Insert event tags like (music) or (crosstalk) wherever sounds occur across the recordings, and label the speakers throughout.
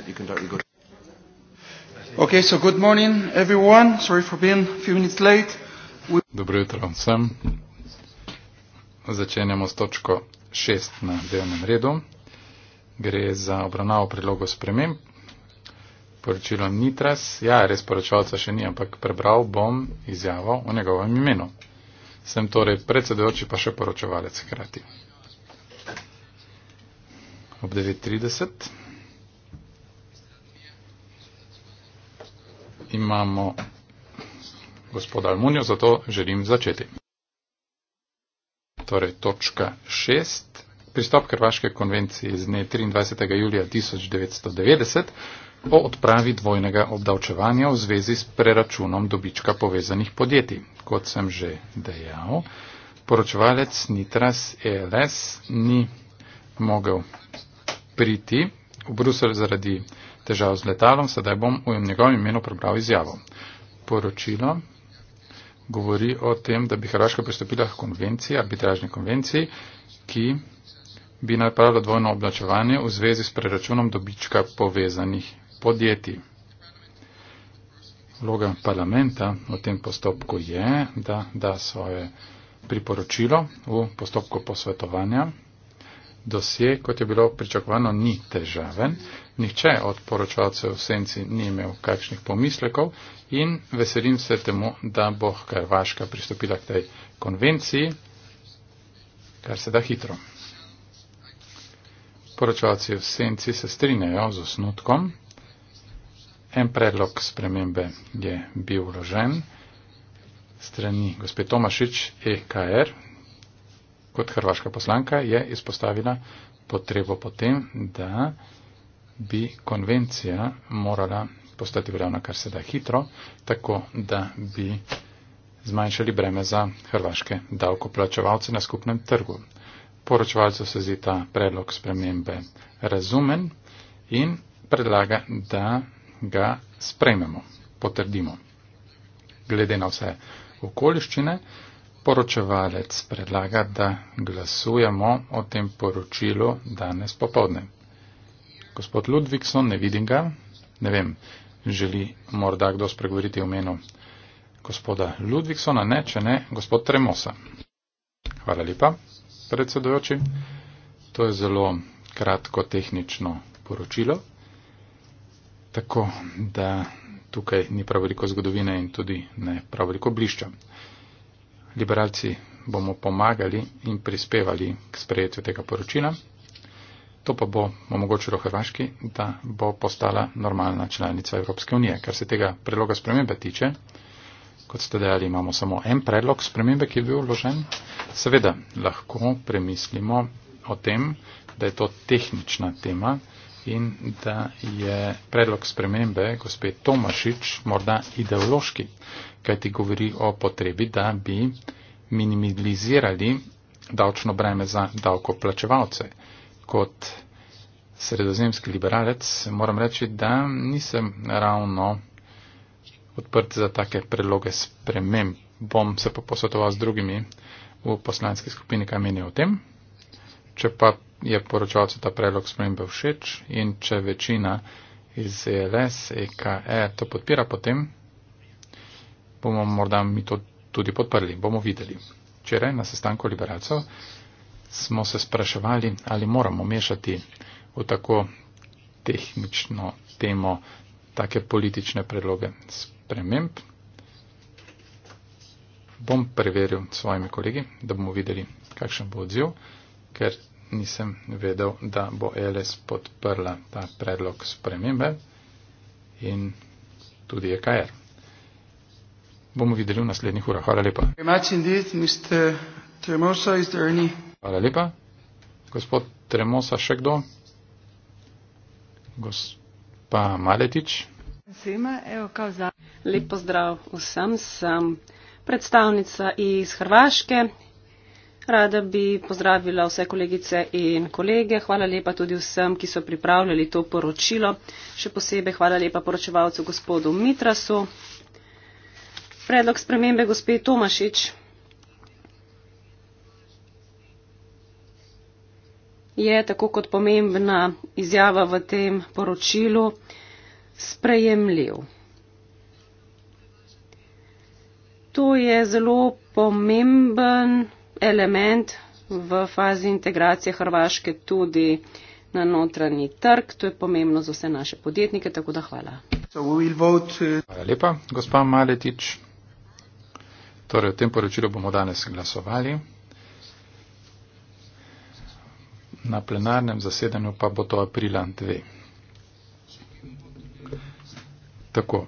Speaker 1: that you can directly go to.
Speaker 2: Okay, so good morning, everyone. Sorry for being a few minutes late. We Dobro jutro vsem. Začenjamo s točko 6 na delnem redu. Gre za obravnavo prilogo sprememb. Poročilo Nitras. Ja, res poročalca še ni, ampak prebral bom izjavo o njegovem imenu. Sem torej predsedujoči pa še poročevalec hkrati. Ob 9.30. imamo gospoda Almunjo, zato želim začeti. Torej, točka 6. Pristop Krvaške konvencije iz dne 23. julija 1990 o odpravi dvojnega obdavčevanja v zvezi s preračunom dobička povezanih podjetij. Kot sem že dejal, poročevalec Nitras ELS ni mogel priti v Bruselj zaradi težav z letalom, sedaj bom v njegovem imenu prebral izjavo. Poročilo govori o tem, da bi Hrvaška pristopila k konvenciji, arbitražni konvenciji, ki bi napravila dvojno oblačevanje v zvezi s preračunom dobička povezanih podjetij. Vloga parlamenta v tem postopku je, da da svoje priporočilo v postopku posvetovanja. Dosje, kot je bilo pričakovano, ni težaven, Nihče od poročalcev v senci ni imel kakšnih pomislekov in veselim se temu, da bo Hrvaška pristopila k tej konvenciji, kar se da hitro. Poročalci v senci se strinjajo z osnutkom. En predlog spremembe je bil vložen strani gospe Tomašič EKR. Kot hrvaška poslanka je izpostavila potrebo potem, da bi konvencija morala postati veljavna kar se da hitro, tako da bi zmanjšali breme za hrvaške davkoplačevalce na skupnem trgu. Poročevalcu se zdi ta predlog spremembe razumen in predlaga, da ga sprejmemo, potrdimo. Glede na vse okoliščine, poročevalec predlaga, da glasujemo o tem poročilu danes popovdne. Gospod Ludvikson, ne vidim ga. Ne vem, želi morda kdo spregovoriti v menu gospoda Ludviksona, ne, če ne, gospod Tremosa. Hvala lepa, predsedojoči. To je zelo kratko tehnično poročilo. Tako da tukaj ni prav veliko zgodovine in tudi ne prav veliko blišča. Liberalci bomo pomagali in prispevali k sprejetju tega poročila. To pa bo omogočilo Hrvaški, da bo postala normalna članica Evropske unije. Kar se tega predloga spremembe tiče, kot ste dejali, imamo samo en predlog spremembe, ki je bil vložen. Seveda lahko premislimo o tem, da je to tehnična tema in da je predlog spremembe gospe Tomašič morda ideološki, kaj ti govori o potrebi, da bi minimalizirali davčno breme za davkoplačevalce kot sredozemski liberalec moram reči, da nisem ravno odprt za take predloge sprememb. Bom se pa posvetoval z drugimi v poslanski skupini, kaj menijo o tem. Če pa je poročalcu ta predlog spremembe všeč in če večina iz ELS, EKR e to podpira, potem bomo morda mi to tudi podprli. Bomo videli. Včeraj na sestanku liberalcev smo se spraševali, ali moramo mešati v tako tehnično temo take politične predloge sprememb. Bom preveril s svojimi kolegi, da bomo videli, kakšen bo odziv, ker nisem vedel, da bo e LS podprla ta predlog spremembe in tudi EKR. Bomo videli v naslednjih urah. Hvala lepa. Hvala lepa. Gospod Tremosa, še kdo? Gospa Maletič.
Speaker 3: Lep pozdrav vsem, sem predstavnica iz Hrvaške. Rada bi pozdravila vse kolegice in kolege. Hvala lepa tudi vsem, ki so pripravljali to poročilo. Še posebej hvala lepa poročevalcu gospodu Mitrasu. Predlog spremembe gospe Tomašič je, tako kot pomembna izjava v tem poročilu, sprejemljiv. To je zelo pomemben element v fazi integracije Hrvaške tudi na notranji trg. To je pomembno za vse naše podjetnike, tako da hvala.
Speaker 2: Uh, hvala lepa, gospa Maletič. Torej, o tem poročilu bomo danes glasovali na plenarnem zasedanju pa bo to aprila 2. Tako,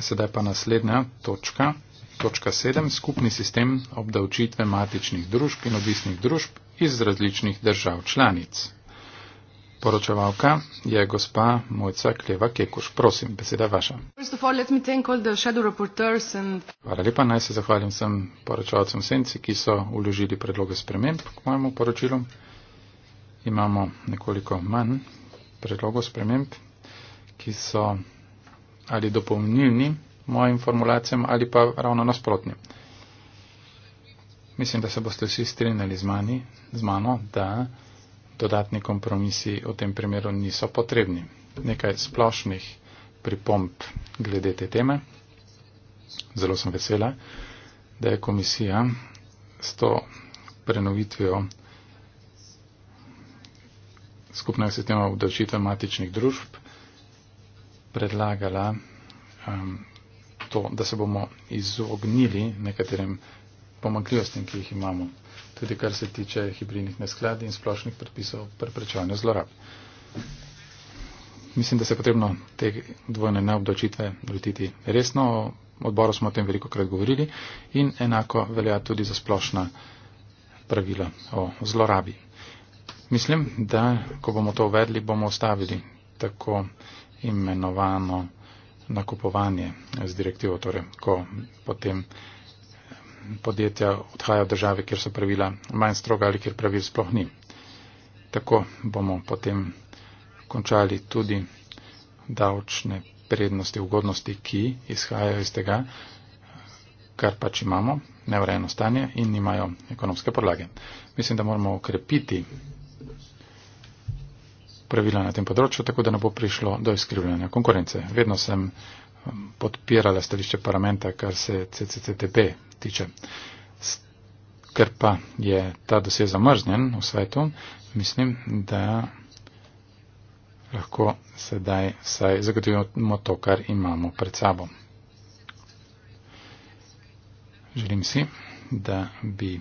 Speaker 2: sedaj pa naslednja točka, točka 7, skupni sistem obdavčitve matičnih družb in obisnih družb iz različnih držav članic. Poročevalka je gospa Mojca Kleva Kekuš. Prosim, beseda vaša. Hvala lepa, naj se zahvalim vsem poročevalcem senci, ki so uložili predloge sprememb k mojemu poročilu imamo nekoliko manj predlogov sprememb, ki so ali dopolnilni mojim formulacijam ali pa ravno nasprotni. Mislim, da se boste vsi strinjali z, mani, z mano, da dodatni kompromisi v tem primeru niso potrebni. Nekaj splošnih pripomp glede te teme. Zelo sem vesela, da je komisija s to prenovitvijo skupna sistema obdavčitve matičnih družb predlagala um, to, da se bomo izognili nekaterim pomankljivostim, ki jih imamo, tudi kar se tiče hibridnih neskladij in splošnih predpisov preprečevanja zlorab. Mislim, da se je potrebno te dvojne neobdavčitve vrtiti resno. O odboru smo o tem veliko krat govorili in enako velja tudi za splošna pravila o zlorabi. Mislim, da ko bomo to uvedli, bomo ostavili tako imenovano nakupovanje z direktivo, torej ko potem eh, podjetja odhajajo v države, kjer so pravila manj stroga ali kjer pravil sploh ni. Tako bomo potem končali tudi davčne prednosti, ugodnosti, ki izhajajo iz tega, kar pač imamo, neurejeno stanje in nimajo ekonomske podlage. Mislim, da moramo ukrepiti pravila na tem področju, tako da ne bo prišlo do izkrivljanja konkurence. Vedno sem um, podpirala stališče parlamenta, kar se CCTP tiče. Ker pa je ta dosje zamrznjen v svetu, mislim, da lahko sedaj saj zagotovimo to, kar imamo pred sabo. Želim si, da bi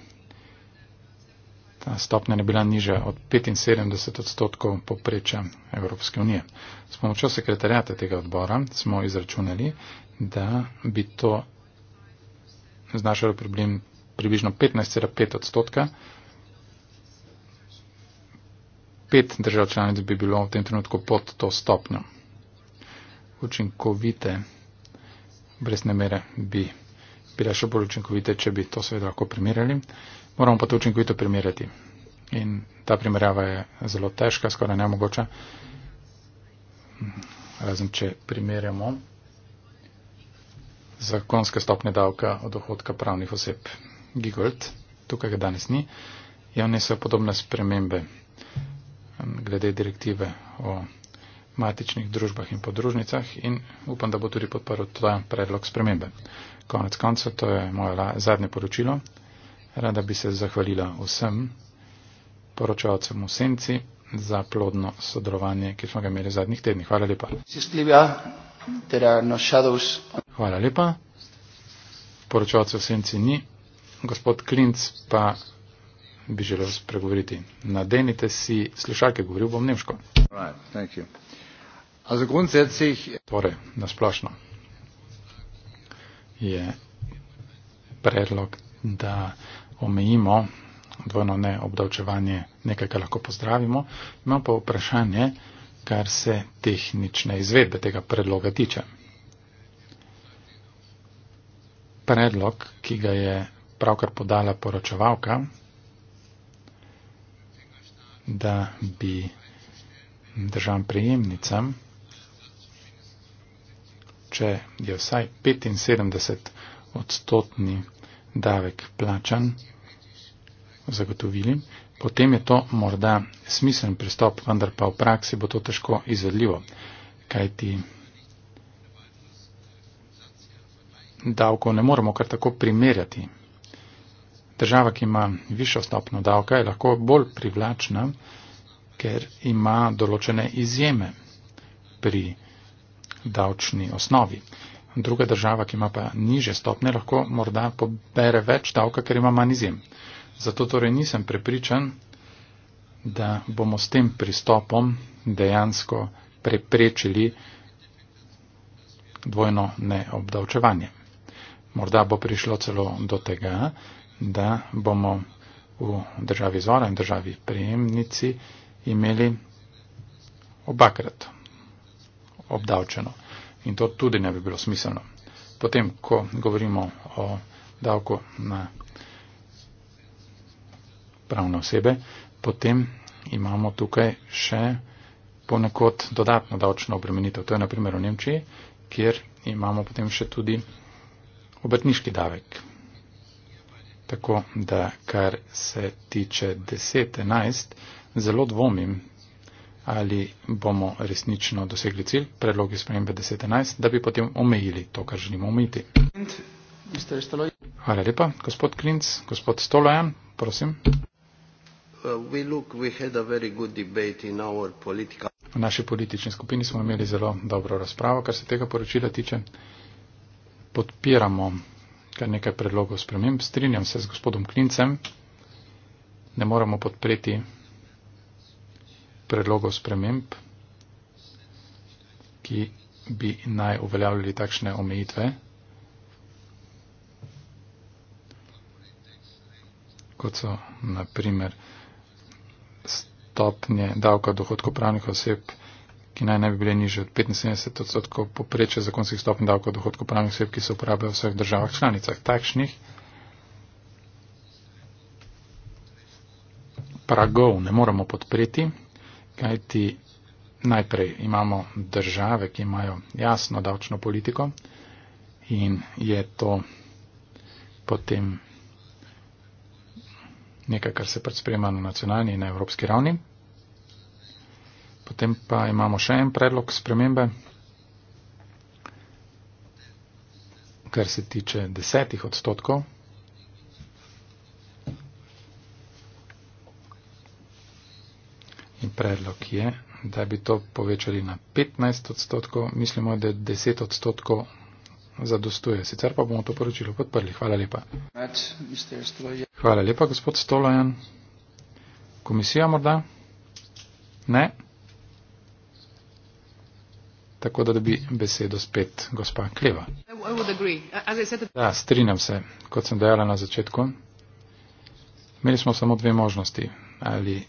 Speaker 2: ta stopnja ne bila niža od 75 odstotkov poprečja Evropske unije. S pomočjo sekretarjata tega odbora smo izračunali, da bi to znašalo problem približno 15,5 odstotka. Pet držav članic bi bilo v tem trenutku pod to stopnjo. Učinkovite brez namere bi bila še bolj učinkovite, če bi to seveda lahko primerjali moramo pa to učinkovito primerjati. In ta primerjava je zelo težka, skoraj nemogoča. Razen, če primerjamo zakonske stopne davka od dohodka pravnih oseb. Gigold, tukaj ga danes ni, je ja, vnesel podobne spremembe glede direktive o matičnih družbah in podružnicah in upam, da bo tudi podprl ta predlog spremembe. Konec konca, to je moje zadnje poročilo. Rada bi se zahvalila vsem poročavcem v Senci za plodno sodelovanje, ki smo ga imeli zadnjih tednih. Hvala lepa. Hvala lepa. Poročavcev v Senci ni. Gospod Klinc pa bi želel spregovoriti. Nadenite si slušalke, govoril bom nemško. Torej, nasplošno je predlog, da omejimo dvojno ne obdavčevanje nekaj, kar lahko pozdravimo. Imam pa vprašanje, kar se tehnične izvedbe tega predloga tiče. Predlog, ki ga je pravkar podala poročevalka, da bi državam prejemnicam, če je vsaj 75 odstotni davek plačan, zagotovili, potem je to morda smislen pristop, vendar pa v praksi bo to težko izvedljivo, kajti davkov ne moremo kar tako primerjati. Država, ki ima višjo stopno davka, je lahko bolj privlačna, ker ima določene izjeme pri davčni osnovi druga država, ki ima pa niže stopne, lahko morda pobere več davka, ker ima manj izjem. Zato torej nisem prepričan, da bomo s tem pristopom dejansko preprečili dvojno neobdavčevanje. Morda bo prišlo celo do tega, da bomo v državi zora in državi prejemnici imeli obakrat obdavčeno in to tudi ne bi bilo smiselno. Potem, ko govorimo o davku na pravne osebe, potem imamo tukaj še ponekod dodatno davčno obremenitev. To je naprimer v Nemčiji, kjer imamo potem še tudi obrtniški davek. Tako da, kar se tiče 10-11, zelo dvomim, ali bomo resnično dosegli cilj, predlogi spremembe 1011, da bi potem omejili to, kar želimo omejiti. Hvala lepa, gospod Klinc, gospod Stolojan, prosim.
Speaker 4: Uh,
Speaker 2: v naši politični skupini smo imeli zelo dobro razpravo, kar se tega poročila tiče. Podpiramo kar nekaj predlogov sprememb. Strinjam se z gospodom Klincem. Ne moramo podpreti predlogov sprememb, ki bi naj uveljavljali takšne omejitve. kot so na primer stopnje davka dohodkov pravnih oseb, ki naj ne bi bile niže od 75 odstotkov poprečja zakonskih stopenj davka dohodkov pravnih oseb, ki se uporabljajo v vseh državah članicah. Takšnih pragov ne moramo podpreti kajti najprej imamo države, ki imajo jasno davčno politiko in je to potem nekaj, kar se predsprema pač na nacionalni in na evropski ravni. Potem pa imamo še en predlog spremembe, kar se tiče desetih odstotkov predlog je, da bi to povečali na 15 odstotkov, mislimo, da 10 odstotkov zadostuje. Sicer pa bomo to poročilo podprli. Hvala lepa. Hvala lepa, gospod Stolajan. Komisija morda? Ne? Tako da dobi besedo spet gospa Kleva. Da, strinjam se, kot sem dejala na začetku. Imeli smo samo dve možnosti. Ali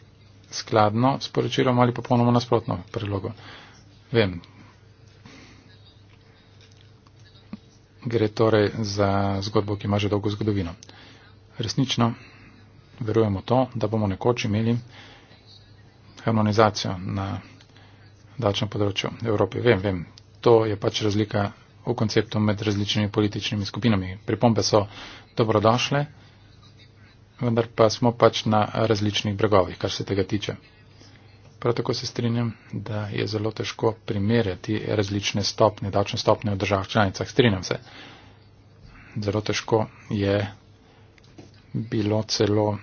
Speaker 2: skladno s poročilom ali popolnoma nasprotno predlogo. Vem. Gre torej za zgodbo, ki ima že dolgo zgodovino. Resnično verujemo to, da bomo nekoč imeli harmonizacijo na dačnem področju Evrope. Vem, vem, to je pač razlika v konceptu med različnimi političnimi skupinami. Pripombe so dobrodošle vendar pa smo pač na različnih bregovih, kar se tega tiče. Prav tako se strinjam, da je zelo težko primerjati različne stopne, davčne stopne v državah članicah. Strinjam se. Zelo težko je bilo celo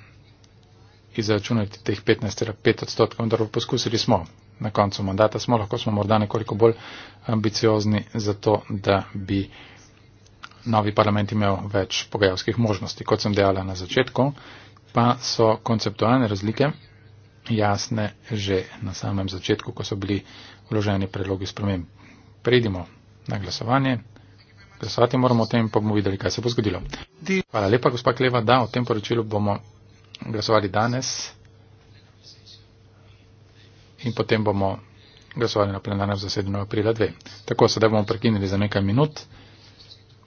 Speaker 2: izračunati teh 15,5 odstotkov, vendar poskusili smo. Na koncu mandata smo lahko smo morda nekoliko bolj ambiciozni za to, da bi novi parlament imel več pogajalskih možnosti. Kot sem dejala na začetku, pa so konceptualne razlike jasne že na samem začetku, ko so bili vloženi predlogi sprememb. Predimo na glasovanje. Glasovati moramo o tem, pa bomo videli, kaj se bo zgodilo. Hvala lepa, gospa Kleva. Da, o tem poročilu bomo glasovali danes in potem bomo glasovali na plenarnem zasedanju aprila 2. Tako, sedaj bomo prekinili za nekaj minut.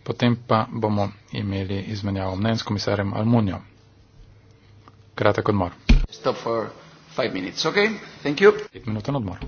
Speaker 2: Potem pa bomo imeli izmenjavo mnen s komisarjem Almunijo. Kratek odmor. Stop for five minutes, okay? Thank you. Pet minuten odmor.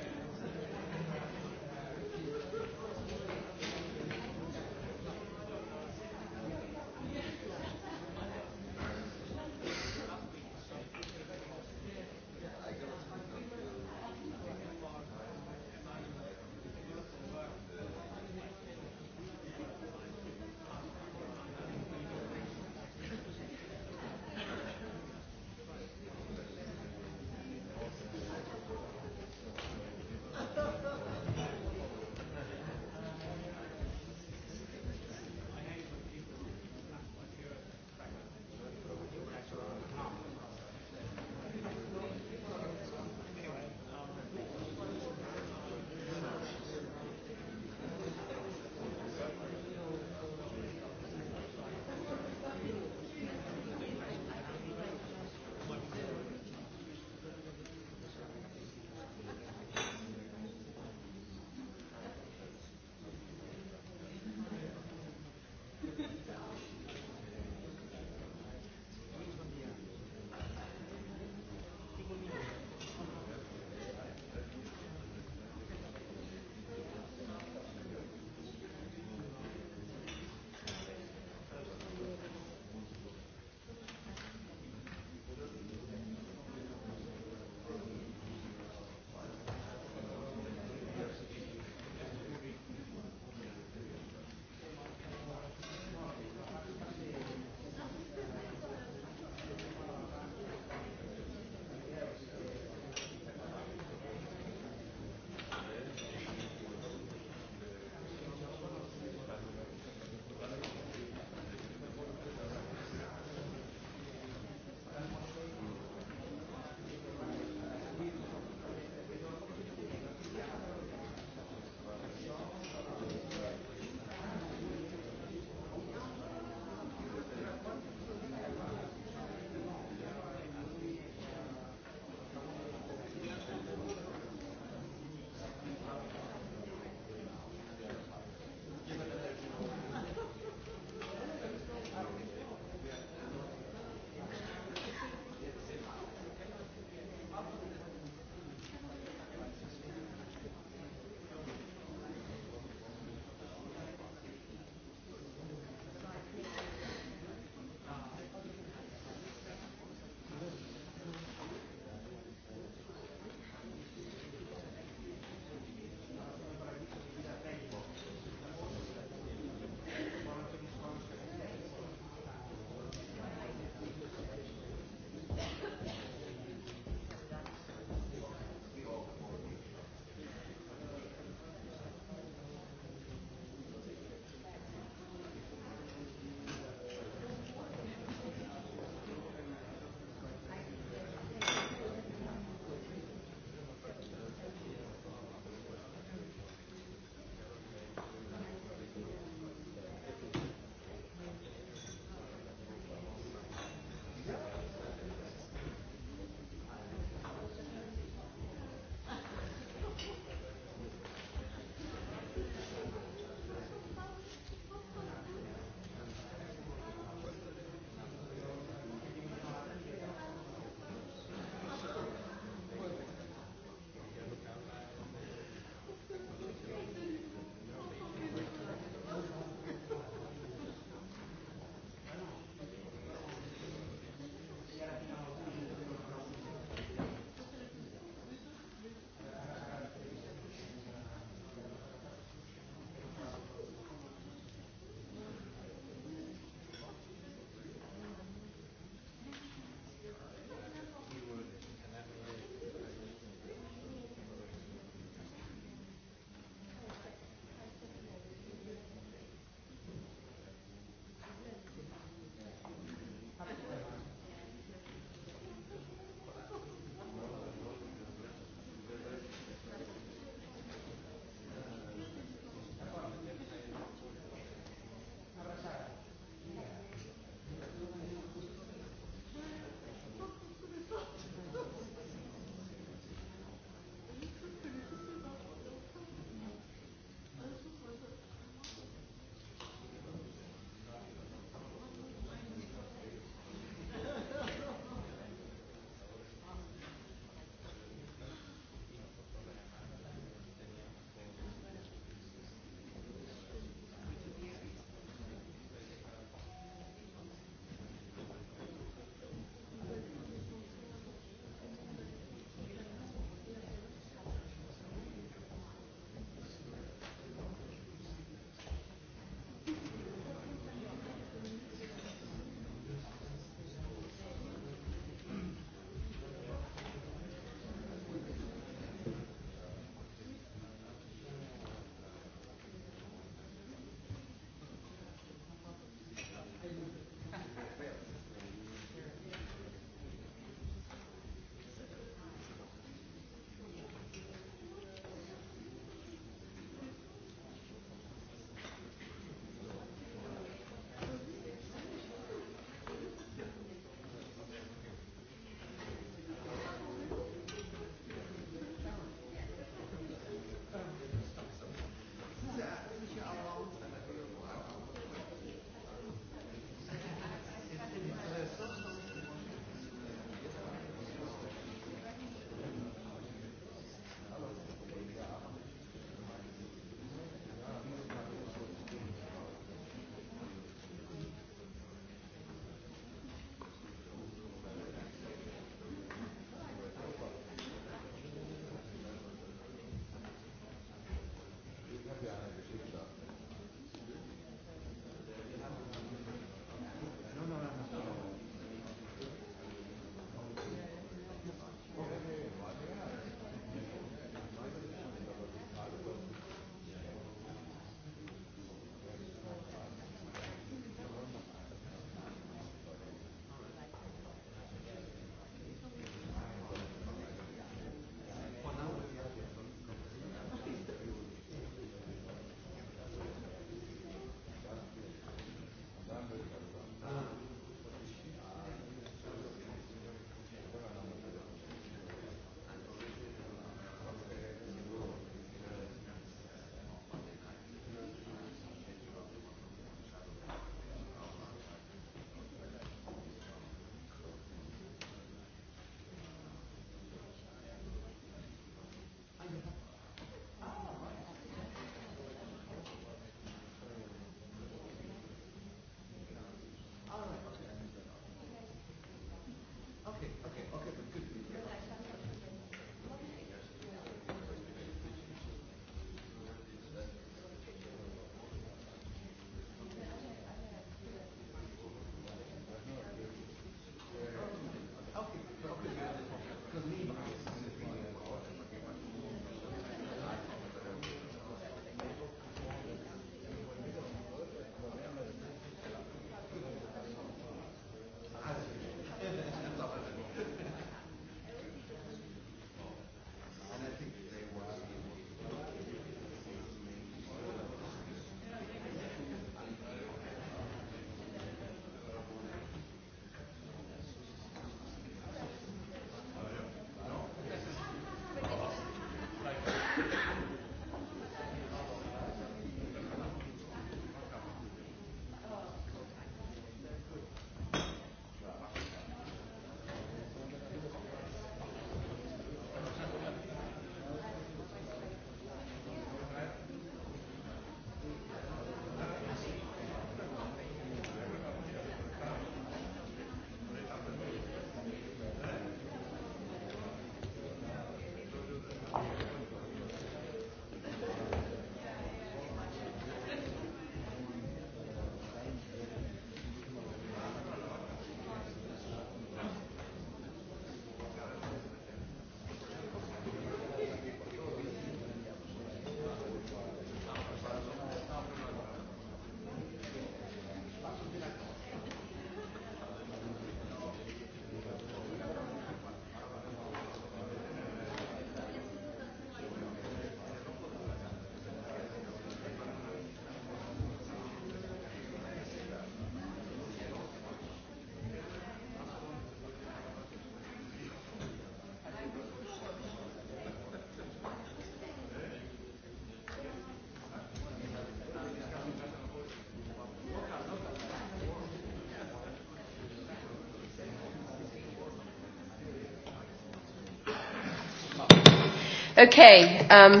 Speaker 1: Okay, um.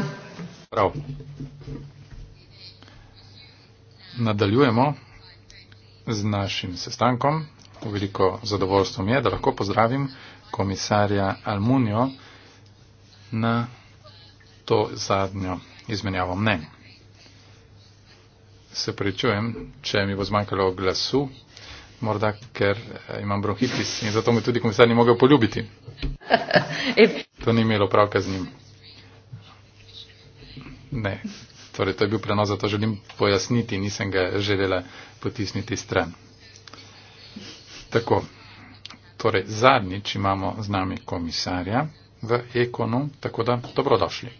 Speaker 2: Prav. Nadaljujemo z našim sestankom. Veliko zadovoljstvo mi je, da lahko pozdravim komisarja Almunijo na to zadnjo izmenjavo mnenj. Se pričujem, če mi bo zmanjkalo glasu, morda ker eh, imam bronhitis in zato me tudi komisar ni mogel poljubiti. (laughs) To ni imelo pravka z njim. Ne, torej to je bil prenos, zato želim pojasniti, nisem ga želela potisniti stran. Tako, torej zadnjič imamo z nami komisarja v Ekonu, tako da dobrodošli.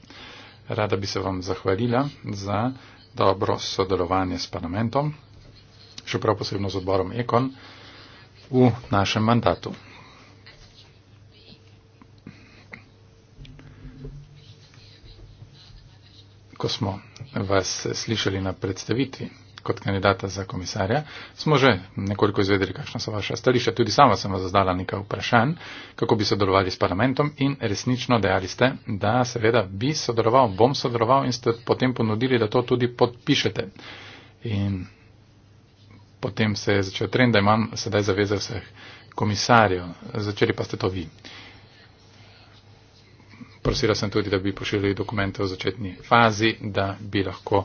Speaker 2: Rada bi se vam zahvalila za dobro sodelovanje s parlamentom, še prav posebno z odborom Ekon v našem mandatu. smo vas slišali na predstavitvi kot kandidata za komisarja, smo že nekoliko izvedeli, kakšna so vaša stališča. Tudi sama sem vas zadala nekaj vprašanj, kako bi sodelovali s parlamentom in resnično dejali ste, da seveda bi sodeloval, bom sodeloval in ste potem ponudili, da to tudi podpišete. In potem se je začel trend, da imam sedaj zaveze vseh komisarjev. Začeli pa ste to vi prosila sem tudi, da bi pošiljali dokumente v začetni fazi, da bi lahko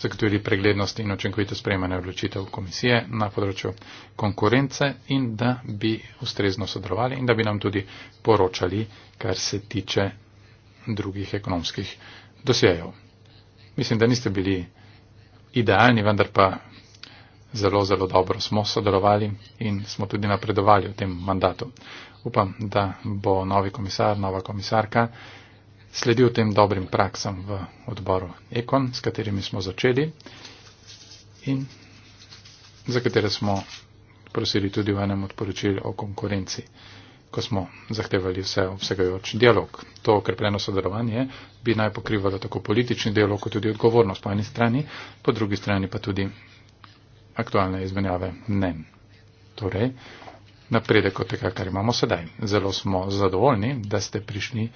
Speaker 2: zagotovili preglednost in očinkovito sprejemanje odločitev komisije na področju konkurence in da bi ustrezno sodelovali in da bi nam tudi poročali, kar se tiče drugih ekonomskih dosjejev. Mislim, da niste bili idealni, vendar pa zelo, zelo dobro smo sodelovali in smo tudi napredovali v tem mandatu. Upam, da bo novi komisar, nova komisarka sledil tem dobrim praksam v odboru Ekon, s katerimi smo začeli in za katere smo prosili tudi v enem od poročil o konkurenci, ko smo zahtevali vse obsegajoč dialog. To okrepljeno sodelovanje bi naj pokrivalo tako politični dialog, kot tudi odgovornost po eni strani, po drugi strani pa tudi aktualne izmenjave mnen. Torej, napredek od tega, kar imamo sedaj. Zelo smo zadovoljni, da ste prišli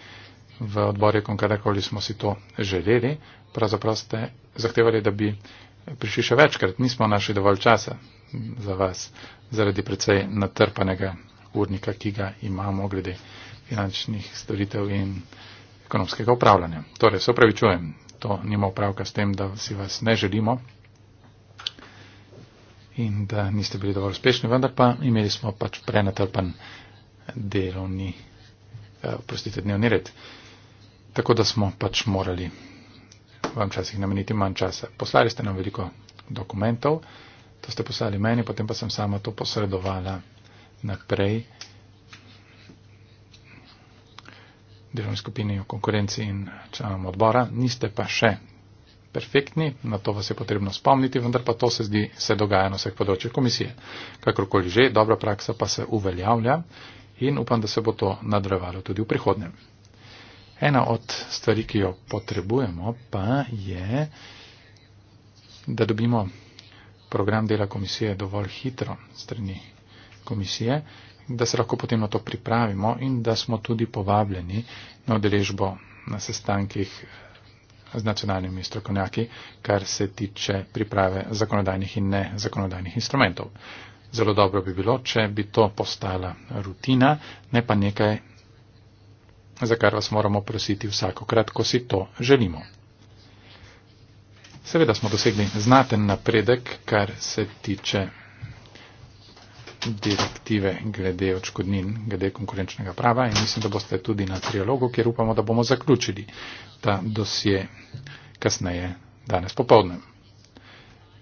Speaker 2: v odborju konkretnokoli smo si to želeli, pravzaprav ste zahtevali, da bi prišli še večkrat. Nismo našli dovolj časa za vas zaradi precej natrpanega urnika, ki ga imamo glede finančnih storitev in ekonomskega upravljanja. Torej, se opravičujem, to nima upravka s tem, da si vas ne želimo in da niste bili dovolj uspešni, vendar pa imeli smo pač prenatrpan delovni, eh, prostite, dnevni red. Tako da smo pač morali vam časih nameniti manj časa. Poslali ste nam veliko dokumentov, to ste poslali meni, potem pa sem sama to posredovala naprej delovni skupini o konkurenci in članom odbora. Niste pa še perfektni, na to vas je potrebno spomniti, vendar pa to se zdi se dogaja na vseh področjih komisije. Kakorkoli že, dobra praksa pa se uveljavlja in upam, da se bo to nadrevalo tudi v prihodnem. Ena od stvari, ki jo potrebujemo, pa je, da dobimo program dela komisije dovolj hitro strani komisije, da se lahko potem na to pripravimo in da smo tudi povabljeni na odeležbo na sestankih z nacionalnimi strokovnjaki, kar se tiče priprave zakonodajnih in ne zakonodajnih instrumentov. Zelo dobro bi bilo, če bi to postala rutina, ne pa nekaj za kar vas moramo prositi vsakokrat, ko si to želimo. Seveda smo dosegli znaten napredek, kar se tiče direktive glede očkodnin, glede konkurenčnega prava in mislim, da boste tudi na trialogu, kjer upamo, da bomo zaključili ta dosje kasneje danes popovdne.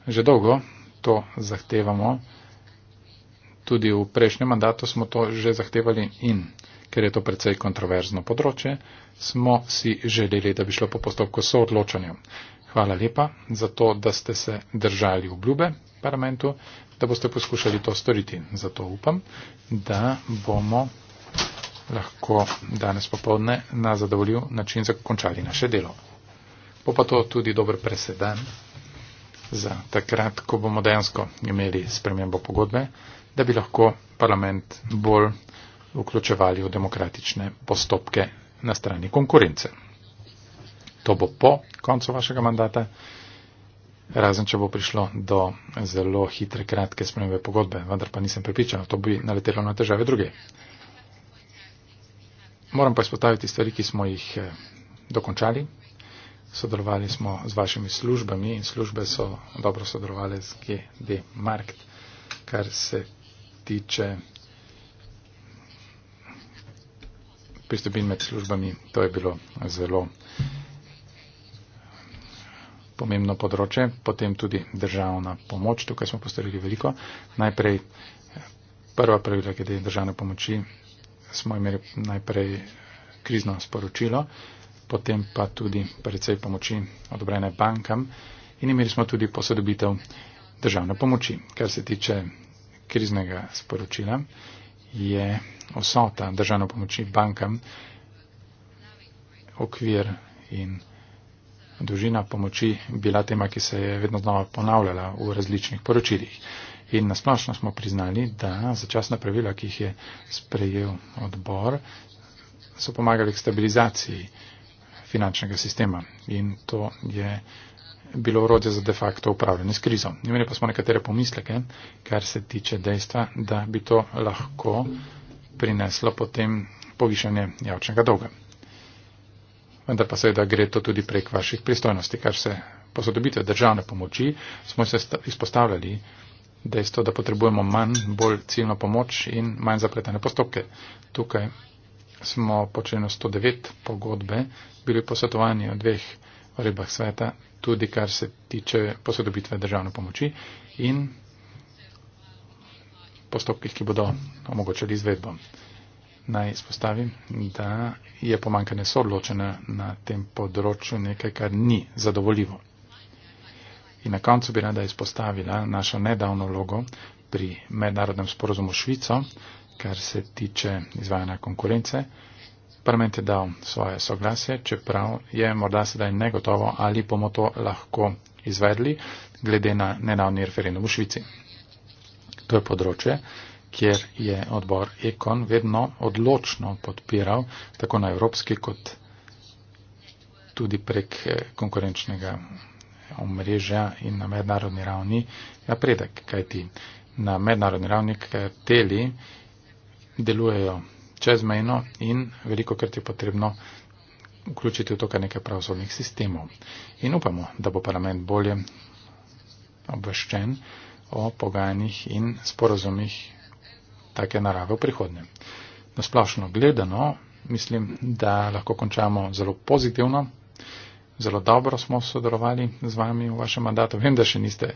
Speaker 2: Že dolgo to zahtevamo, tudi v prejšnjem mandatu smo to že zahtevali in ker je to precej kontroverzno področje, smo si želeli, da bi šlo po postopku soodločanja. Hvala lepa za to, da ste se držali obljube parlamentu, da boste poskušali to storiti. Zato upam, da bomo lahko danes popovdne na zadovoljiv način zakončali naše delo. Bo pa to tudi dober presedan za takrat, ko bomo dejansko imeli spremembo pogodbe, da bi lahko parlament bolj vključevali v demokratične postopke na strani konkurence. To bo po koncu vašega mandata, razen če bo prišlo do zelo hitre, kratke spremembe pogodbe, vendar pa nisem pripričan, to bi naletelo na težave druge. Moram pa izpostaviti stvari, ki smo jih eh, dokončali. Sodelovali smo z vašimi službami in službe so dobro sodelovali z GD Markt, kar se tiče pristopim med službami. To je bilo zelo pomembno področje. Potem tudi državna pomoč. Tukaj smo postavili veliko. Najprej prva pravila, glede državne pomoči, smo imeli najprej krizno sporočilo, potem pa tudi precej pomoči odobrene bankam in imeli smo tudi posodobitev državne pomoči. Kar se tiče kriznega sporočila, je osota državno pomoči bankam, okvir in dolžina pomoči bila tema, ki se je vedno znova ponavljala v različnih poročilih. In nasplošno smo priznali, da začasna pravila, ki jih je sprejel odbor, so pomagali k stabilizaciji finančnega sistema. In to je bilo urodje za de facto upravljanje s krizo. Imeli pa smo nekatere pomisleke, kar se tiče dejstva, da bi to lahko prineslo potem povišanje javčnega dolga. Vendar pa seveda gre to tudi prek vaših pristojnosti, kar se posodobitve državne pomoči smo se izpostavljali dejstvo, da potrebujemo manj, bolj ciljno pomoč in manj zapletene postopke. Tukaj smo počeli 109 pogodbe, bili posvetovani o dveh uredbah sveta, tudi kar se tiče posodobitve državne pomoči in postopkih, ki bodo omogočili izvedbo. Naj spostavim, da je pomankanje soodločene na tem področju nekaj, kar ni zadovoljivo. In na koncu bi rada izpostavila našo nedavno vlogo pri mednarodnem sporozumu Švico, kar se tiče izvajanja konkurence. Parlament je dal svoje soglasje, čeprav je morda sedaj negotovo, ali bomo to lahko izvedli glede na nedavni referendum v Švici. To je področje, kjer je odbor Ekon vedno odločno podpiral tako na evropski kot tudi prek eh, konkurenčnega omrežja in na mednarodni ravni napredek, kajti na mednarodni ravni karteli delujejo čezmejno in veliko krat je potrebno vključiti v to kar nekaj pravzornih sistemov. In upamo, da bo parlament bolje obveščen o pogajanjih in sporozumih take narave v prihodnje. Nasplošno gledano, mislim, da lahko končamo zelo pozitivno. Zelo dobro smo sodelovali z vami v vašem mandatu. Vem, da še niste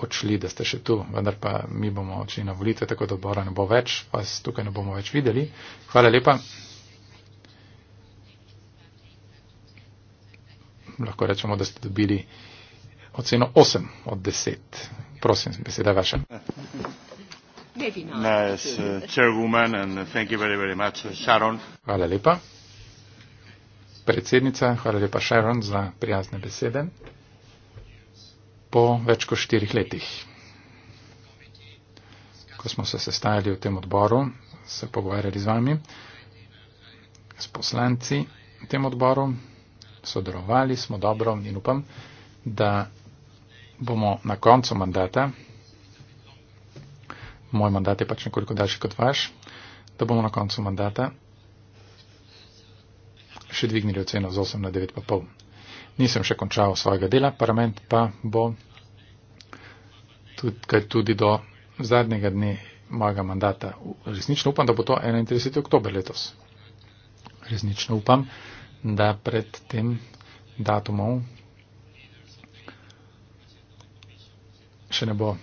Speaker 2: odšli, da ste še tu, vendar pa mi bomo odšli na volitve, tako da odbora ne bo več, vas tukaj ne bomo več videli. Hvala lepa. Lahko rečemo, da ste dobili oceno 8 od 10 prosim, beseda vaša. Uh, uh, uh, hvala lepa. Predsednica, hvala lepa Sharon za prijazne besede. Po več kot štirih letih, ko smo se sestajali v tem odboru, se pogovarjali z vami, s poslanci v tem odboru, sodelovali smo dobro in upam, da bomo na koncu mandata, moj mandat je pač nekoliko daljši kot vaš, da bomo na koncu mandata še dvignili oceno z 8 na 9,5. Nisem še končal svojega dela, parlament pa bo tudi, tudi do zadnjega dne mojega mandata. Resnično upam, da bo to 31. oktober letos. Resnično upam, da pred tem datumom še ne bo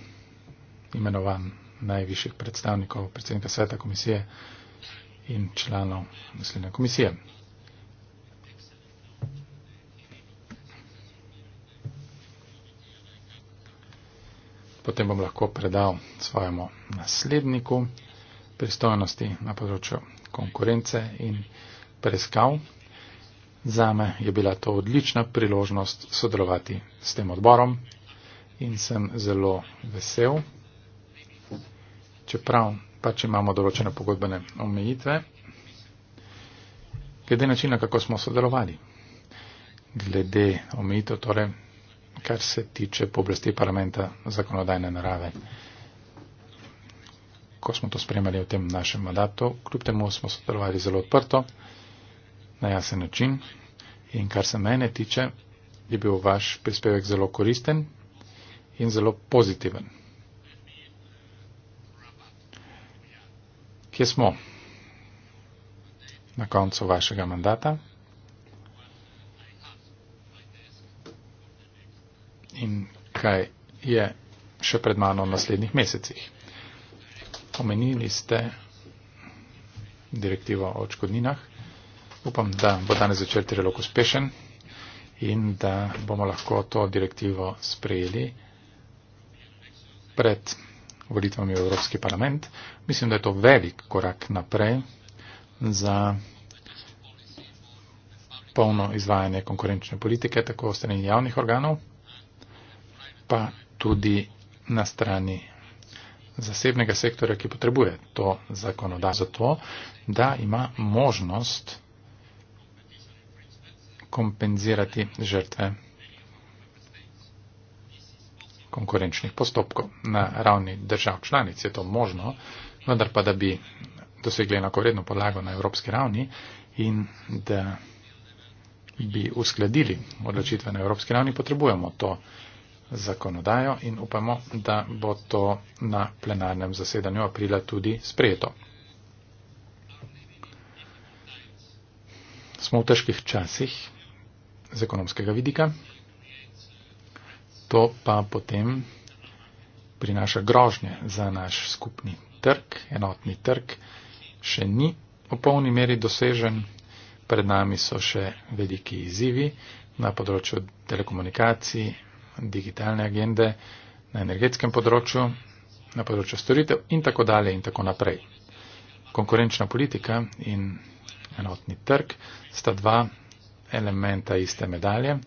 Speaker 2: imenovan najvišjih predstavnikov predsednika sveta komisije in članov naslednje komisije. Potem bom lahko predal svojemu nasledniku pristojnosti na področju konkurence in preiskav. Zame je bila to odlična priložnost sodelovati s tem odborom in sem zelo vesel, čeprav pač imamo določene pogodbene omejitve, glede načina, kako smo sodelovali, glede omejitev, torej, kar se tiče pooblasti parlamenta zakonodajne narave. Ko smo to spremljali v tem našem mandatu, kljub temu smo sodelovali zelo odprto, na jasen način. In kar se mene tiče, je bil vaš prispevek zelo koristen, in zelo pozitiven. Kje smo? Na koncu vašega mandata. In kaj je še pred mano v naslednjih mesecih? Omenili ste direktivo o očkodninah. Upam, da bo danes začel trilog uspešen in da bomo lahko to direktivo sprejeli pred volitvami v Evropski parlament. Mislim, da je to velik korak naprej za polno izvajanje konkurenčne politike, tako v strani javnih organov, pa tudi na strani zasebnega sektorja, ki potrebuje to zakonodajo, zato da ima možnost kompenzirati žrtve konkurenčnih postopkov. Na ravni držav članic je to možno, vendar pa da bi dosegli enakovredno podlago na evropski ravni in da bi uskladili odločitve na evropski ravni, potrebujemo to zakonodajo in upamo, da bo to na plenarnem zasedanju aprila tudi sprejeto. Smo v težkih časih z ekonomskega vidika. To pa potem prinaša grožnje za naš skupni trg, enotni trg, še ni v polni meri dosežen, pred nami so še veliki izzivi na področju telekomunikacij, digitalne agende, na energetskem področju, na področju storitev in tako dalje in tako naprej. Konkurenčna politika in enotni trg sta dva elementa iste medalje.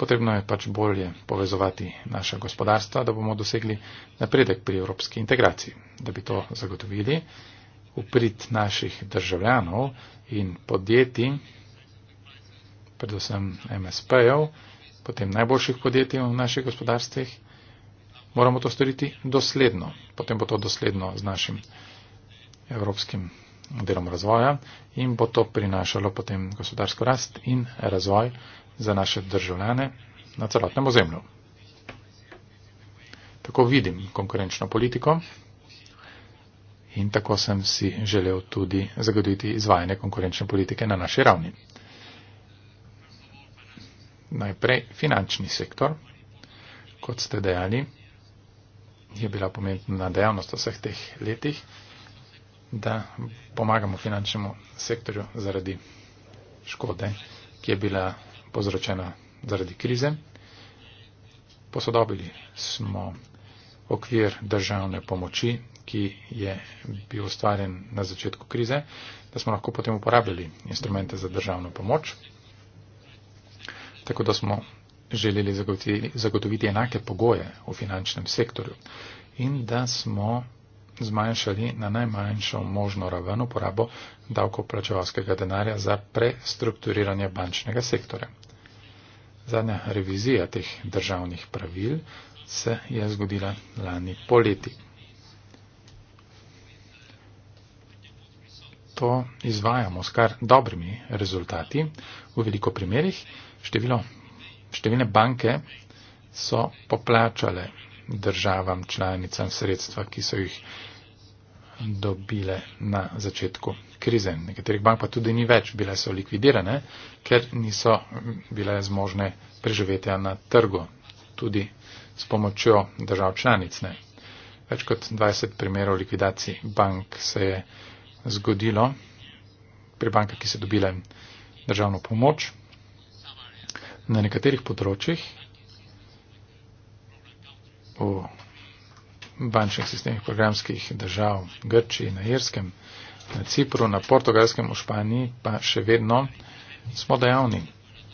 Speaker 2: Potrebno je pač bolje povezovati naša gospodarstva, da bomo dosegli napredek pri evropski integraciji. Da bi to zagotovili, uprit naših državljanov in podjetij, predvsem MSP-jev, potem najboljših podjetij v naših gospodarstvih, moramo to storiti dosledno. Potem bo to dosledno z našim evropskim delom razvoja in bo to prinašalo potem gospodarsko rast in razvoj za naše državljane na celotnem ozemlju. Tako vidim konkurenčno politiko in tako sem si želel tudi zagoditi izvajanje konkurenčne politike na naši ravni. Najprej finančni sektor, kot ste dejali, je bila pomembna dejavnost vseh teh letih da pomagamo finančnemu sektorju zaradi škode, ki je bila povzročena zaradi krize. Posodobili smo okvir državne pomoči, ki je bil ustvarjen na začetku krize, da smo lahko potem uporabljali instrumente za državno pomoč. Tako da smo želeli zagotoviti enake pogoje v finančnem sektorju in da smo zmanjšali na najmanjšo možno raven uporabo davkoplačevalskega denarja za prestrukturiranje bančnega sektorja. Zadnja revizija teh državnih pravil se je zgodila lani poleti. To izvajamo s kar dobrimi rezultati. V veliko primerjih število, številne banke so poplačale državam članicam sredstva, ki so jih dobile na začetku krize. Nekaterih bank pa tudi ni več, bile so likvidirane, ker niso bile zmožne preživetja na trgu, tudi s pomočjo držav članic. Ne. Več kot 20 primerov likvidacij bank se je zgodilo pri bankah, ki so dobile državno pomoč. Na nekaterih področjih v bančnih sistemih programskih držav Grči, na Irskem, na Cipru, na Portugalskem, v Španiji, pa še vedno smo dejavni.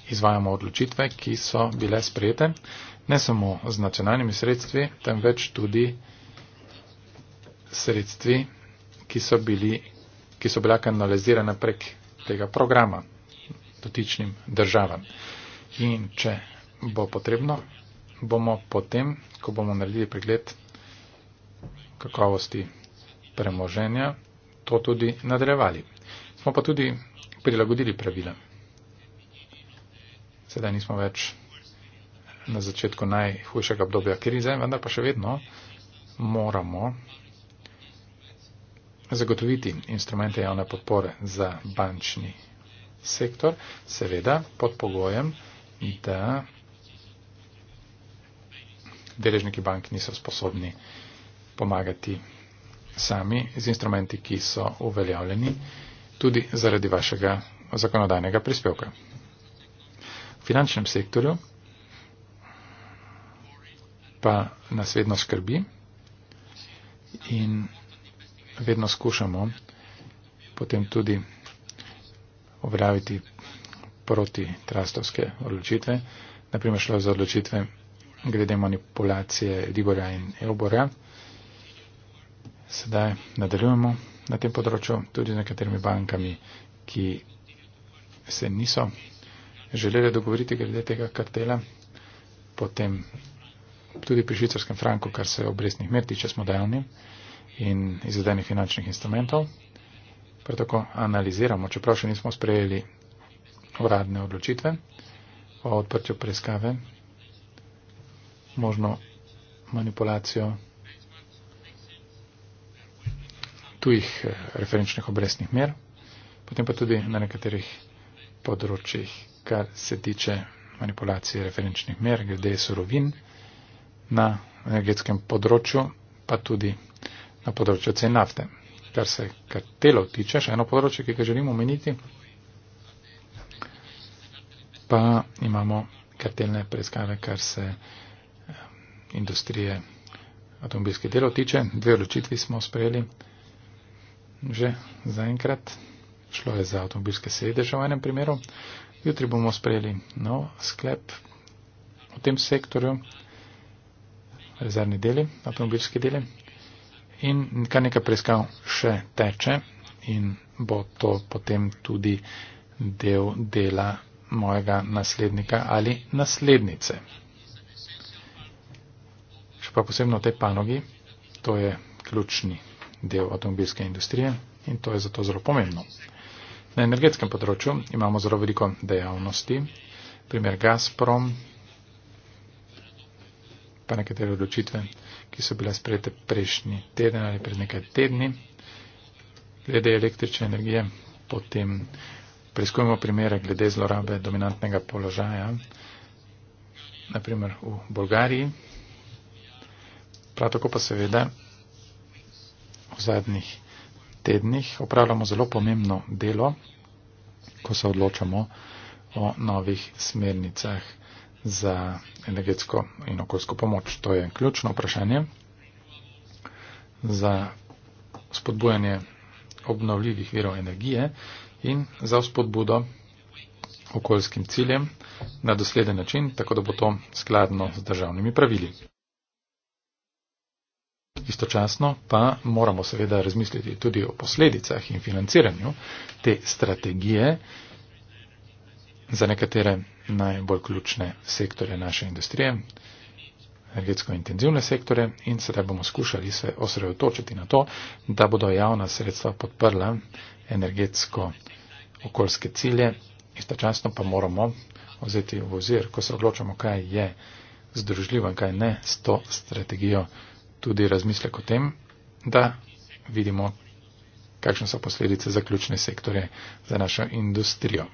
Speaker 2: Izvajamo odločitve, ki so bile sprejete, ne samo z nacionalnimi sredstvi, temveč tudi sredstvi, ki so, bili, ki so bila kanalizirana prek tega programa dotičnim državam. In če bo potrebno, bomo potem, ko bomo naredili pregled kakovosti premoženja, to tudi nadrevali. Smo pa tudi prilagodili pravila. Sedaj nismo več na začetku najhujšega obdobja krize, vendar pa še vedno moramo zagotoviti instrumente javne podpore za bančni sektor, seveda pod pogojem, da deležniki bank niso sposobni pomagati sami z instrumenti, ki so uveljavljeni tudi zaradi vašega zakonodajnega prispevka. V finančnem sektorju pa nas vedno skrbi in vedno skušamo potem tudi uveljaviti proti trastovske odločitve, naprimer šlo za odločitve glede manipulacije Libora in Eobora. Sedaj nadaljujemo na tem področju tudi z nekaterimi bankami, ki se niso želeli dogovoriti glede tega kartela, potem tudi pri švicarskem franku, kar se obrestnih mer tiče, smo dejavni in izvedenih finančnih instrumentov. Prav tako analiziramo, čeprav še nismo sprejeli uradne odločitve o odprtju preiskave možno manipulacijo tujih eh, referenčnih obrestnih mer, potem pa tudi na nekaterih področjih, kar se tiče manipulacije referenčnih mer, glede surovin na energetskem področju, pa tudi na področju cen nafte. Kar se kartelov tiče, še eno področje, ki ga želim omeniti, pa imamo kartelne preiskave, kar se industrije avtomobilske delo tiče. Dve odločitvi smo sprejeli že zaenkrat. Šlo je za avtomobilske sedeže v enem primeru. Jutri bomo sprejeli nov sklep v tem sektorju, rezervni deli, avtomobilski deli. In kar nekaj preiskav še teče in bo to potem tudi del dela mojega naslednika ali naslednice pa posebno v tej panogi, to je ključni del avtomobilske industrije in to je zato zelo pomembno. Na energetskem področju imamo zelo veliko dejavnosti, primer Gazprom, pa nekatere odločitve, ki so bile sprejete prejšnji teden ali pred nekaj tedni, glede električne energije, potem preiskujemo primere glede zlorabe dominantnega položaja, naprimer v Bolgariji, Prav tako pa seveda v zadnjih tednih opravljamo zelo pomembno delo, ko se odločamo o novih smernicah za energetsko in okoljsko pomoč. To je ključno vprašanje za spodbujanje obnovljivih virov energije in za spodbudo okoljskim ciljem na dosleden način, tako da bo to skladno z državnimi pravili istočasno pa moramo seveda razmisliti tudi o posledicah in financiranju te strategije za nekatere najbolj ključne sektore naše industrije, energetsko intenzivne sektore in sedaj bomo skušali se osredotočiti na to, da bodo javna sredstva podprla energetsko okoljske cilje, istočasno pa moramo vzeti v ozir, ko se odločamo, kaj je združljivo in kaj ne s to strategijo tudi razmislek o tem, da vidimo, kakšne so posledice za ključne sektore za našo industrijo.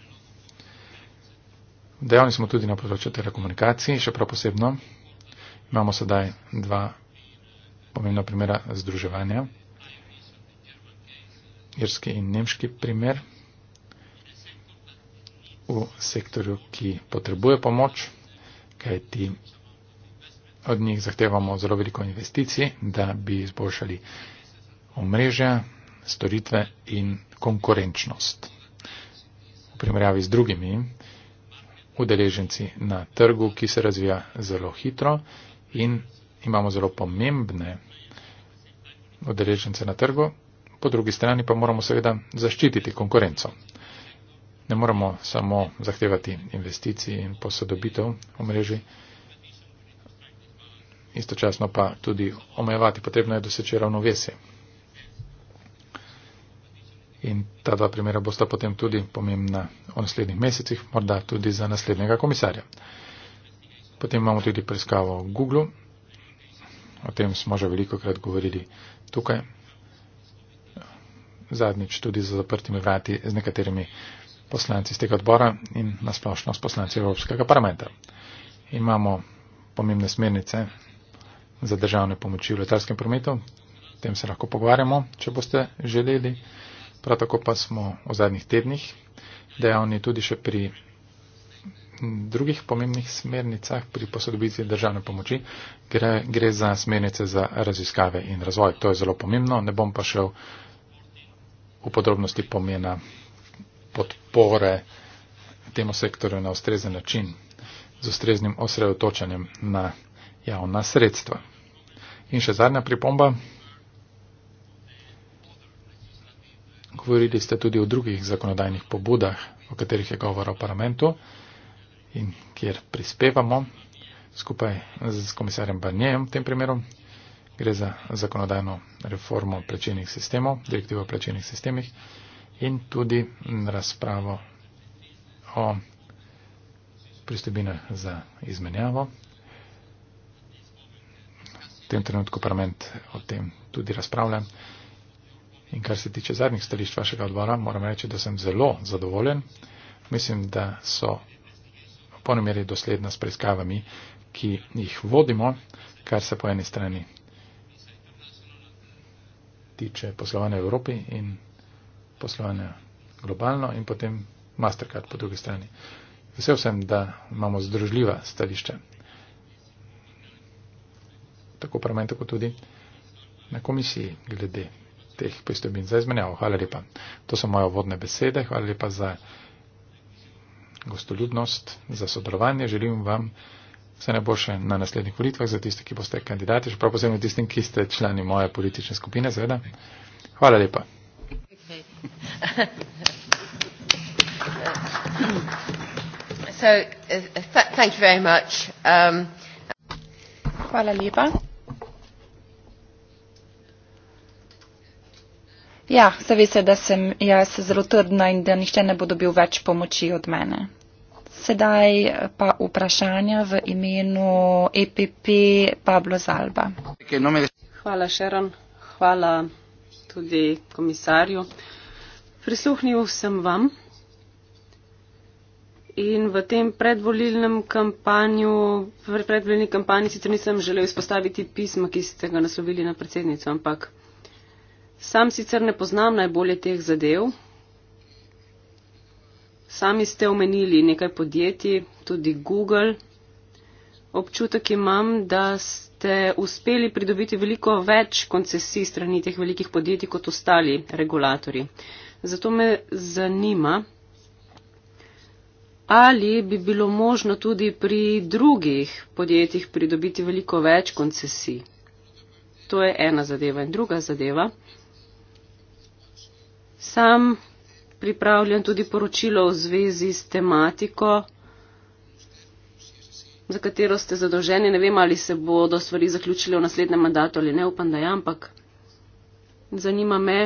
Speaker 2: Dejavni smo tudi na področju telekomunikacij, še prav posebno. Imamo sedaj dva pomembna primera združevanja. Irski in nemški primer v sektorju, ki potrebuje pomoč, kajti od njih zahtevamo zelo veliko investicij, da bi izboljšali omrežja, storitve in konkurenčnost. V primerjavi z drugimi udeleženci na trgu, ki se razvija zelo hitro in imamo zelo pomembne udeležence na trgu, po drugi strani pa moramo seveda zaščititi konkurenco. Ne moramo samo zahtevati investicij in posodobitev omrežja istočasno pa tudi omejevati. Potrebno je doseči ravnovesje. In ta dva primera bosta potem tudi pomembna v naslednjih mesecih, morda tudi za naslednjega komisarja. Potem imamo tudi preiskavo v Google. O tem smo že veliko krat govorili tukaj. Zadnjič tudi za zaprtimi vrati z nekaterimi poslanci z tega odbora in nasplošno s poslanci Evropskega parlamenta. Imamo pomembne smernice za državne pomoči v letalskem prometu. O tem se lahko pogovarjamo, če boste želeli. Prav tako pa smo v zadnjih tednih dejavni tudi še pri drugih pomembnih smernicah pri posodobitvi državne pomoči. Gre, gre za smernice za raziskave in razvoj. To je zelo pomembno. Ne bom pa šel v podrobnosti pomena podpore temu sektorju na ustrezen način z ustreznim osredotočanjem na javna sredstva. In še zadnja pripomba. Govorili ste tudi o drugih zakonodajnih pobudah, o katerih je govor o parlamentu in kjer prispevamo skupaj z komisarjem Barnjem v tem primeru. Gre za zakonodajno reformo plačenih sistemov, direktivo o plačenih sistemih in tudi razpravo o pristobinah za izmenjavo tem trenutku parlament o tem tudi razpravlja. In kar se tiče zadnjih stališč vašega odbora, moram reči, da sem zelo zadovoljen. Mislim, da so v polni meri dosledna s preiskavami, ki jih vodimo, kar se po eni strani tiče poslovanja v Evropi in poslovanja globalno in potem Mastercard po drugi strani. Vesel sem, da imamo združljiva stališča tako parlament, tako tudi na komisiji glede teh pristojbin za izmenjavo. Hvala lepa. To so moje vodne besede. Hvala lepa za gostoljubnost, za sodelovanje. Želim vam vse najboljše na naslednjih volitvah za tiste, ki boste kandidati, še prav posebno tistim, ki ste člani moje politične skupine, seveda. Hvala lepa.
Speaker 4: So, uh, th thank you very much. Um, Hvala lepa.
Speaker 5: Ja, se ve se, da sem jaz zelo trdna in da nišče ne bo dobil več pomoči od mene. Sedaj pa vprašanja v imenu EPP Pablo Zalba.
Speaker 3: Hvala Šeron, hvala tudi komisarju. Prisluhnil sem vam in v tem predvolilnem kampanju, v predvolilni kampanji sicer nisem želel izpostaviti pisma, ki ste ga naslovili na predsednico, ampak. Sam sicer ne poznam najbolje teh zadev. Sami ste omenili nekaj podjetij, tudi Google. Občutek imam, da ste uspeli pridobiti veliko več koncesij strani teh velikih podjetij kot ostali regulatori. Zato me zanima, ali bi bilo možno tudi pri drugih podjetjih pridobiti veliko več koncesij. To je ena zadeva. In druga zadeva. Sam pripravljam tudi poročilo v zvezi s tematiko, za katero ste zadolženi. Ne vem, ali se bodo stvari zaključile v naslednjem mandatu ali ne, upam, da je, ja, ampak zanima me,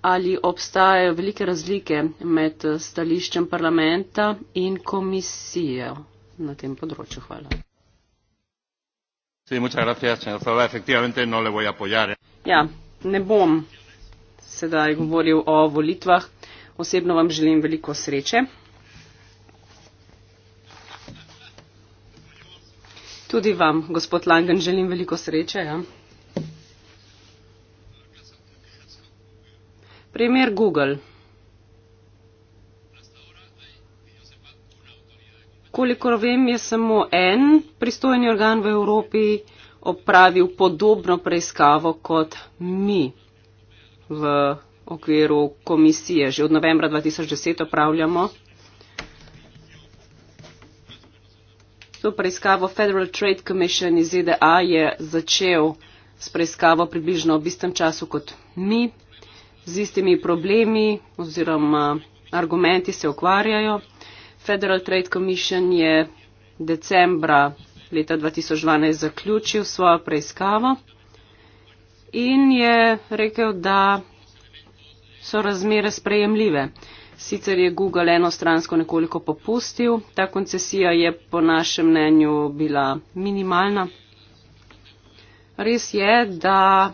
Speaker 3: ali obstajajo velike razlike med stališčem parlamenta in komisijo na tem področju. Hvala.
Speaker 4: Sí, muchas gracias, señor Zola. Efectivamente, no le voy a apoyar. Ya, ¿eh?
Speaker 3: ja, ne bom sedaj govoril o volitvah. Osebno vam želim veliko sreče. Tudi vam, gospod Langen, želim veliko sreče. Ja. Primer Google. Kolikor vem, je samo en pristojni organ v Evropi opravil podobno preiskavo kot mi v okviru komisije. Že od novembra 2010 opravljamo to preiskavo. Federal Trade Commission iz ZDA je začel s preiskavo približno ob istem času kot mi. Z istimi problemi oziroma argumenti se ukvarjajo. Federal Trade Commission je decembra leta 2012 zaključil svojo preiskavo in je rekel, da so razmere sprejemljive. Sicer je Google enostransko nekoliko popustil, ta koncesija je po našem mnenju bila minimalna. Res je, da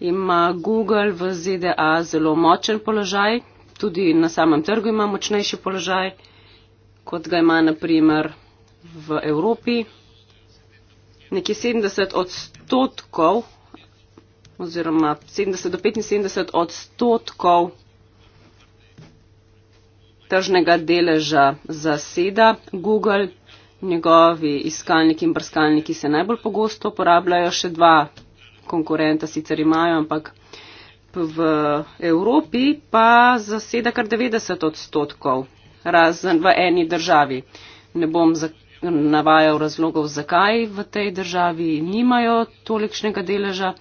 Speaker 3: ima Google v ZDA zelo močen položaj, tudi na samem trgu ima močnejši položaj, kot ga ima naprimer v Evropi nekje 70 odstotkov oziroma 70 do 75 odstotkov tržnega deleža zaseda Google. Njegovi iskalniki in brskalniki se najbolj pogosto uporabljajo, še dva konkurenta sicer imajo, ampak v Evropi pa zaseda kar 90 odstotkov, razen v eni državi. Ne bom navajal razlogov, zakaj v tej državi nimajo tolikšnega deleža.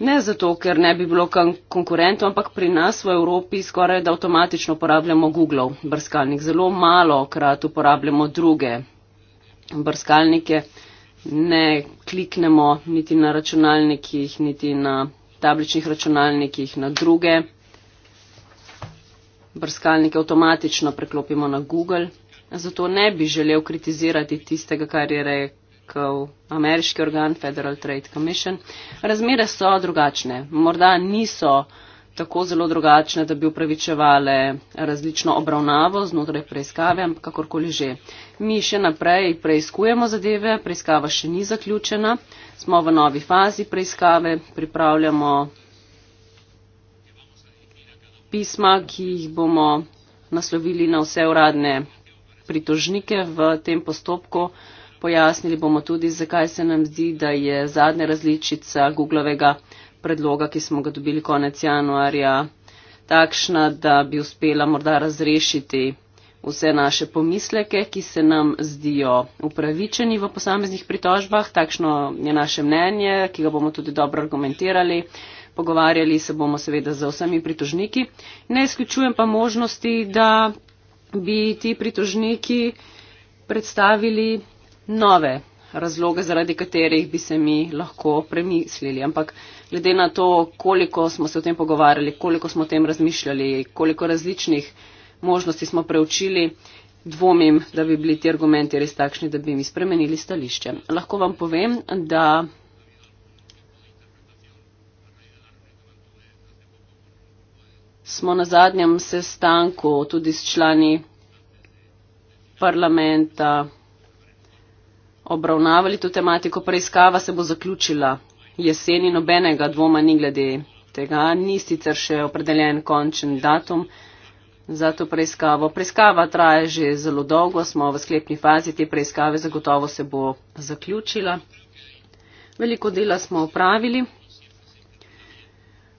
Speaker 3: Ne zato, ker ne bi bilo konkurentov, ampak pri nas v Evropi skoraj da avtomatično uporabljamo Google brskalnik. Zelo malo krat uporabljamo druge brskalnike, ne kliknemo niti na računalnikih, niti na tabličnih računalnikih, na druge brskalnike, avtomatično preklopimo na Google zato ne bi želel kritizirati tistega, kar je rekel ameriški organ Federal Trade Commission. Razmere so drugačne. Morda niso tako zelo drugačne, da bi upravičevale različno obravnavo znotraj preiskave, ampak kakorkoli že. Mi še naprej preiskujemo zadeve, preiskava še ni zaključena, smo v novi fazi preiskave, pripravljamo pisma, ki jih bomo naslovili na vse uradne pritožnike v tem postopku. Pojasnili bomo tudi, zakaj se nam zdi, da je zadnja različica Googlovega predloga, ki smo ga dobili konec januarja, takšna, da bi uspela morda razrešiti vse naše pomisleke, ki se nam zdijo upravičeni v posameznih pritožbah. Takšno je naše mnenje, ki ga bomo tudi dobro argumentirali. Pogovarjali se bomo seveda z vsemi pritožniki. Ne izključujem pa možnosti, da bi ti pritožniki predstavili nove razloge, zaradi katerih bi se mi lahko premislili. Ampak glede na to, koliko smo se o tem pogovarjali, koliko smo o tem razmišljali, koliko različnih možnosti smo preučili, dvomim, da bi bili ti argumenti res takšni, da bi mi spremenili stališče. Lahko vam povem, da smo na zadnjem sestanku tudi s člani parlamenta obravnavali to tematiko. Preiskava se bo zaključila jeseni, nobenega dvoma ni glede tega, ni sicer še opredeljen končen datum za to preiskavo. Preiskava traja že zelo dolgo, smo v sklepni fazi te preiskave, zagotovo se bo zaključila. Veliko dela smo opravili.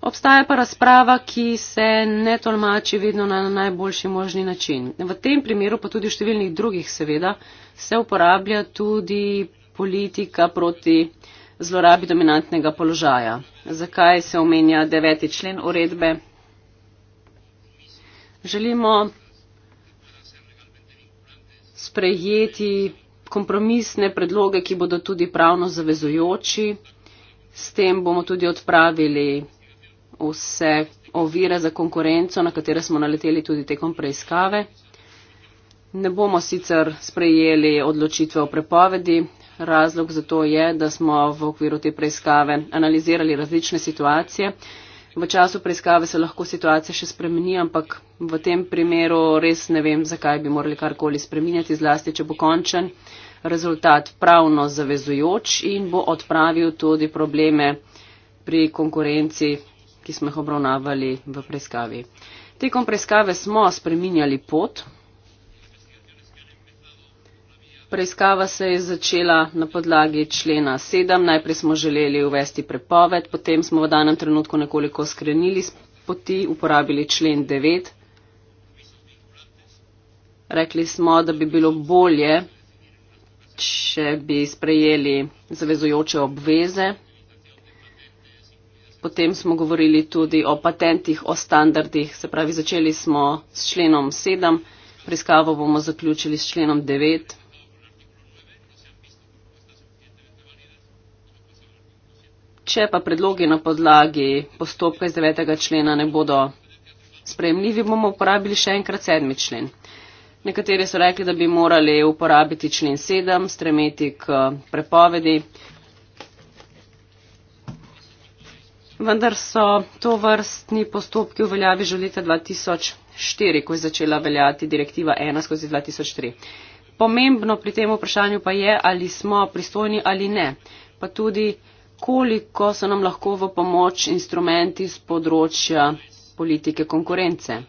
Speaker 3: Obstaja pa razprava, ki se ne tolmači vedno na najboljši možni način. V tem primeru, pa tudi v številnih drugih, seveda, se uporablja tudi politika proti zlorabi dominantnega položaja. Zakaj se omenja deveti člen uredbe? Želimo sprejeti kompromisne predloge, ki bodo tudi pravno zavezujoči. S tem bomo tudi odpravili vse ovire za konkurenco, na katere smo naleteli tudi tekom preiskave. Ne bomo sicer sprejeli odločitve o prepovedi. Razlog za to je, da smo v okviru te preiskave analizirali različne situacije. V času preiskave se lahko situacija še spremeni, ampak v tem primeru res ne vem, zakaj bi morali karkoli spreminjati, zlasti, če bo končen rezultat pravno zavezujoč in bo odpravil tudi probleme pri konkurenci ki smo jih obravnavali v preiskavi. Tekom preiskave smo spreminjali pot. Preiskava se je začela na podlagi člena 7. Najprej smo želeli uvesti prepoved, potem smo v danem trenutku nekoliko skrenili s poti, uporabili člen 9. Rekli smo, da bi bilo bolje, če bi sprejeli zavezujoče obveze Potem smo govorili tudi o patentih, o standardih, se pravi začeli smo s členom 7, preiskavo bomo zaključili s členom 9. Če pa predlogi na podlagi postopka iz 9. člena ne bodo spremljivi, bomo uporabili še enkrat 7. člen. Nekateri so rekli, da bi morali uporabiti člen 7, stremeti k prepovedi. vendar so to vrstni postopki v veljavi že leta 2004, ko je začela veljati direktiva 1 skozi 2003. Pomembno pri tem vprašanju pa je, ali smo pristojni ali ne, pa tudi koliko so nam lahko v pomoč instrumenti z področja politike konkurence.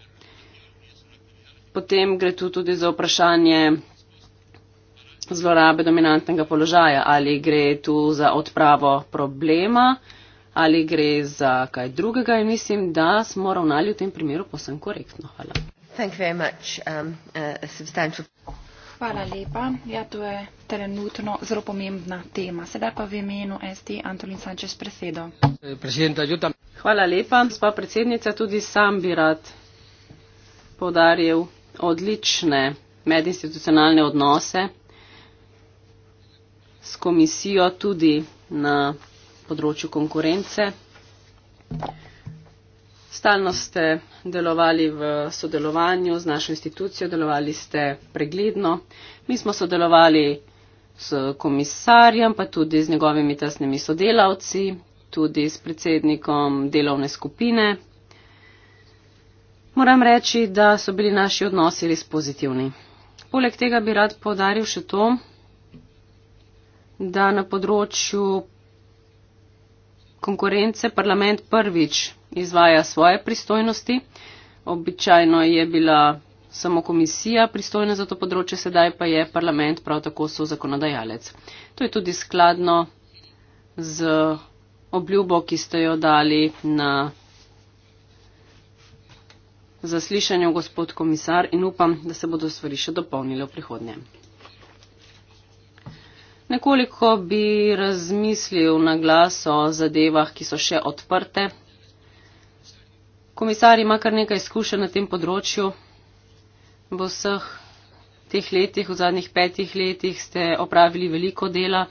Speaker 3: Potem gre tu tudi za vprašanje zlorabe dominantnega položaja, ali gre tu za odpravo problema ali gre za kaj drugega in mislim, da smo ravnali v tem primeru posem korektno. Hvala.
Speaker 4: Um, uh, Hvala lepa.
Speaker 5: Ja, to je trenutno zelo pomembna tema. Sedaj pa v imenu SD Antolin Sančes presedo.
Speaker 3: Hvala lepa, spa predsednica, tudi sam bi rad podaril odlične medinstitucionalne odnose s komisijo tudi na področju konkurence. Stalno ste delovali v sodelovanju z našo institucijo, delovali ste pregledno. Mi smo sodelovali s komisarjem, pa tudi z njegovimi tesnimi sodelavci, tudi s predsednikom delovne skupine. Moram reči, da so bili naši odnosi res pozitivni. Poleg tega bi rad povdaril še to, da na področju konkurence parlament prvič izvaja svoje pristojnosti. Običajno je bila samo komisija pristojna za to področje, sedaj pa je parlament prav tako so zakonodajalec. To je tudi skladno z obljubo, ki ste jo dali na zaslišanju, gospod komisar, in upam, da se bodo stvari še dopolnile v prihodnje. Nekoliko bi razmislil na glas o zadevah, ki so še odprte. Komisar ima kar nekaj izkušenj na tem področju. V vseh teh letih, v zadnjih petih letih ste opravili veliko dela.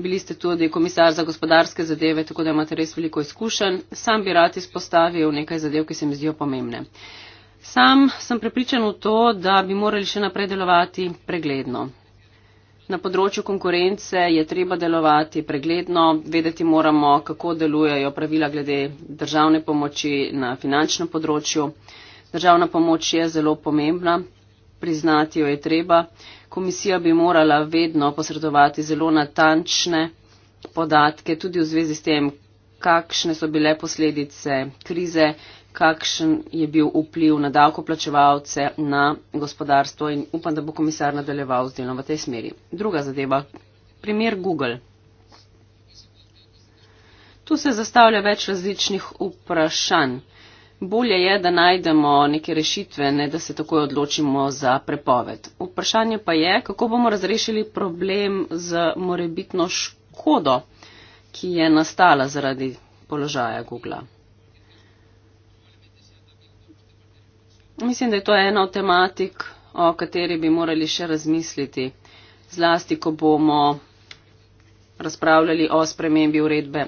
Speaker 3: Bili ste tudi komisar za gospodarske zadeve, tako da imate res veliko izkušenj. Sam bi rad izpostavil nekaj zadev, ki se mi zdijo pomembne. Sam sem prepričan v to, da bi morali še naprej delovati pregledno. Na področju konkurence je treba delovati pregledno, vedeti moramo, kako delujejo pravila glede državne pomoči na finančnem področju. Državna pomoč je zelo pomembna, priznati jo je treba. Komisija bi morala vedno posredovati zelo natančne podatke tudi v zvezi s tem, kakšne so bile posledice krize, kakšen je bil vpliv na davkoplačevalce, na gospodarstvo in upam, da bo komisar nadaljeval z delom v tej smeri. Druga zadeva, primer Google. Tu se zastavlja več različnih vprašanj. Bolje je, da najdemo neke rešitve, ne da se takoj odločimo za prepoved. Vprašanje pa je, kako bomo razrešili problem z morebitno škodo, ki je nastala zaradi položaja Google. Mislim, da je to ena od tematik, o kateri bi morali še razmisliti, zlasti, ko bomo razpravljali o spremembi uredbe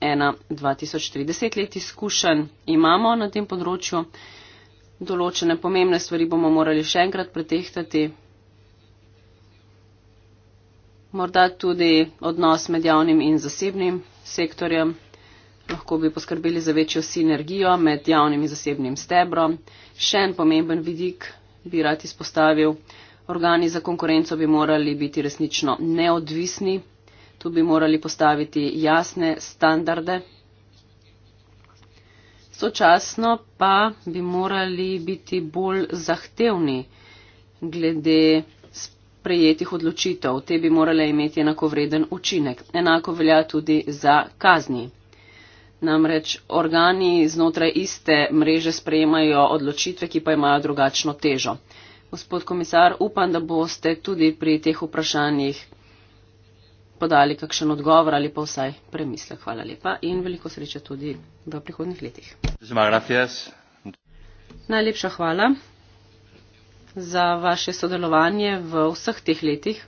Speaker 3: 1.2030 let izkušenj. Imamo na tem področju določene pomembne stvari, bomo morali še enkrat pretehtati. Morda tudi odnos med javnim in zasebnim sektorjem, lahko bi poskrbeli za večjo sinergijo med javnim in zasebnim stebrom. Še en pomemben vidik bi rad izpostavil. Organi za konkurenco bi morali biti resnično neodvisni. Tu bi morali postaviti jasne standarde. Sočasno pa bi morali biti bolj zahtevni glede sprejetih odločitev. Te bi morale imeti enakovreden učinek. Enako velja tudi za kazni. Namreč organi znotraj iste mreže sprejemajo odločitve, ki pa imajo drugačno težo. Gospod komisar, upam, da boste tudi pri teh vprašanjih podali kakšen odgovor ali pa vsaj premislek. Hvala lepa in veliko sreče tudi v prihodnih letih. Najlepša hvala za vaše sodelovanje v vseh teh letih.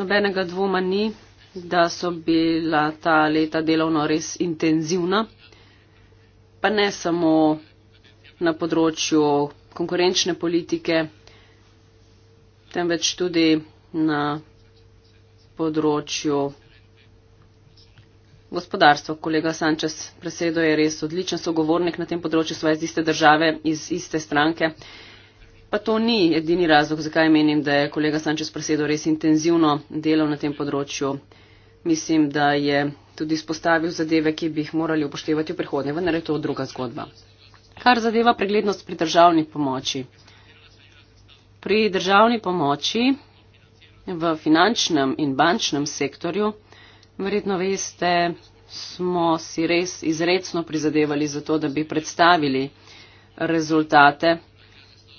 Speaker 3: Nobenega dvoma ni, da so bila ta leta delovno res intenzivna, pa ne samo na področju konkurenčne politike, temveč tudi na področju gospodarstva. Kolega Sančes Presedo je res odličen sogovornik na tem področju svoje iz iste države, iz iste stranke. Pa to ni edini razlog, zakaj menim, da je kolega Sančes Presedo res intenzivno delal na tem področju mislim, da je tudi spostavil zadeve, ki bi jih morali upoštevati v prihodnje, vendar je to druga zgodba. Kar zadeva preglednost pri državni pomoči. Pri državni pomoči v finančnem in bančnem sektorju, verjetno veste, smo si res izredno prizadevali za to, da bi predstavili rezultate,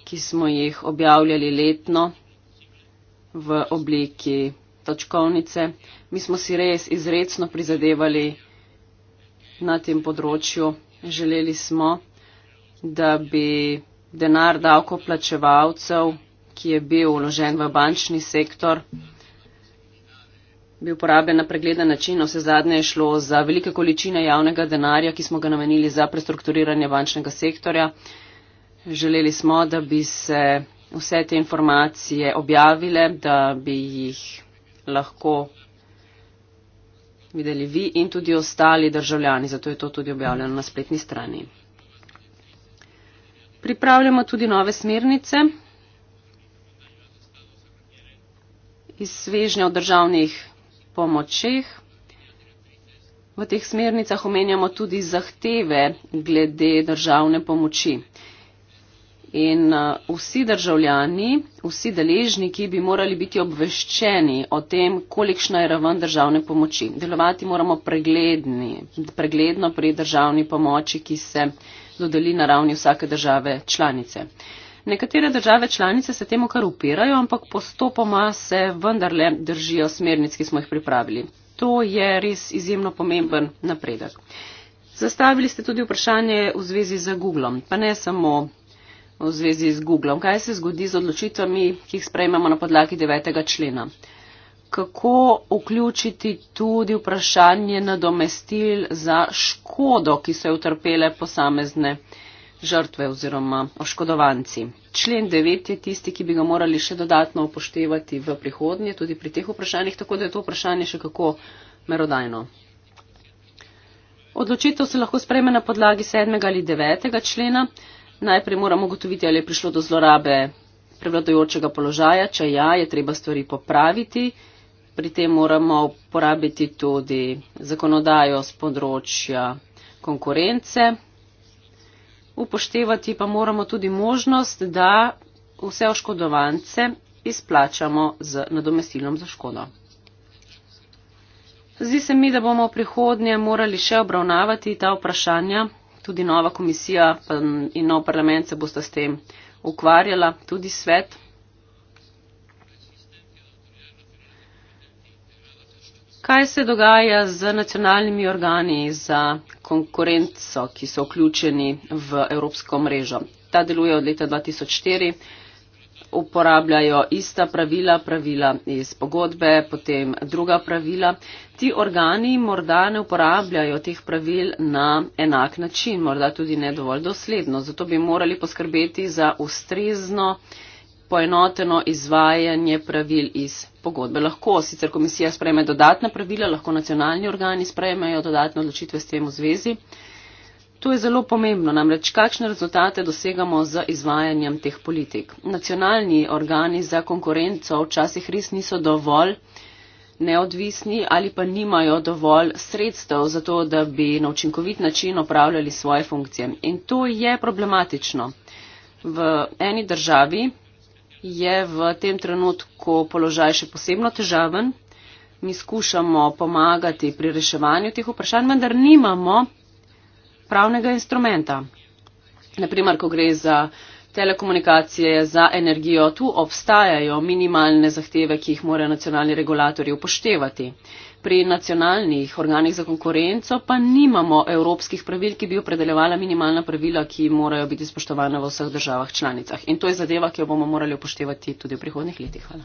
Speaker 3: ki smo jih objavljali letno v obliki točkovnice. Mi smo si res izredno prizadevali na tem področju. Želeli smo, da bi denar davkoplačevalcev, ki je bil uložen v bančni sektor, bil porabljen na pregleden način. Vse zadnje je šlo za velike količine javnega denarja, ki smo ga namenili za prestrukturiranje bančnega sektorja. Želeli smo, da bi se vse te informacije objavile, da bi jih lahko videli vi in tudi ostali državljani, zato je to tudi objavljeno na spletni strani. Pripravljamo tudi nove smernice iz svežnja o državnih pomočeh. V teh smernicah omenjamo tudi zahteve glede državne pomoči. In uh, vsi državljani, vsi deležniki bi morali biti obveščeni o tem, kolikšna je raven državne pomoči. Delovati moramo pregledni, pregledno pri državni pomoči, ki se dodeli na ravni vsake države članice. Nekatere države članice se temu kar upirajo, ampak postopoma se vendarle držijo smernic, ki smo jih pripravili. To je res izjemno pomemben napredek. Zastavili ste tudi vprašanje v zvezi z Googlom, pa ne samo v zvezi z Googlom. Kaj se zgodi z odločitvami, ki jih sprejmemo na podlagi 9. člena? Kako vključiti tudi vprašanje nadomestil za škodo, ki so jo utrpele posamezne žrtve oziroma oškodovanci? Člen 9 je tisti, ki bi ga morali še dodatno upoštevati v prihodnje, tudi pri teh vprašanjih, tako da je to vprašanje še kako merodajno. Odločitev se lahko sprejme na podlagi 7. ali 9. člena. Najprej moramo ugotoviti, ali je prišlo do zlorabe prevladojočega položaja. Če ja, je treba stvari popraviti. Pri tem moramo uporabiti tudi zakonodajo z področja konkurence. Upoštevati pa moramo tudi možnost, da vse oškodovance izplačamo z nadomestilom za škodo. Zdi se mi, da bomo v prihodnje morali še obravnavati ta vprašanja tudi nova komisija um, in nov parlament se bosta s tem ukvarjala, tudi svet. Kaj se dogaja z nacionalnimi organi za konkurenco, ki so vključeni v evropsko mrežo? Ta deluje od leta 2004 uporabljajo ista pravila, pravila iz pogodbe, potem druga pravila. Ti organi morda ne uporabljajo teh pravil na enak način, morda tudi ne dovolj dosledno. Zato bi morali poskrbeti za ustrezno poenoteno izvajanje pravil iz pogodbe. Lahko sicer komisija sprejme dodatna pravila, lahko nacionalni organi sprejmejo dodatne odločitve s tem v zvezi. To je zelo pomembno, namreč kakšne rezultate dosegamo z izvajanjem teh politik. Nacionalni organi za konkurenco včasih res niso dovolj neodvisni ali pa nimajo dovolj sredstev za to, da bi na učinkovit način opravljali svoje funkcije. In to je problematično. V eni državi je v tem trenutku položaj še posebno težaven. Mi skušamo pomagati pri reševanju teh vprašanj, vendar nimamo pravnega instrumenta. Naprimer, ko gre za telekomunikacije, za energijo, tu obstajajo minimalne zahteve, ki jih morajo nacionalni regulatori upoštevati. Pri nacionalnih organih za konkurenco pa nimamo evropskih pravil, ki bi opredeljevala minimalna pravila, ki morajo biti spoštovane v vseh državah članicah. In to je zadeva, ki jo bomo morali upoštevati tudi v prihodnih letih. Hvala.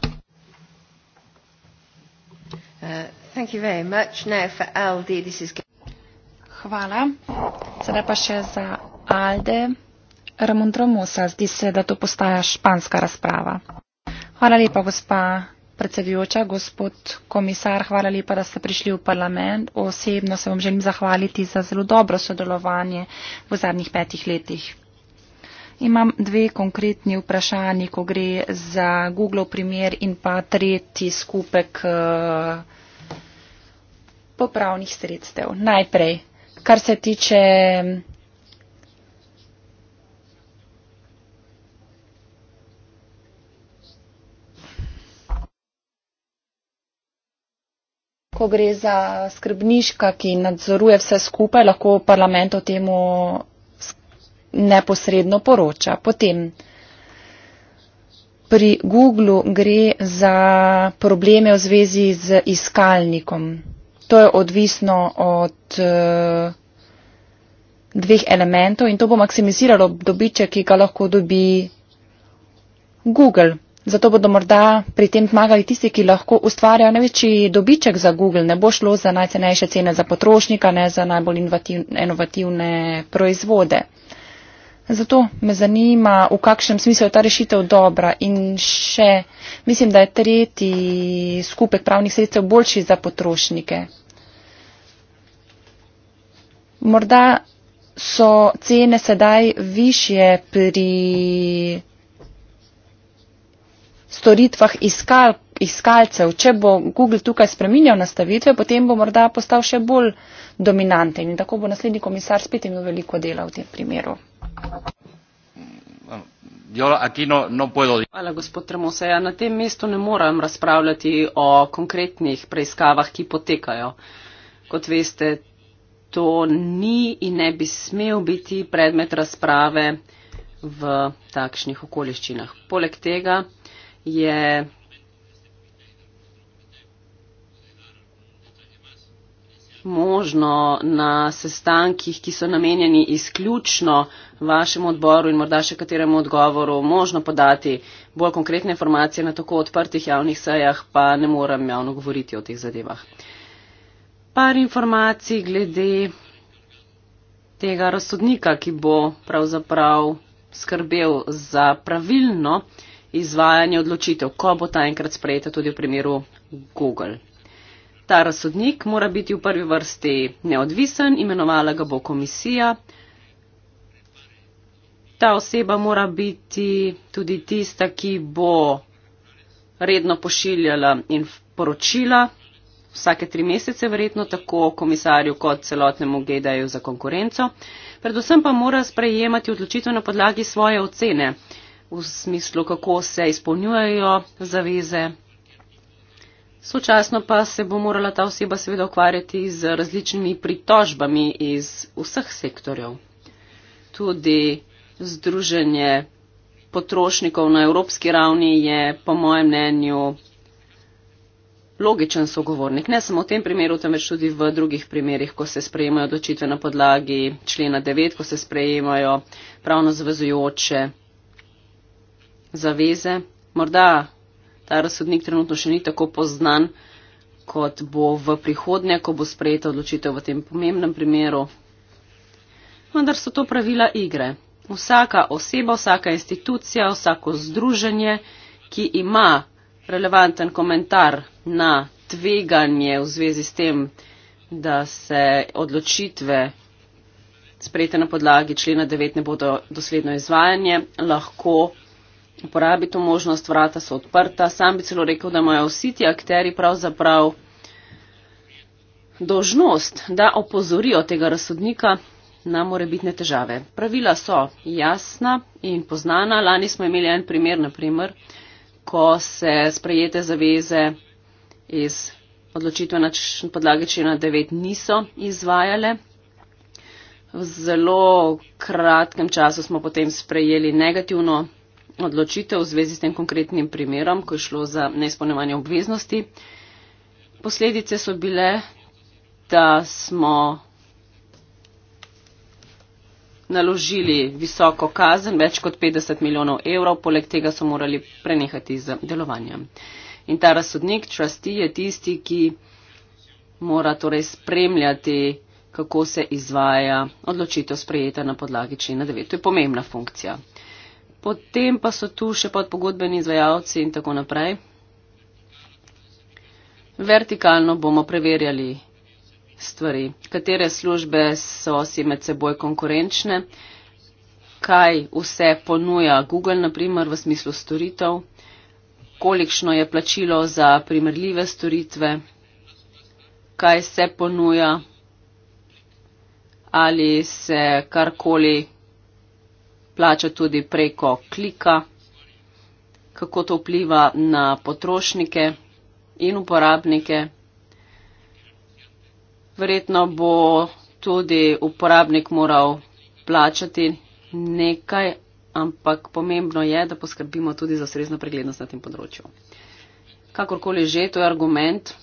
Speaker 4: Uh,
Speaker 5: Hvala. Sedaj pa še za Alde. Ramon Tromosa, zdi se, da to postaja španska razprava. Hvala lepa, gospa predsedujoča, gospod komisar, hvala lepa, da ste prišli v parlament. Osebno se vam želim zahvaliti za zelo dobro sodelovanje v zadnjih petih letih. Imam dve konkretni vprašanji, ko gre za Google primer in pa tretji skupek uh, popravnih sredstev. Najprej, kar se tiče Ko gre za skrbniška, ki nadzoruje vse skupaj, lahko parlament o temu neposredno poroča. Potem pri Google gre za probleme v zvezi z iskalnikom. To je odvisno od uh, dveh elementov in to bo maksimiziralo dobiček, ki ga lahko dobi Google. Zato bodo morda pri tem zmagali tisti, ki lahko ustvarjajo največji dobiček za Google. Ne bo šlo za najcenejše cene za potrošnika, ne za najbolj inovativne proizvode. Zato me zanima, v kakšnem smislu je ta rešitev dobra in še mislim, da je tretji skupek pravnih sredstev boljši za potrošnike. Morda so cene sedaj višje pri storitvah iskal, iskalcev. Če bo Google tukaj spreminjal nastavitve, potem bo morda postal še bolj dominanten in tako bo naslednji komisar spet imel veliko dela v tem primeru.
Speaker 3: No, no Hvala, gospod Tremose. Ja, na tem mestu ne morem razpravljati o konkretnih preiskavah, ki potekajo. Kot veste, to ni in ne bi smel biti predmet razprave v takšnih okoliščinah. Poleg tega je možno na sestankih, ki so namenjeni izključno vašemu odboru in morda še kateremu odgovoru, možno podati bolj konkretne informacije na tako odprtih javnih sejah, pa ne morem javno govoriti o teh zadevah. Par informacij glede tega razsodnika, ki bo pravzaprav skrbel za pravilno izvajanje odločitev, ko bo ta enkrat sprejeta tudi v primeru Google. Ta razsodnik mora biti v prvi vrsti neodvisen, imenovala ga bo komisija. Ta oseba mora biti tudi tista, ki bo redno pošiljala in poročila vsake tri mesece, verjetno tako komisarju kot celotnemu GDA-ju za konkurenco. Predvsem pa mora sprejemati odločitev na podlagi svoje ocene v smislu, kako se izpolnjujejo zaveze Sočasno pa se bo morala ta oseba seveda ukvarjati z različnimi pritožbami iz vseh sektorjev. Tudi združenje potrošnikov na evropski ravni je po mojem mnenju logičen sogovornik. Ne samo v tem primeru, temveč tudi v drugih primerjih, ko se sprejemajo odločitve na podlagi člena 9, ko se sprejemajo pravno zvezujoče zaveze. Morda ta razsodnik trenutno še ni tako poznan, kot bo v prihodnje, ko bo sprejeta odločitev v tem pomembnem primeru. Vendar so to pravila igre. Vsaka oseba, vsaka institucija, vsako združenje, ki ima relevanten komentar na tveganje v zvezi s tem, da se odločitve sprejete na podlagi člena 9 ne bodo dosledno izvajanje, lahko uporabi to možnost, vrata so odprta. Sam bi celo rekel, da imajo vsi ti akteri pravzaprav dožnost, da opozorijo tega razsodnika na morebitne težave. Pravila so jasna in poznana. Lani smo imeli en primer, naprimer, ko se sprejete zaveze iz odločitve na podlage člena 9 niso izvajale. V zelo kratkem času smo potem sprejeli negativno odločitev v zvezi s tem konkretnim primerom, ko je šlo za neizpolnjevanje obveznosti. Posledice so bile, da smo naložili visoko kazen, več kot 50 milijonov evrov, poleg tega so morali prenehati z delovanjem. In ta razsodnik, trustee, je tisti, ki mora torej spremljati, kako se izvaja odločitev sprejeta na podlagi člena 9. To je pomembna funkcija. Potem pa so tu še podpogodbeni izvajalci in tako naprej. Vertikalno bomo preverjali stvari, katere službe so si med seboj konkurenčne, kaj vse ponuja Google, naprimer, v smislu storitev, kolikšno je plačilo za primerljive storitve, kaj se ponuja, ali se karkoli plača tudi preko klika, kako to vpliva na potrošnike in uporabnike. Verjetno bo tudi uporabnik moral plačati nekaj, ampak pomembno je, da poskrbimo tudi za srezno preglednost na tem področju. Kakorkoli že, to je argument,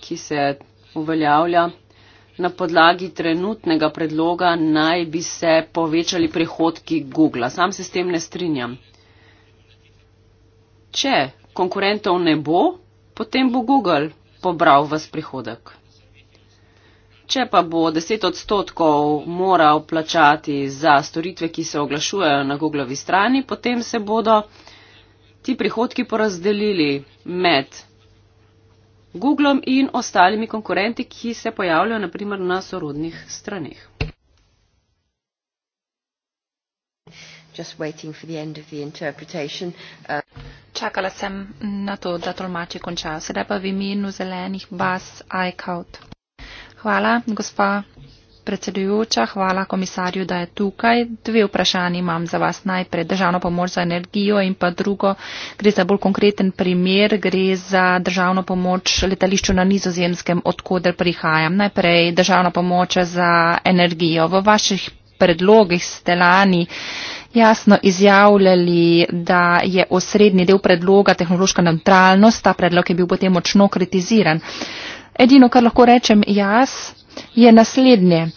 Speaker 3: ki se uveljavlja. Na podlagi trenutnega predloga naj bi se povečali prihodki Google. Sam se s tem ne strinjam. Če konkurentov ne bo, potem bo Google pobral vas prihodek. Če pa bo 10 odstotkov moral plačati za storitve, ki se oglašujejo na Googlovi strani, potem se bodo ti prihodki porazdelili med Googlom in ostalimi konkurenti, ki se pojavljajo naprimer na sorodnih straneh. Uh,
Speaker 5: Čakala sem na to, da tolmači končal. Sedaj pa v imenu zelenih bas iCout. Hvala, gospa predsedujoča, hvala komisarju, da je tukaj. Dve vprašanje imam za vas. Najprej državno pomoč za energijo in pa drugo, gre za bolj konkreten primer, gre za državno pomoč letališču na nizozemskem, odkuder prihajam. Najprej državno pomoč za energijo. V vaših predlogih ste lani jasno izjavljali, da je osrednji del predloga tehnološka neutralnost, ta predlog je bil potem močno kritiziran. Edino, kar lahko rečem jaz, je naslednje.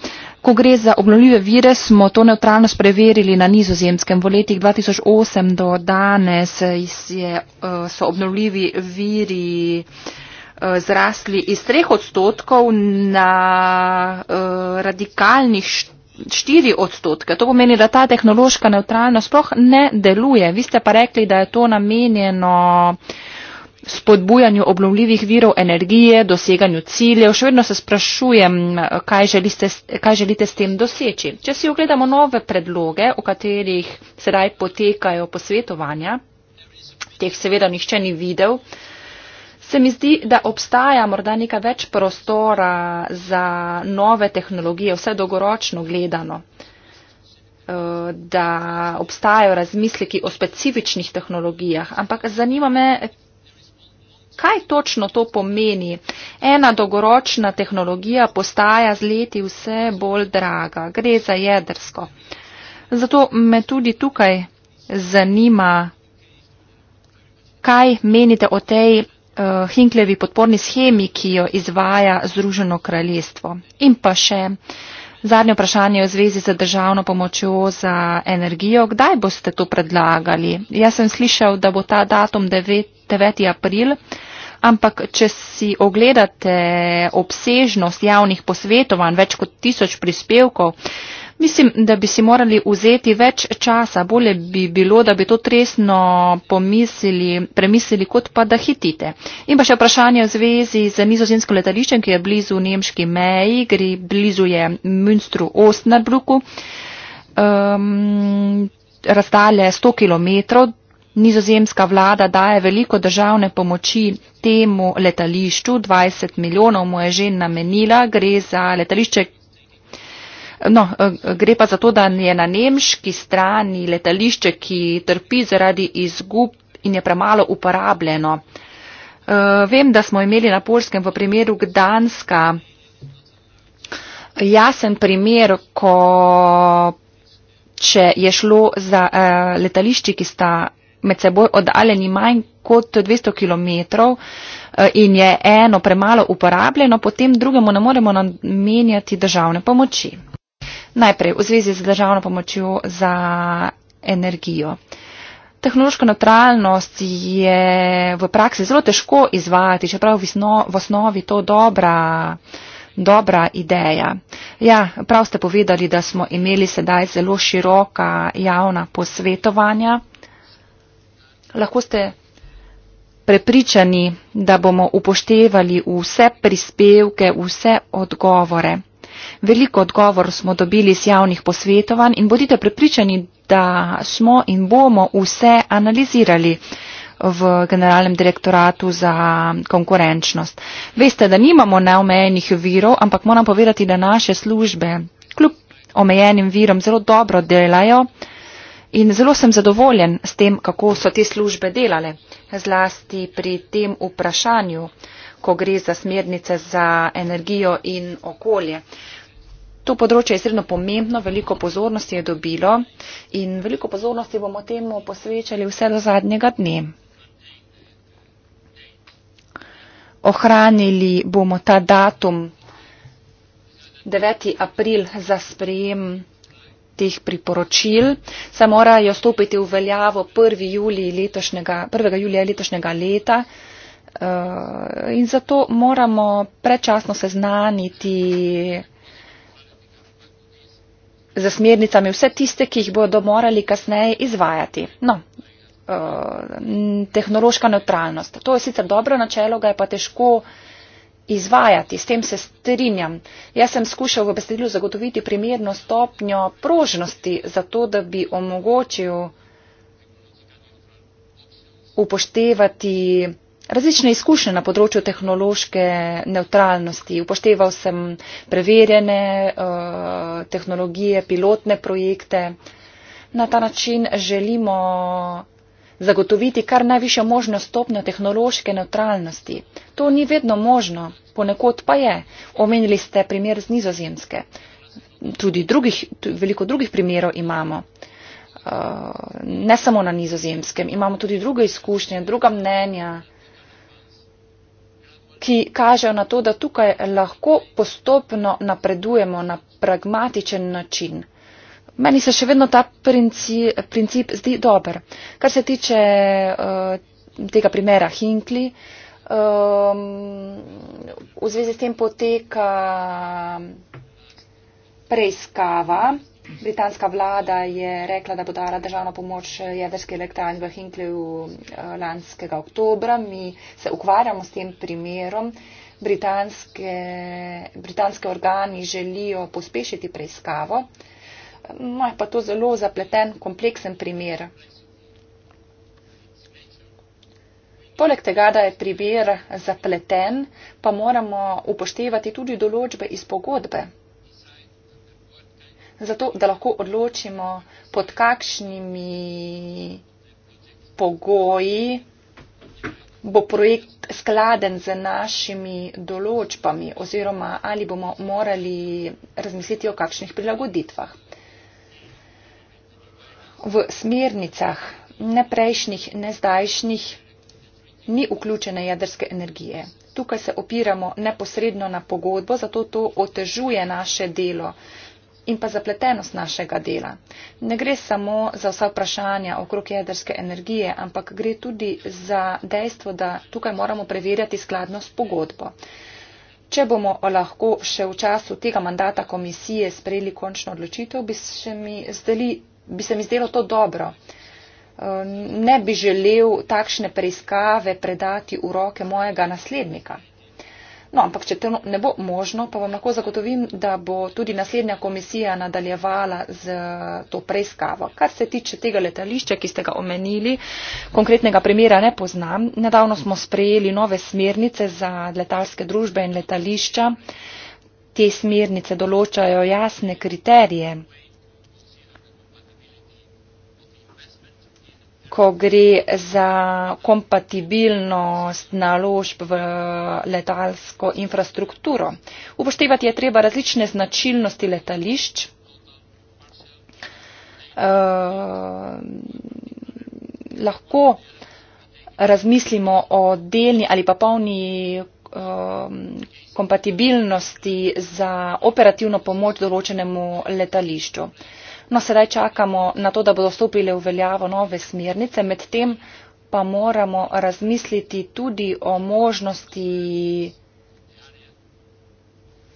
Speaker 5: Ko gre za obnovljive vire, smo to neutralnost preverili na nizozemskem. V letih 2008 do danes je, eh, so obnovljivi viri eh, zrasli iz 3 odstotkov na eh, radikalnih 4 odstotke. To pomeni, da ta tehnološka neutralnost sploh ne deluje. Vi ste pa rekli, da je to namenjeno spodbujanju obnovljivih virov energije, doseganju ciljev. Še vedno se sprašujem, kaj želite, kaj želite s tem doseči. Če si ogledamo nove predloge, o katerih sedaj potekajo posvetovanja, teh seveda nišče ni videl, se mi zdi, da obstaja morda neka več prostora za nove tehnologije, vse dolgoročno gledano eh, da obstajajo razmisleki o specifičnih tehnologijah. Ampak zanima me, kaj točno to pomeni. Ena dolgoročna tehnologija postaja z leti vse bolj draga. Gre za jedrsko. Zato me tudi tukaj zanima, kaj menite o tej uh, Hinklevi podporni schemi, ki jo izvaja Združeno kraljestvo. In pa še. Zadnje vprašanje je v zvezi z državno pomočjo za energijo. Kdaj boste to predlagali? Jaz sem slišal, da bo ta datum 9, 9. april, ampak če si ogledate obsežnost javnih posvetovanj, več kot tisoč prispevkov, mislim, da bi si morali vzeti več časa. Bolje bi bilo, da bi to resno premislili, kot pa da hitite. In pa še vprašanje v zvezi z nizozemsko letališčem, ki je blizu nemški meji, gre blizu je Münstru Ostnerbruku. Um, ehm, Razdalje 100 km Nizozemska vlada daje veliko državne pomoči temu letališču, 20 milijonov mu je že namenila, gre za letališče. No, eh, gre pa za to, da je na nemški strani letališče, ki trpi zaradi izgub in je premalo uporabljeno. Eh, vem, da smo imeli na polskem v primeru Gdanska jasen primer, ko če je šlo za eh, letališči, ki sta med seboj oddaljeni manj kot 200 km eh, in je eno premalo uporabljeno, potem drugemu ne moremo namenjati državne pomoči. Najprej v zvezi z državno pomočjo za energijo. Tehnološko neutralnost je v praksi zelo težko izvajati, čeprav v osnovi to dobra, dobra ideja. Ja, prav ste povedali, da smo imeli sedaj zelo široka javna posvetovanja. Lahko ste prepričani, da bomo upoštevali vse prispevke, vse odgovore. Veliko odgovor smo dobili iz javnih posvetovanj in bodite prepričani, da smo in bomo vse analizirali v Generalnem direktoratu za konkurenčnost. Veste, da nimamo neomejenih virov, ampak moram povedati, da naše službe kljub omejenim virom zelo dobro delajo. In zelo sem zadovoljen s tem, kako so te službe delale, zlasti pri tem vprašanju, ko gre za smernice za energijo in okolje. To področje je izredno pomembno, veliko pozornosti je dobilo in veliko pozornosti bomo temu posvečali vse do zadnjega dne. Ohranili bomo ta datum 9. april za sprejem teh priporočil, saj morajo stopiti v veljavo 1. Julij letošnjega, 1. julija letošnjega leta. Eh, in zato moramo prečasno seznaniti za smernicami vse tiste, ki jih bodo morali kasneje izvajati. No, eh, tehnološka neutralnost. To je sicer dobro načelo, ga je pa težko izvajati. S tem se strinjam. Jaz sem skušal v besedilu zagotoviti primerno stopnjo prožnosti za to, da bi omogočil upoštevati različne izkušnje na področju tehnološke neutralnosti. Upošteval sem preverjene uh, tehnologije, pilotne projekte. Na ta način želimo zagotoviti kar najvišjo možno stopnjo tehnološke neutralnosti. To ni vedno možno, ponekod pa je. Omenili ste primer z nizozemske. Tudi drugih, veliko drugih primerov imamo. Uh, ne samo na nizozemskem, imamo tudi druge izkušnje, druga mnenja, ki kažejo na to, da tukaj lahko postopno napredujemo na pragmatičen način. Meni se še vedno ta princip, princip zdi dober. Kar se tiče uh, tega primera Hinkli, um, ehm, v zvezi s tem poteka preiskava. Britanska vlada je rekla, da bo dala državno pomoč jedrski elektrarni v Hinkli v eh, lanskega oktobra. Mi se ukvarjamo s tem primerom. Britanske, britanske organi želijo pospešiti preiskavo. Uh, No, je pa to zelo zapleten, kompleksen primer. Poleg tega, da je primer zapleten, pa moramo upoštevati tudi določbe iz pogodbe. Zato, da lahko odločimo, pod kakšnimi pogoji bo projekt skladen z našimi določbami oziroma ali bomo morali razmisliti o kakšnih prilagoditvah v smernicah ne prejšnjih, ne zdajšnjih ni vključene jedrske energije. Tukaj se opiramo neposredno na pogodbo, zato to otežuje naše delo in pa zapletenost našega dela. Ne gre samo za vsa vprašanja okrog jedrske energije, ampak gre tudi za dejstvo, da tukaj moramo preverjati skladnost pogodbo. Če bomo lahko še v času tega mandata komisije sprejeli končno odločitev, bi se mi zdeli bi se mi zdelo to dobro. Ehm, ne bi želel takšne preiskave predati v roke mojega naslednika. No, ampak če to ne bo možno, pa vam lahko zagotovim, da bo tudi naslednja komisija nadaljevala z eh, to preiskavo. Kar se tiče tega letališča, ki ste ga omenili, konkretnega primera ne poznam. Nedavno smo sprejeli nove smernice za letalske družbe in letališča. Te smernice določajo jasne kriterije ko gre za kompatibilnost naložb v letalsko infrastrukturo. Upoštevati je treba različne značilnosti letališč. Uh, lahko razmislimo o delni ali pa polni uh, kompatibilnosti za operativno pomoč določenemu letališču. Uh, No, sedaj čakamo na to, da bodo stopile v veljavo nove smernice, medtem pa moramo razmisliti tudi o možnosti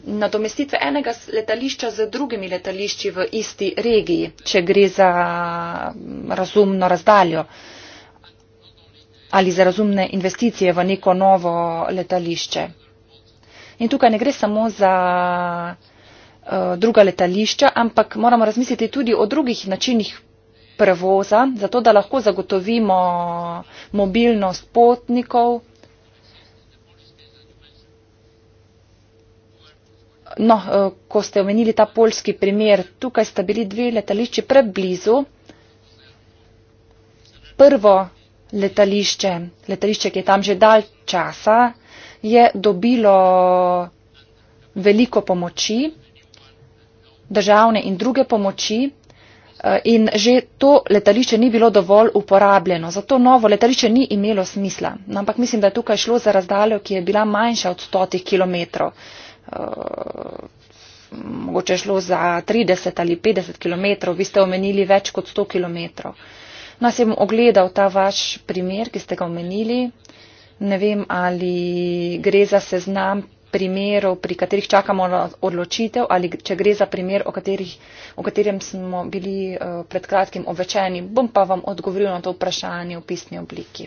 Speaker 5: nadomestitve enega letališča z drugimi letališči v isti regiji, če gre za razumno razdaljo ali za razumne investicije v neko novo letališče. In tukaj ne gre samo za Eh, druga letališča, ampak moramo razmisliti tudi o drugih načinih prevoza, zato da lahko zagotovimo mobilnost potnikov. No, eh, ko ste omenili ta polski primer, tukaj sta bili dve letališči preblizu. Prvo letališče, letališče, ki je tam že dalj časa, je dobilo veliko pomoči državne in druge pomoči eh, in že to letališče ni bilo dovolj uporabljeno. Zato novo letališče ni imelo smisla. No, ampak mislim, da je tukaj šlo za razdaljo, ki je bila manjša od 100 km. Eh, mogoče je šlo za 30 ali 50 km, vi ste omenili več kot 100 km. Nas je ogledal ta vaš primer, ki ste ga omenili. Ne vem, ali gre za seznam primerov, pri katerih čakamo na odločitev ali če gre za primer, o, katerih, o katerem smo bili uh, pred kratkim obvečeni, bom pa vam odgovoril na to vprašanje v pisni obliki.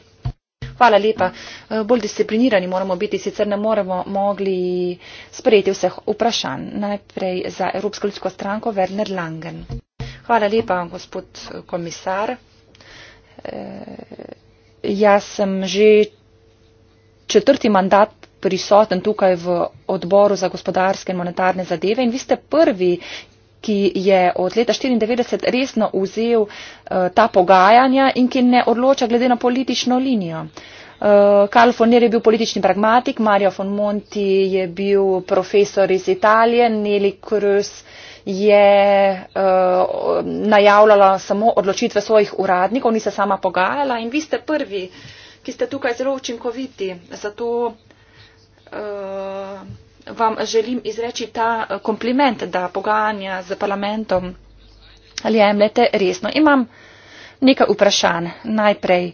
Speaker 5: Hvala lepa. Eh, bolj disciplinirani moramo biti, sicer ne moremo mogli sprejeti vseh vprašanj. Najprej za Evropsko ljudsko stranko Werner Langen. Hvala lepa, gospod eh, komisar. E, jaz sem že četrti mandat prisoten tukaj v odboru za gospodarske in monetarne zadeve in vi ste prvi, ki je od leta 1994 resno vzel eh, ta pogajanja in ki ne odloča glede na politično linijo. Eh, Karl von Nier je bil politični pragmatik, Mario von Monti je bil profesor iz Italije, Neli Krus je uh, najavljala samo odločitve svojih uradnikov, ni se sama pogajala in vi ste prvi, ki ste tukaj zelo učinkoviti. Zato uh, vam želim izreči ta eh, kompliment, da pogajanja z parlamentom ali jemljete resno. Imam nekaj vprašanj. Najprej,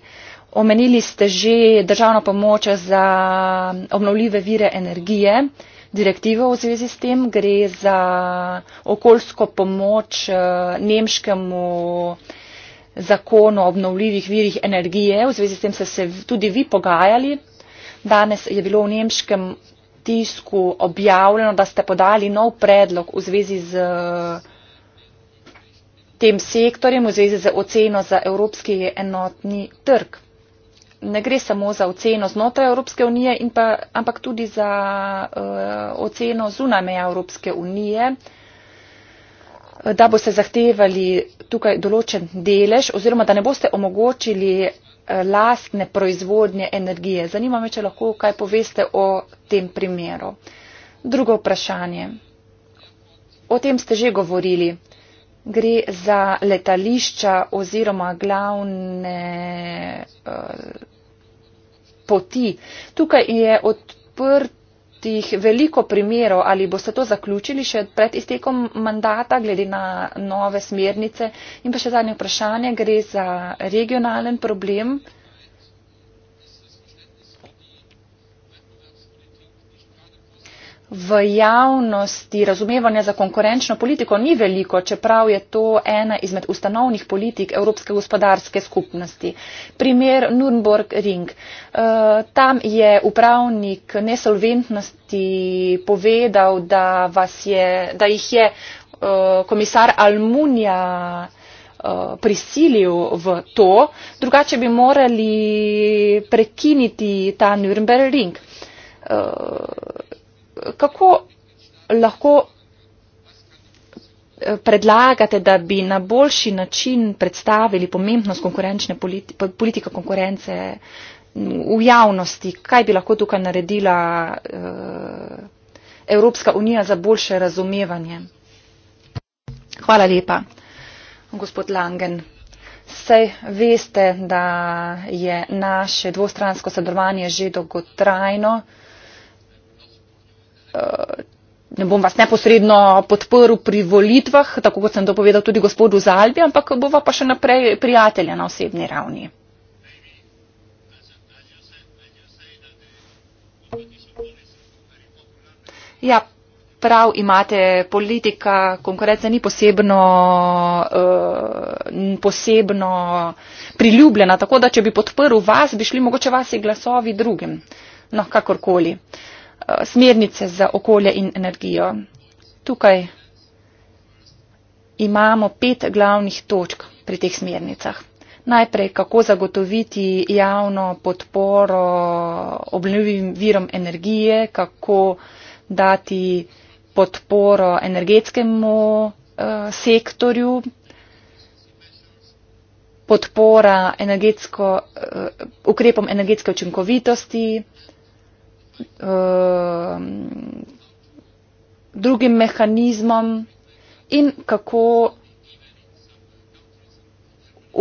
Speaker 5: omenili ste že državno pomoč za obnovljive vire energije. Direktivo v zvezi s tem gre za okoljsko pomoč eh, nemškemu zakonu o obnovljivih virih energije. V zvezi s tem ste se tudi vi pogajali. Danes je bilo v nemškem tisku objavljeno, da ste podali nov predlog v zvezi z tem sektorjem, v zvezi z oceno za Evropski enotni trg. Ne gre samo za oceno znotraj Evropske unije, pa, ampak tudi za uh, oceno zunaj meja Evropske unije, da boste zahtevali tukaj določen delež oziroma da ne boste omogočili lastne proizvodnje energije. Zanima me, če lahko kaj poveste o tem primeru. Drugo vprašanje. O tem ste že govorili. Gre za letališča oziroma glavne uh, poti. Tukaj je odprt letih veliko primerov, ali boste to zaključili še pred iztekom mandata, glede na nove smernice. In pa še zadnje vprašanje, gre za regionalen problem. v javnosti razumevanja za konkurenčno politiko ni veliko, čeprav je to ena izmed ustanovnih politik Evropske gospodarske skupnosti. Primer Nürnberg Ring. Eh, tam je upravnik nesolventnosti povedal, da, je, da jih je eh, komisar Almunija eh, prisilil v to, drugače bi morali prekiniti ta Nürnberg Ring kako lahko eh, predlagate, da bi na boljši način predstavili pomembnost konkurenčne politi politike konkurence v javnosti? Kaj bi lahko tukaj naredila eh, Evropska unija za boljše razumevanje? Hvala lepa, gospod Langen. Sej veste, da je naše dvostransko sodelovanje že dolgotrajno ne bom vas neposredno podprl pri volitvah, tako kot sem to povedal tudi gospodu Zalbi, ampak bova pa še naprej prijatelja na osebni ravni. Ja, prav imate, politika, konkurenca ni posebno, uh, posebno priljubljena, tako da če bi podprl vas, bi šli mogoče vasi glasovi drugim. No, kakorkoli. Uh, Eh, smernice za okolje in energijo. Tukaj imamo pet glavnih točk pri teh smernicah. Najprej, kako zagotoviti javno podporo obnovljivim virom energije, kako dati podporo energetskemu uh, sektorju, podpora energetsko, uh, ukrepom energetske učinkovitosti, Um, drugim mehanizmom in kako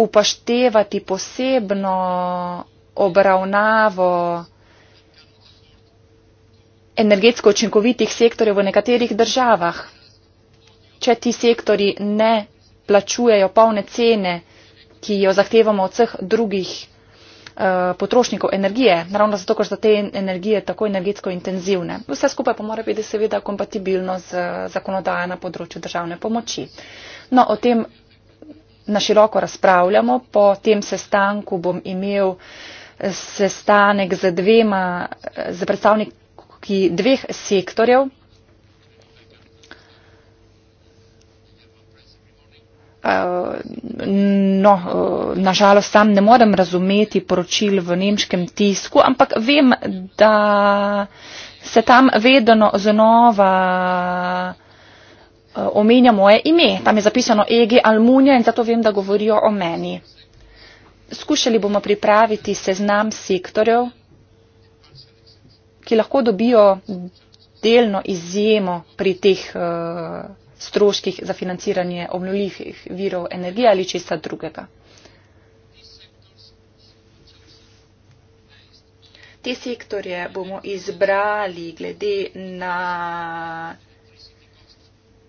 Speaker 5: upoštevati posebno obravnavo energetsko učinkovitih sektorjev v nekaterih državah. Če ti sektori ne plačujejo polne cene, ki jo zahtevamo od vseh drugih Eh, potrošnikov energije, ravno zato, ker so te energije tako energetsko intenzivne. Vse skupaj pa mora biti seveda kompatibilno z eh, zakonodajo na področju državne pomoči. No, o tem naširoko razpravljamo. Po tem sestanku bom imel eh, sestanek z, dvema, z predstavniki dveh sektorjev Eh, no, eh, nažalost sam ne morem razumeti poročil v nemškem tisku, ampak vem, da se tam vedno znova eh, omenja moje ime. Tam je zapisano Ege Almunja in zato vem, da govorijo o meni. Skušali bomo pripraviti seznam sektorjev, ki lahko dobijo delno izjemo pri teh uh, stroških za financiranje obnovljivih virov energije ali česa drugega. Te sektorje bomo izbrali glede na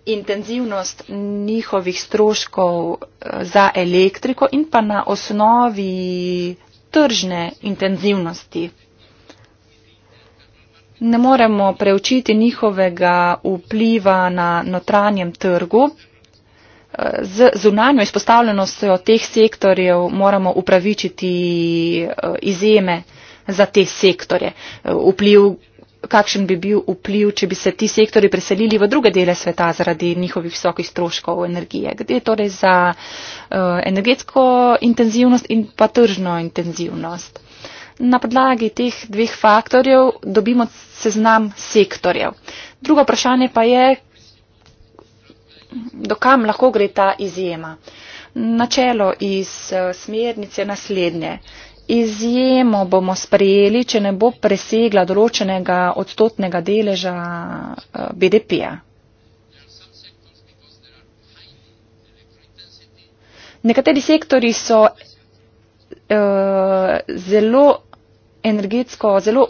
Speaker 5: intenzivnost njihovih stroškov eh, za elektriko in pa na osnovi tržne intenzivnosti ne moremo preučiti njihovega vpliva na notranjem trgu. Z zunanjo izpostavljenostjo teh sektorjev moramo upravičiti eh, izjeme za te sektorje. Eh, vpliv, kakšen bi bil vpliv, če bi se ti sektori preselili v druge dele sveta zaradi njihovih visokih stroškov energije. Gde torej za eh, energetsko intenzivnost in pa tržno intenzivnost na podlagi teh dveh faktorjev dobimo seznam sektorjev. Drugo vprašanje pa je, dokam lahko gre ta izjema. Načelo iz eh, smernice naslednje. Izjemo bomo sprejeli, če ne bo presegla določenega odstotnega deleža eh, BDP-ja. Nekateri sektori so uh, zelo energetsko zelo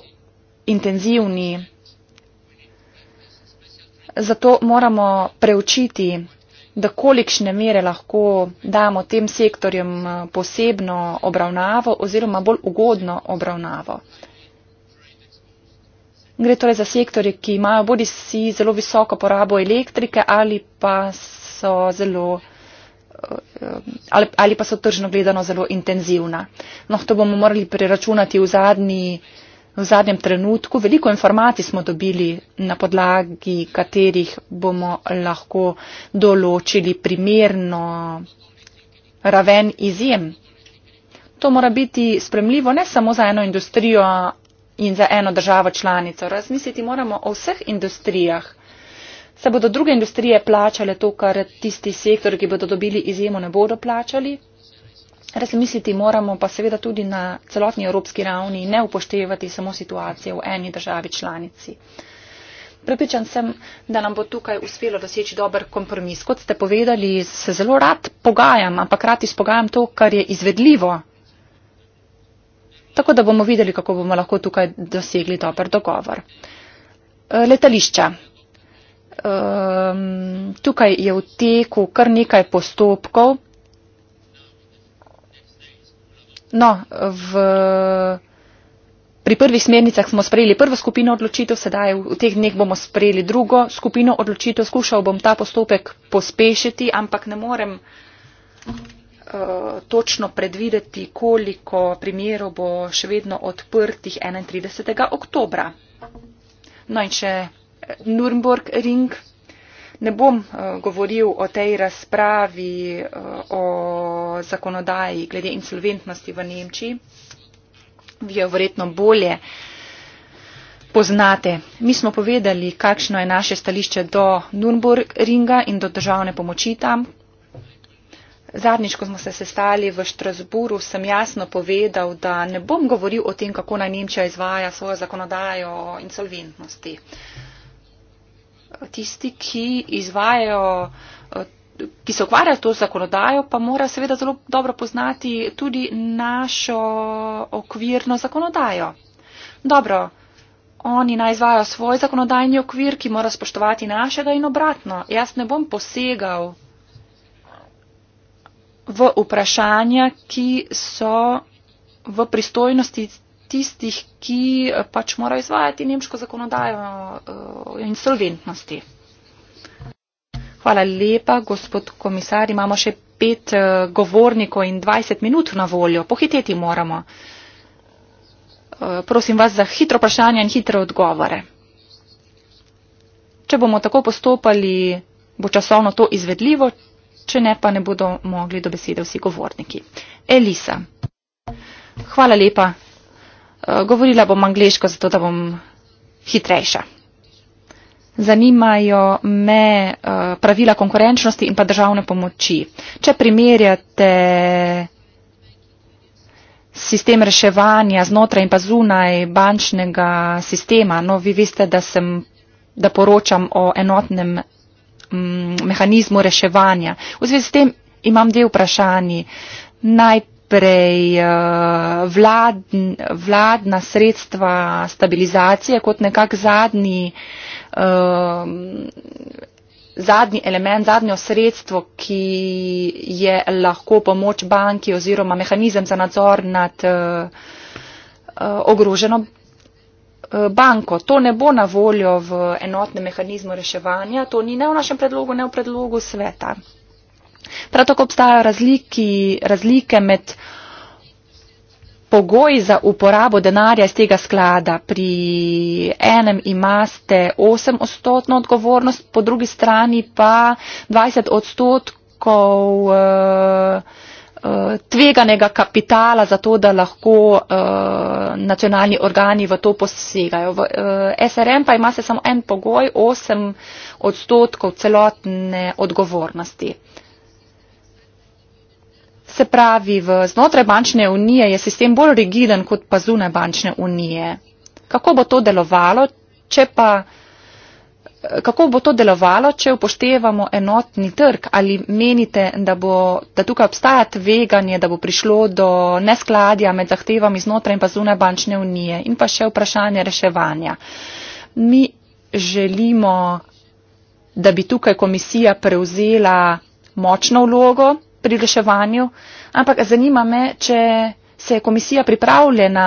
Speaker 5: intenzivni. Zato moramo preučiti, da kolikšne mere lahko damo tem sektorjem eh, posebno obravnavo oziroma bolj ugodno obravnavo. Gre torej za sektorje, ki imajo bodi si zelo visoko porabo elektrike ali pa so zelo ali, ali pa so tržno gledano zelo intenzivna. No, to bomo morali preračunati v, zadnji, v zadnjem trenutku. Veliko informacij smo dobili, na podlagi katerih bomo lahko določili primerno raven izjem. To mora biti spremljivo ne samo za eno industrijo in za eno državo članico. Razmisliti moramo o vseh industrijah se bodo druge industrije plačale to, kar tisti sektor, ki bodo dobili izjemo, ne bodo plačali. Razmisliti moramo pa seveda tudi na celotni evropski ravni in ne upoštevati samo situacije v eni državi članici. Pripričan sem, da nam bo tukaj uspelo doseči dober kompromis. Kot ste povedali, se zelo rad pogajam, ampak rad izpogajam to, kar je izvedljivo. Tako da bomo videli, kako bomo lahko tukaj dosegli dober dogovor. E, letališča um, tukaj je v teku kar nekaj postopkov. No, v, pri prvih smernicah smo sprejeli prvo skupino odločitev, sedaj v teh dneh bomo sprejeli drugo skupino odločitev. Skušal bom ta postopek pospešiti, ampak ne morem eh, točno predvideti, koliko primerov bo še vedno odprtih 31. oktobra. No in če Nürnberg ring. Ne bom uh, govoril o tej razpravi uh, o zakonodaji glede insolventnosti v Nemčiji. Vi jo verjetno bolje poznate. Mi smo povedali, kakšno je naše stališče do Nürnberg ringa in do državne pomoči tam. Zadnjič, ko smo se sestali v Štrasburu, sem jasno povedal, da ne bom govoril o tem, kako naj Nemčija izvaja svojo zakonodajo o insolventnosti. Uh, tisti, ki izvajajo, eh, ki se ukvarjajo to zakonodajo, pa mora seveda zelo dobro poznati tudi našo okvirno zakonodajo. Dobro, oni naj izvajo svoj zakonodajni okvir, ki mora spoštovati našega in obratno. Jaz ne bom posegal v vprašanja, ki so v pristojnosti tistih, ki eh, pač morajo izvajati nemško zakonodajo eh, insolventnosti. Hvala lepa, gospod komisar. Imamo še pet eh, govornikov in 20 minut na voljo. Pohiteti moramo. Prosim vas za hitro vprašanje in hitre odgovore. Če bomo tako postopali, bo časovno to izvedljivo, če ne pa ne bodo mogli do besede vsi govorniki. Elisa. Hvala lepa. Eh, govorila bom angliško, zato da bom hitrejša. Zanimajo me eh, pravila konkurenčnosti in pa državne pomoči. Če primerjate sistem reševanja znotraj in pa zunaj bančnega sistema, no vi veste, da, sem, da poročam o enotnem mm, mehanizmu reševanja. V zvezi s tem imam dve vprašanji. Najprej naprej eh, vladn, vladna sredstva stabilizacije kot nekak zadnji, eh, zadnji element, zadnjo sredstvo, ki je lahko pomoč banki oziroma mehanizem za nadzor nad eh, ogroženo banko. To ne bo na voljo v enotnem mehanizmu reševanja, to ni ne v našem predlogu, ne v predlogu sveta prav tako obstajajo razliki, razlike med pogoji za uporabo denarja iz tega sklada. Pri enem imate 8 odstotno odgovornost, po drugi strani pa 20 odstotkov eh, eh, tveganega kapitala za to, da lahko uh, nacionalni organi v to posegajo. V uh, SRM pa ima se samo en pogoj, 8 odstotkov celotne odgovornosti. Se pravi, v znotraj bančne unije je sistem bolj rigiden kot pa zunaj bančne unije. Kako bo to delovalo, če pa. Kako bo to delovalo, če upoštevamo enotni trg? Ali menite, da, bo, da tukaj obstaja tveganje, da bo prišlo do neskladja med zahtevami znotraj in pa zunaj bančne unije in pa še vprašanje reševanja? Mi želimo, da bi tukaj komisija prevzela močno vlogo, pri reševanju, ampak zanima me, če se je komisija pripravljena,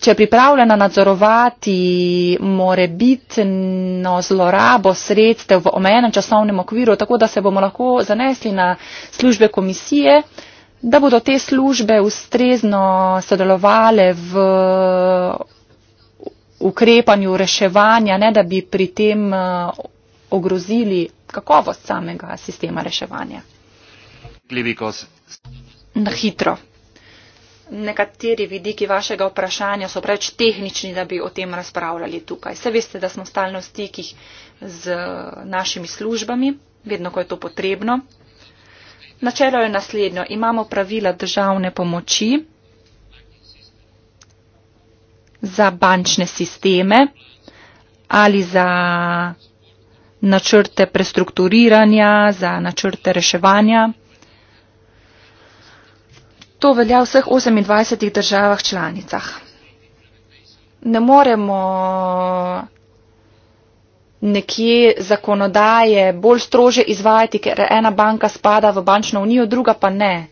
Speaker 5: če je pripravljena nadzorovati morebitno zlorabo sredstev v omejenem časovnem okviru, tako da se bomo lahko zanesli na službe komisije, da bodo te službe ustrezno sodelovale v ukrepanju reševanja, ne da bi pri tem eh, ogrozili kakovost samega sistema reševanja. Na hitro. Nekateri vidiki vašega vprašanja so preveč tehnični, da bi o tem razpravljali tukaj. Se veste, da smo stalno v stikih z eh, našimi službami, vedno, ko je to potrebno. Načelo je naslednjo. Imamo pravila državne pomoči za bančne sisteme ali za načrte prestrukturiranja, za načrte reševanja. To velja v vseh 28 državah članicah. Ne moremo nekje zakonodaje bolj strože izvajati, ker ena banka spada v bančno unijo, druga pa ne.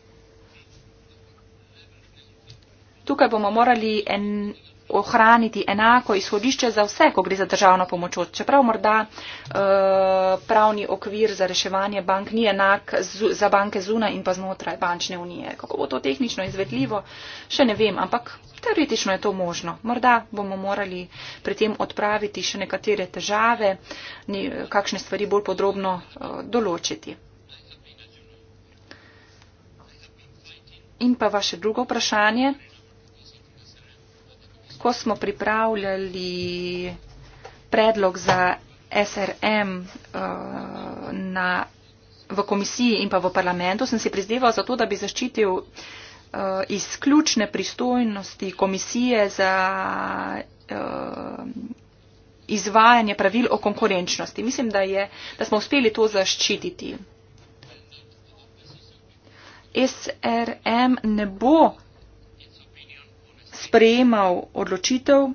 Speaker 5: Tukaj bomo morali en, ohraniti enako izhodišče za vse, ko gre za državno pomoč. Čeprav morda uh, pravni okvir za reševanje bank ni enak z, za banke zuna in pa znotraj bančne unije. Kako bo to tehnično izvedljivo, še ne vem, ampak teoretično je to možno. Morda bomo morali pri tem odpraviti še nekatere težave, ne, kakšne stvari bolj podrobno uh, določiti. In pa vaše drugo vprašanje ko smo pripravljali predlog za SRM uh, eh, na, v komisiji in pa v parlamentu, sem si prizdeval za to, da bi zaščitil uh, eh, izključne pristojnosti komisije za uh, izvajanje pravil o konkurenčnosti. Mislim, da, je, da smo uspeli to zaščititi. SRM ne bo sprejemal odločitev,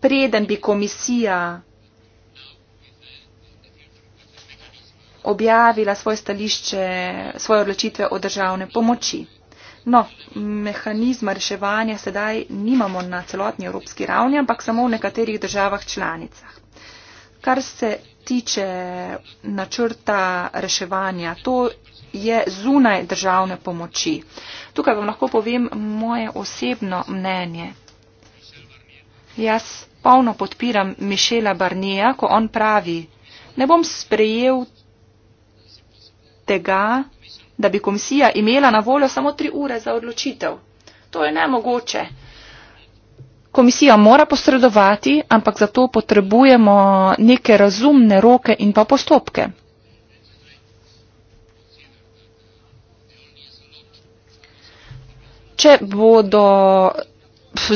Speaker 5: preden bi komisija objavila svoje stališče, svoje odločitve o državne pomoči. No, mehanizma reševanja sedaj nimamo na celotni evropski ravni, ampak samo v nekaterih državah članicah. Kar se tiče načrta reševanja, to je zunaj državne pomoči. Tukaj vam lahko povem moje osebno mnenje. Jaz polno podpiram Mišela Barnija, ko on pravi, ne bom sprejel tega, da bi komisija imela na voljo samo tri ure za odločitev. To je nemogoče. Komisija mora posredovati, ampak zato potrebujemo neke razumne roke in pa postopke. če bodo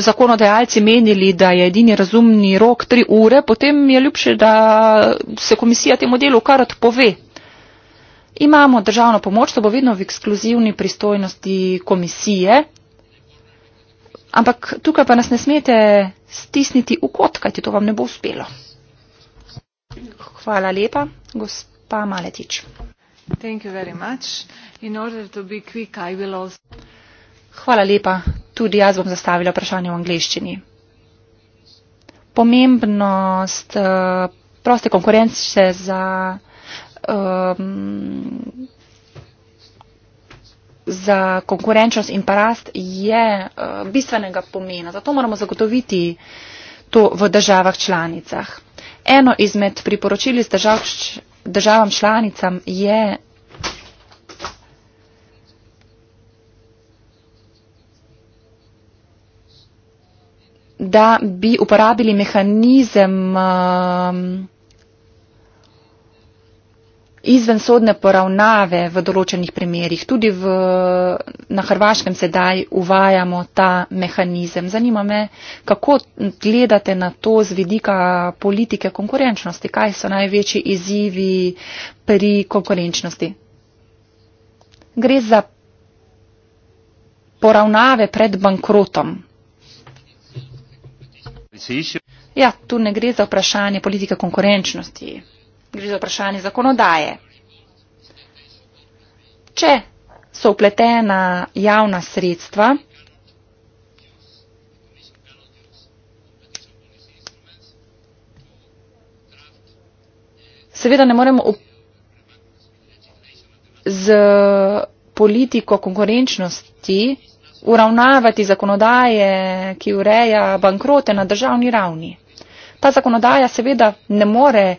Speaker 5: zakonodajalci menili, da je edini razumni rok tri ure, potem je ljubše, da se komisija temu delu kar odpove. Imamo državno pomoč, to bo vedno v ekskluzivni pristojnosti komisije, ampak tukaj pa nas ne smete stisniti v kot, kajti to vam ne bo uspelo. Hvala lepa, gospa Maletič.
Speaker 4: Thank you very much. In order to be quick, I will also...
Speaker 5: Hvala lepa. Tudi jaz bom zastavila vprašanje v angliščini. Pomembnost uh, proste konkurence za, um, za konkurenčnost in pa rast je uh, bistvenega pomena. Zato moramo zagotoviti to v državah članicah. Eno izmed priporočili z držav, državam članicam je da bi uporabili mehanizem um, izvensodne poravnave v določenih primerjih. Tudi v, na Hrvaškem sedaj uvajamo ta mehanizem. Zanima me, kako gledate na to z vidika politike konkurenčnosti? Kaj so največji izzivi pri konkurenčnosti? Gre za poravnave pred bankrotom. Ja, tu ne gre za vprašanje politike konkurenčnosti, gre za vprašanje zakonodaje. Če so upletena javna sredstva, seveda ne moremo z politiko konkurenčnosti uravnavati zakonodaje, ki ureja bankrote na državni ravni. Ta zakonodaja seveda ne more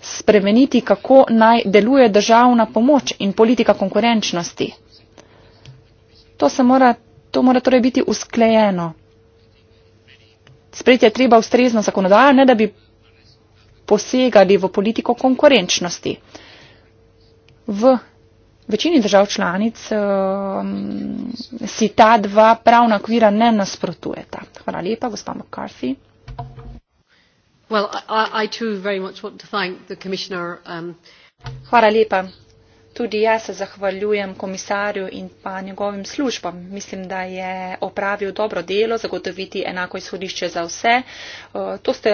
Speaker 5: spremeniti, kako naj deluje državna pomoč in politika konkurenčnosti. To, mora, to mora torej biti usklejeno. Sprejeti je treba ustrezno zakonodajo, ne da bi posegali v politiko konkurenčnosti. V večini držav članic um, si ta dva pravna okvira ne nasprotujeta. Hvala lepa, gospod McCarthy.
Speaker 1: Well, I, I
Speaker 5: um. Hvala lepa. Tudi jaz se zahvaljujem komisarju in pa njegovim službam. Mislim, da je opravil dobro delo, zagotoviti enako izhodišče za vse. Uh, to ste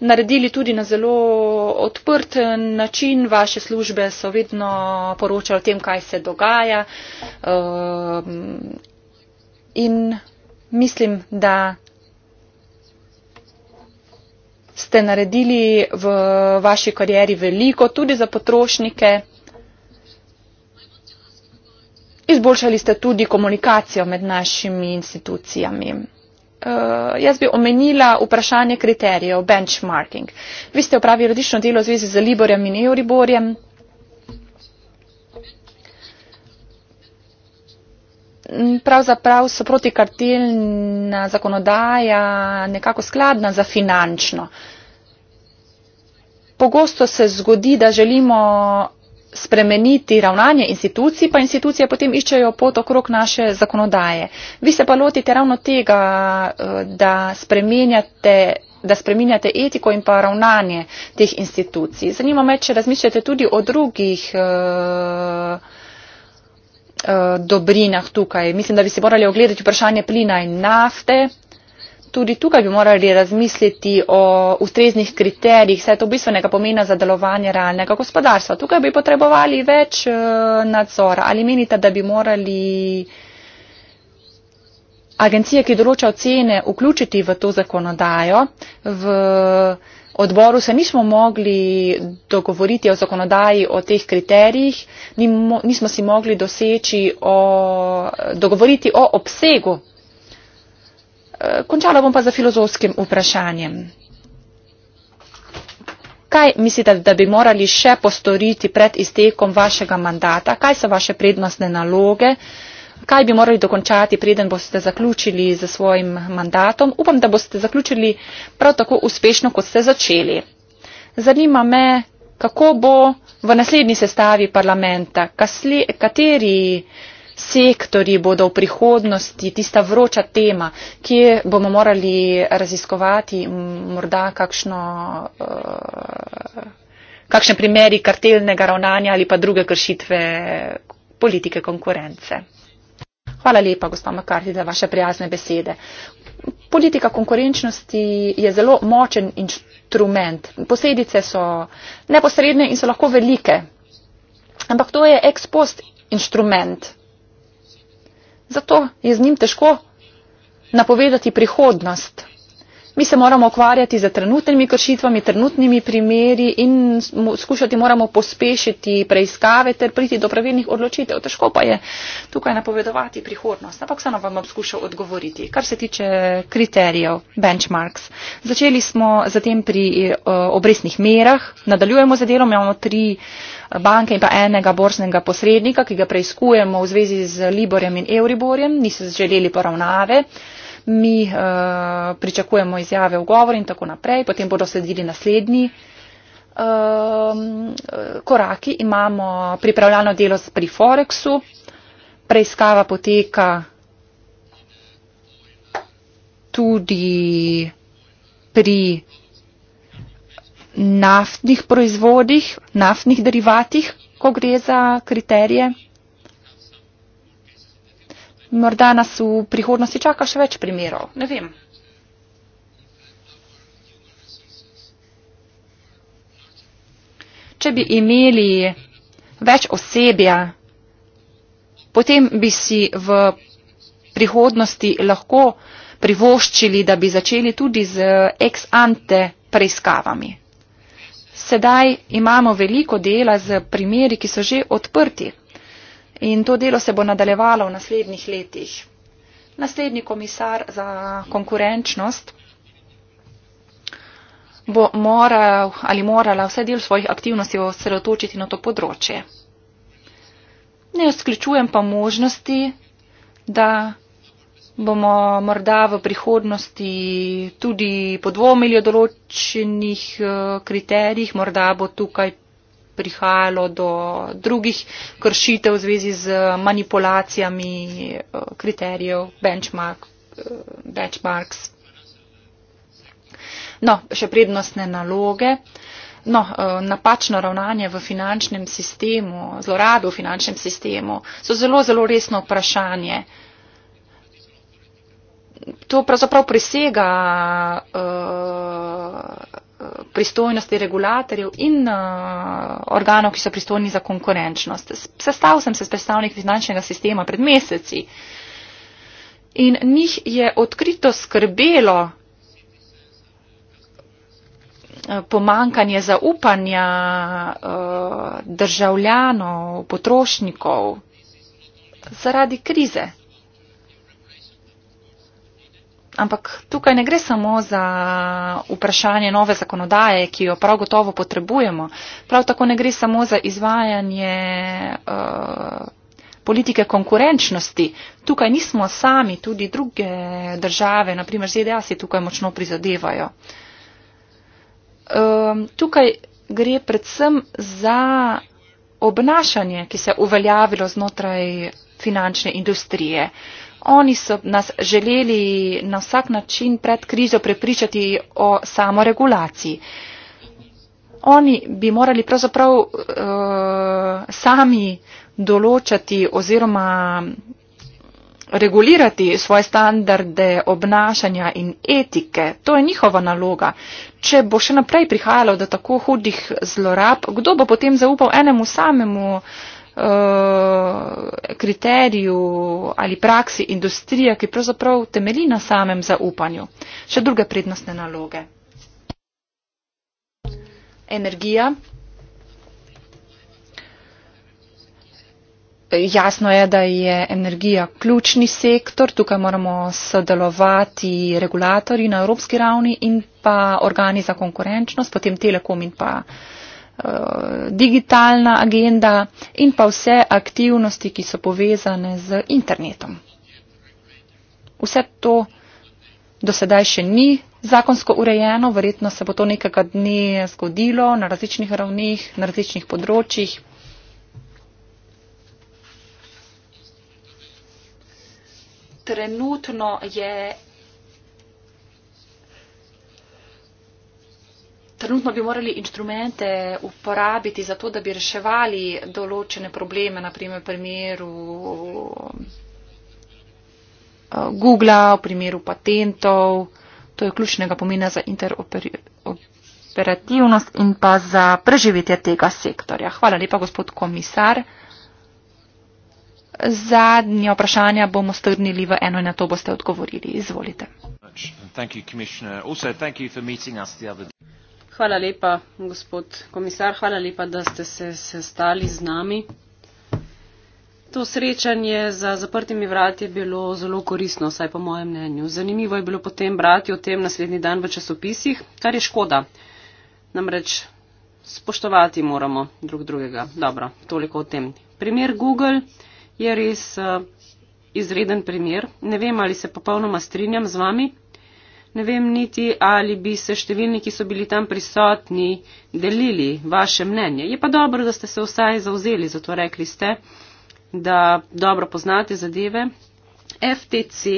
Speaker 5: naredili tudi na zelo odprt način. Vaše službe so vedno poročali o tem, kaj se dogaja. Ehm, in mislim, da ste naredili v vaši karieri veliko, tudi za potrošnike. Izboljšali ste tudi komunikacijo med našimi institucijami. Eh, jaz bi omenila vprašanje kriterijev benchmarking. Vi ste opravili odlično delo v zvezi z Liborjem in Euriborjem. Mm, pravzaprav so protikartelna zakonodaja nekako skladna za finančno. Pogosto se zgodi, da želimo spremeniti ravnanje institucij, pa institucije potem iščejo pot okrog naše zakonodaje. Vi se pa lotite ravno tega, eh, da spremenjate da spreminjate etiko in pa ravnanje teh institucij. Zanima me, če razmišljate tudi o drugih e, e, dobrinah tukaj. Mislim, da bi se morali ogledati vprašanje plina in nafte, tudi tukaj bi morali razmisliti o ustreznih kriterijih, saj je to bistvenega pomena za delovanje realnega gospodarstva. Tukaj bi potrebovali več eh, nadzora. Ali menite, da bi morali agencije, ki določajo cene, vključiti v to zakonodajo? V odboru se nismo mogli dogovoriti o zakonodaji, o teh kriterijih, nismo si mogli doseči, o, dogovoriti o obsegu končala bom pa za filozofskim vprašanjem. Kaj mislite, da bi morali še postoriti pred iztekom vašega mandata? Kaj so vaše prednostne naloge? Kaj bi morali dokončati, preden boste zaključili z svojim mandatom? Upam, da boste zaključili prav tako uspešno, kot ste začeli. Zanima me, kako bo v naslednji sestavi parlamenta, kateri, sektori bodo v prihodnosti tista vroča tema, ki bomo morali raziskovati morda kakšno, eh, kakšne primeri kartelnega ravnanja ali pa druge kršitve politike konkurence. Hvala lepa, gospod Makarti, za vaše prijazne besede. Politika konkurenčnosti je zelo močen instrument. Posledice so neposredne in so lahko velike. Ampak to je ex post instrument. Zato je z njim težko napovedati prihodnost. Mi se moramo ukvarjati z trenutnimi kršitvami, trenutnimi primeri in skušati moramo pospešiti preiskave ter priti do pravilnih odločitev. Težko pa je tukaj napovedovati prihodnost. Ampak samo vam bom skušal odgovoriti, kar se tiče kriterijev, benchmarks. Začeli smo zatem pri eh, obresnih merah, nadaljujemo z delom, imamo tri banke in pa enega borznega posrednika, ki ga preizkujemo v zvezi z Liborjem in Euriborjem, niso želeli poravnave. Mi uh, pričakujemo izjave v govor in tako naprej. Potem bodo sledili naslednji uh, koraki. Imamo pripravljeno delo pri Forexu. Preiskava poteka tudi pri naftnih proizvodih, naftnih derivatih, ko gre za kriterije. Morda nas v prihodnosti čaka še več primerov. Ne vem. Če bi imeli več osebja, potem bi si v prihodnosti lahko privoščili, da bi začeli tudi z ex ante preiskavami sedaj imamo veliko dela z primeri, ki so že odprti. In to delo se bo nadaljevalo v naslednjih letih. Naslednji komisar za konkurenčnost bo moral ali morala vse del svojih aktivnosti osredotočiti na to področje. Ne izključujem pa možnosti, da bomo morda v prihodnosti tudi podvomili o določenih eh, kriterijih, morda bo tukaj prihajalo do drugih kršitev v zvezi z manipulacijami eh, kriterijev, benchmark, eh, benchmarks. No, še prednostne naloge. No, napačno ravnanje v finančnem sistemu, zlorado v finančnem sistemu, so zelo, zelo resno vprašanje to pravzaprav presega uh, pristojnosti regulatorjev in uh, organov, ki so pristojni za konkurenčnost. Sestal sem se s predstavniki finančnega sistema pred meseci in njih je odkrito skrbelo eh, pomankanje zaupanja uh, državljanov, potrošnikov zaradi krize ampak tukaj ne gre samo za vprašanje nove zakonodaje, ki jo prav gotovo potrebujemo. Prav tako ne gre samo za izvajanje uh, politike konkurenčnosti. Tukaj nismo sami, tudi druge države, naprimer ZDA, si tukaj močno prizadevajo. Um, tukaj gre predvsem za obnašanje, ki se je uveljavilo znotraj finančne industrije. Uh, Oni so nas želeli na vsak način pred krizo prepričati o samoregulaciji. Oni bi morali pravzaprav uh, sami določati oziroma regulirati svoje standarde obnašanja in etike. To je njihova naloga. Če bo še naprej prihajalo do tako hudih zlorab, kdo bo potem zaupal enemu samemu uh, Eh, kriteriju ali praksi industrija, ki pravzaprav temeli na samem zaupanju. Še druge prednostne naloge. Energija. Jasno je, da je energija ključni sektor, tukaj moramo sodelovati regulatorji na evropski ravni in pa organi za konkurenčnost, potem telekom in pa uh, Eh, digitalna agenda in pa vse aktivnosti, ki so povezane z internetom. Vse to do sedaj še ni zakonsko urejeno, verjetno se bo to nekega dne zgodilo na različnih ravnih, na različnih področjih. Trenutno je trenutno bi morali instrumente uporabiti za to, da bi reševali določene probleme, naprimer v primeru eh, Google, v primeru patentov. To je ključnega pomena za interoperativnost in pa za preživetje tega sektorja. Hvala lepa, gospod komisar. Zadnje vprašanje bomo strnili v eno in na to boste odgovorili. Izvolite.
Speaker 3: Hvala lepa, gospod komisar, hvala lepa, da ste se sestali z nami. To srečanje za zaprtimi vrati je bilo zelo koristno, saj po mojem mnenju. Zanimivo je bilo potem brati o tem naslednji dan v časopisih, kar je škoda. Namreč spoštovati moramo drug drugega. Dobro, toliko o tem. Primer Google je res uh, izreden primer. Ne vem, ali se popolnoma strinjam z vami ne vem niti, ali bi se številni, ki so bili tam prisotni, delili vaše mnenje. Je pa dobro, da ste se vsaj zauzeli, zato rekli ste, da dobro poznate zadeve. FTC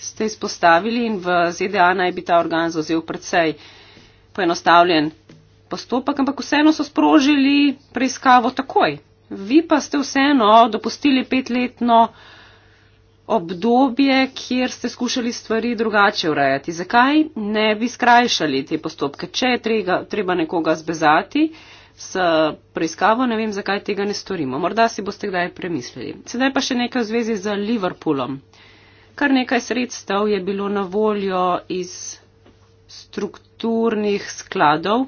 Speaker 3: ste izpostavili in v ZDA naj bi ta organ zauzel predvsej poenostavljen postopek, ampak vseeno so sprožili preiskavo takoj. Vi pa ste vseeno dopustili petletno obdobje, kjer ste skušali stvari drugače urejati. Zakaj ne bi skrajšali te postopke? Če je trega, treba nekoga zbezati s preiskavo, ne vem, zakaj tega ne storimo. Morda si boste kdaj premislili. Sedaj pa še nekaj v zvezi z Liverpoolom. Kar nekaj sredstev je bilo na voljo iz strukturnih skladov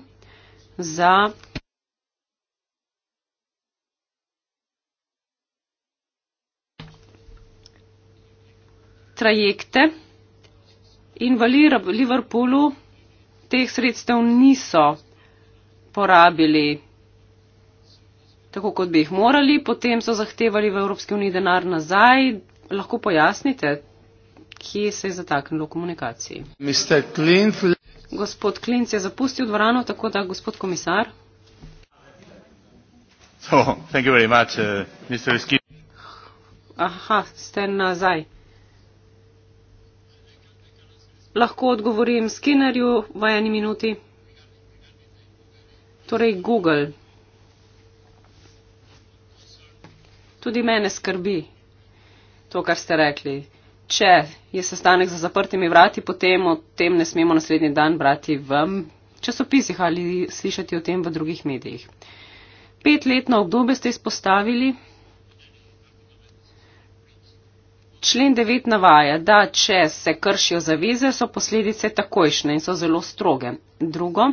Speaker 3: za. trajekte in v Liverpoolu teh sredstev niso porabili tako, kot bi jih morali. Potem so zahtevali v Evropski uniji denar nazaj. Lahko pojasnite, kje se je zataknilo v komunikaciji. Klint... Gospod Klinc je zapustil dvorano, tako da gospod komisar.
Speaker 4: So, oh, much,
Speaker 1: uh,
Speaker 3: Aha, ste nazaj lahko odgovorim Skinnerju v eni minuti. Torej, Google. Tudi mene skrbi to, kar ste rekli. Če je sestanek za zaprtimi vrati, potem o tem ne smemo naslednji dan brati v časopisih ali slišati o tem v drugih medijih. Petletno obdobje ste izpostavili. člen 9 navaja, da če se kršijo zaveze, so posledice takojšne in so zelo stroge. Drugo,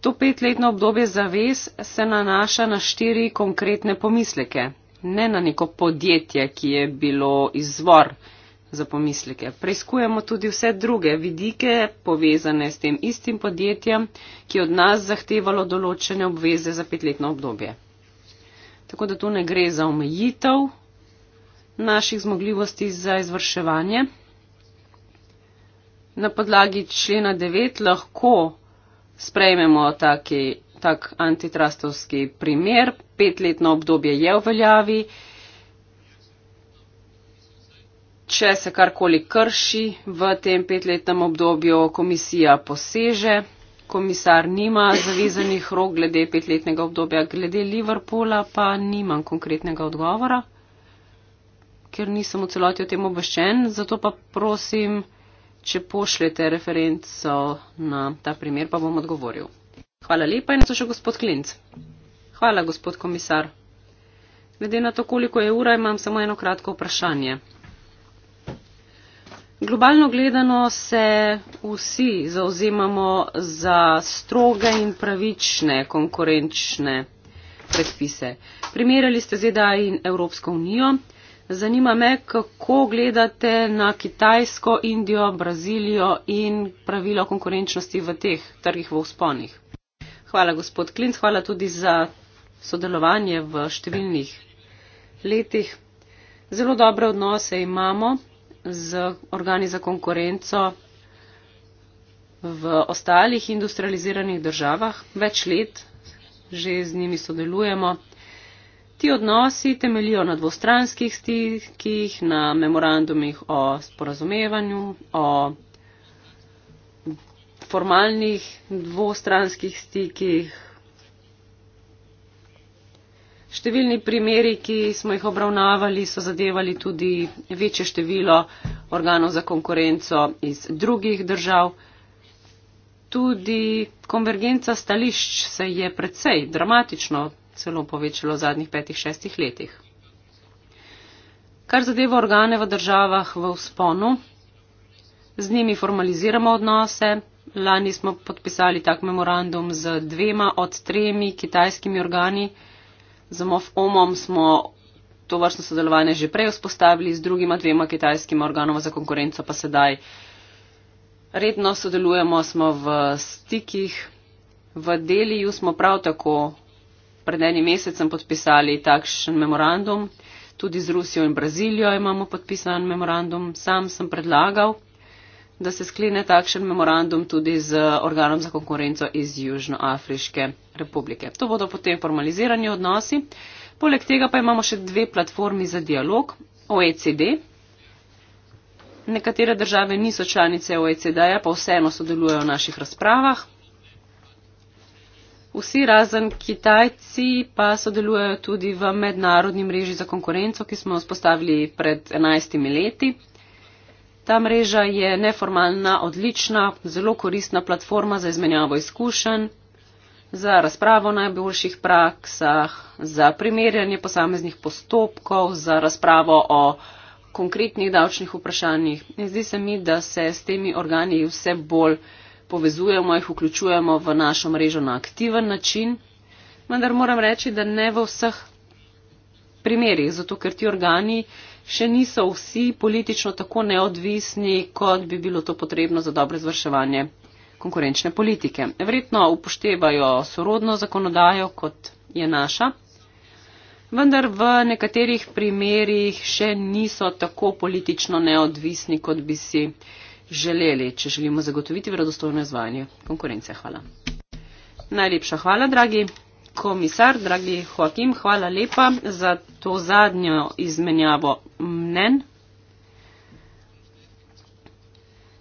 Speaker 3: to petletno obdobje zavez se nanaša na štiri konkretne pomisleke, ne na neko podjetje, ki je bilo izvor za pomisleke. Preiskujemo tudi vse druge vidike povezane s tem istim podjetjem, ki od nas zahtevalo določene obveze za petletno obdobje. Tako da tu ne gre za omejitev naših zmogljivosti za izvrševanje. Na podlagi člena 9 lahko sprejmemo taki, tak antitrastovski primer. Petletno obdobje je v veljavi. Če se karkoli krši v tem petletnem obdobju, komisija poseže. Komisar nima zavezanih rok glede petletnega obdobja, glede Liverpola pa nimam konkretnega odgovora ker nisem v celoti o tem obveščen, zato pa prosim, če pošljete referenco na ta primer, pa bom odgovoril. Hvala lepa in to še gospod Klinc. Hvala, gospod komisar. Glede na to, koliko je ura, imam samo eno kratko vprašanje. Globalno gledano se vsi zauzemamo za stroge in pravične konkurenčne predpise. Primerjali ste ZDA in Evropsko unijo. Zanima me, kako gledate na Kitajsko, Indijo, Brazilijo in pravilo konkurenčnosti v teh trgih v usponih. Hvala, gospod Klinc, hvala tudi za sodelovanje v številnih letih. Zelo dobre odnose imamo z organi za konkurenco v ostalih industrializiranih državah. Več let že z njimi sodelujemo. Ti odnosi temelijo na dvostranskih stikih, na memorandumih o sporazumevanju, o formalnih dvostranskih stikih. Številni primeri, ki smo jih obravnavali, so zadevali tudi večje število organov za konkurenco iz drugih držav. Tudi konvergenca stališč se je precej dramatično celo povečalo v zadnjih petih, šestih letih. Kar zadeva organe v državah v usponu, z njimi formaliziramo odnose. Lani smo podpisali tak memorandum z dvema od tremi kitajskimi organi. Z MOF-OMOM smo to vrstno sodelovanje že prej vzpostavili, z drugima dvema kitajskima organoma za konkurenco pa sedaj redno sodelujemo, smo v stikih. V Deliju smo prav tako pred enim mesecem podpisali takšen memorandum, tudi z Rusijo in Brazilijo imamo podpisan memorandum. Sam sem predlagal, da se sklene takšen memorandum tudi z organom za konkurenco iz Južnoafriške republike. To bodo potem formalizirani odnosi. Poleg tega pa imamo še dve platformi za dialog, OECD. Nekatere države niso članice OECD-ja, pa vseeno sodelujejo v naših razpravah vsi razen Kitajci pa sodelujejo tudi v mednarodni mreži za konkurenco, ki smo jo spostavili pred 11 leti. Ta mreža je neformalna, odlična, zelo koristna platforma za izmenjavo izkušenj, za razpravo o najboljših praksah, za primerjanje posameznih postopkov, za razpravo o konkretnih davčnih vprašanjih. In zdi se mi, da se s temi organi vse bolj povezujemo, jih vključujemo v našo mrežo na aktiven način, vendar moram reči, da ne v vseh primerjih, zato ker ti organi še niso vsi politično tako neodvisni, kot bi bilo to potrebno za dobro izvrševanje konkurenčne politike. Vredno upoštevajo sorodno zakonodajo, kot je naša, vendar v nekaterih primerjih še niso tako politično neodvisni, kot bi si želeli, če želimo zagotoviti verodostojno izvajanje konkurence. Hvala. Najlepša hvala, dragi komisar, dragi Joakim, hvala lepa za to zadnjo izmenjavo mnen.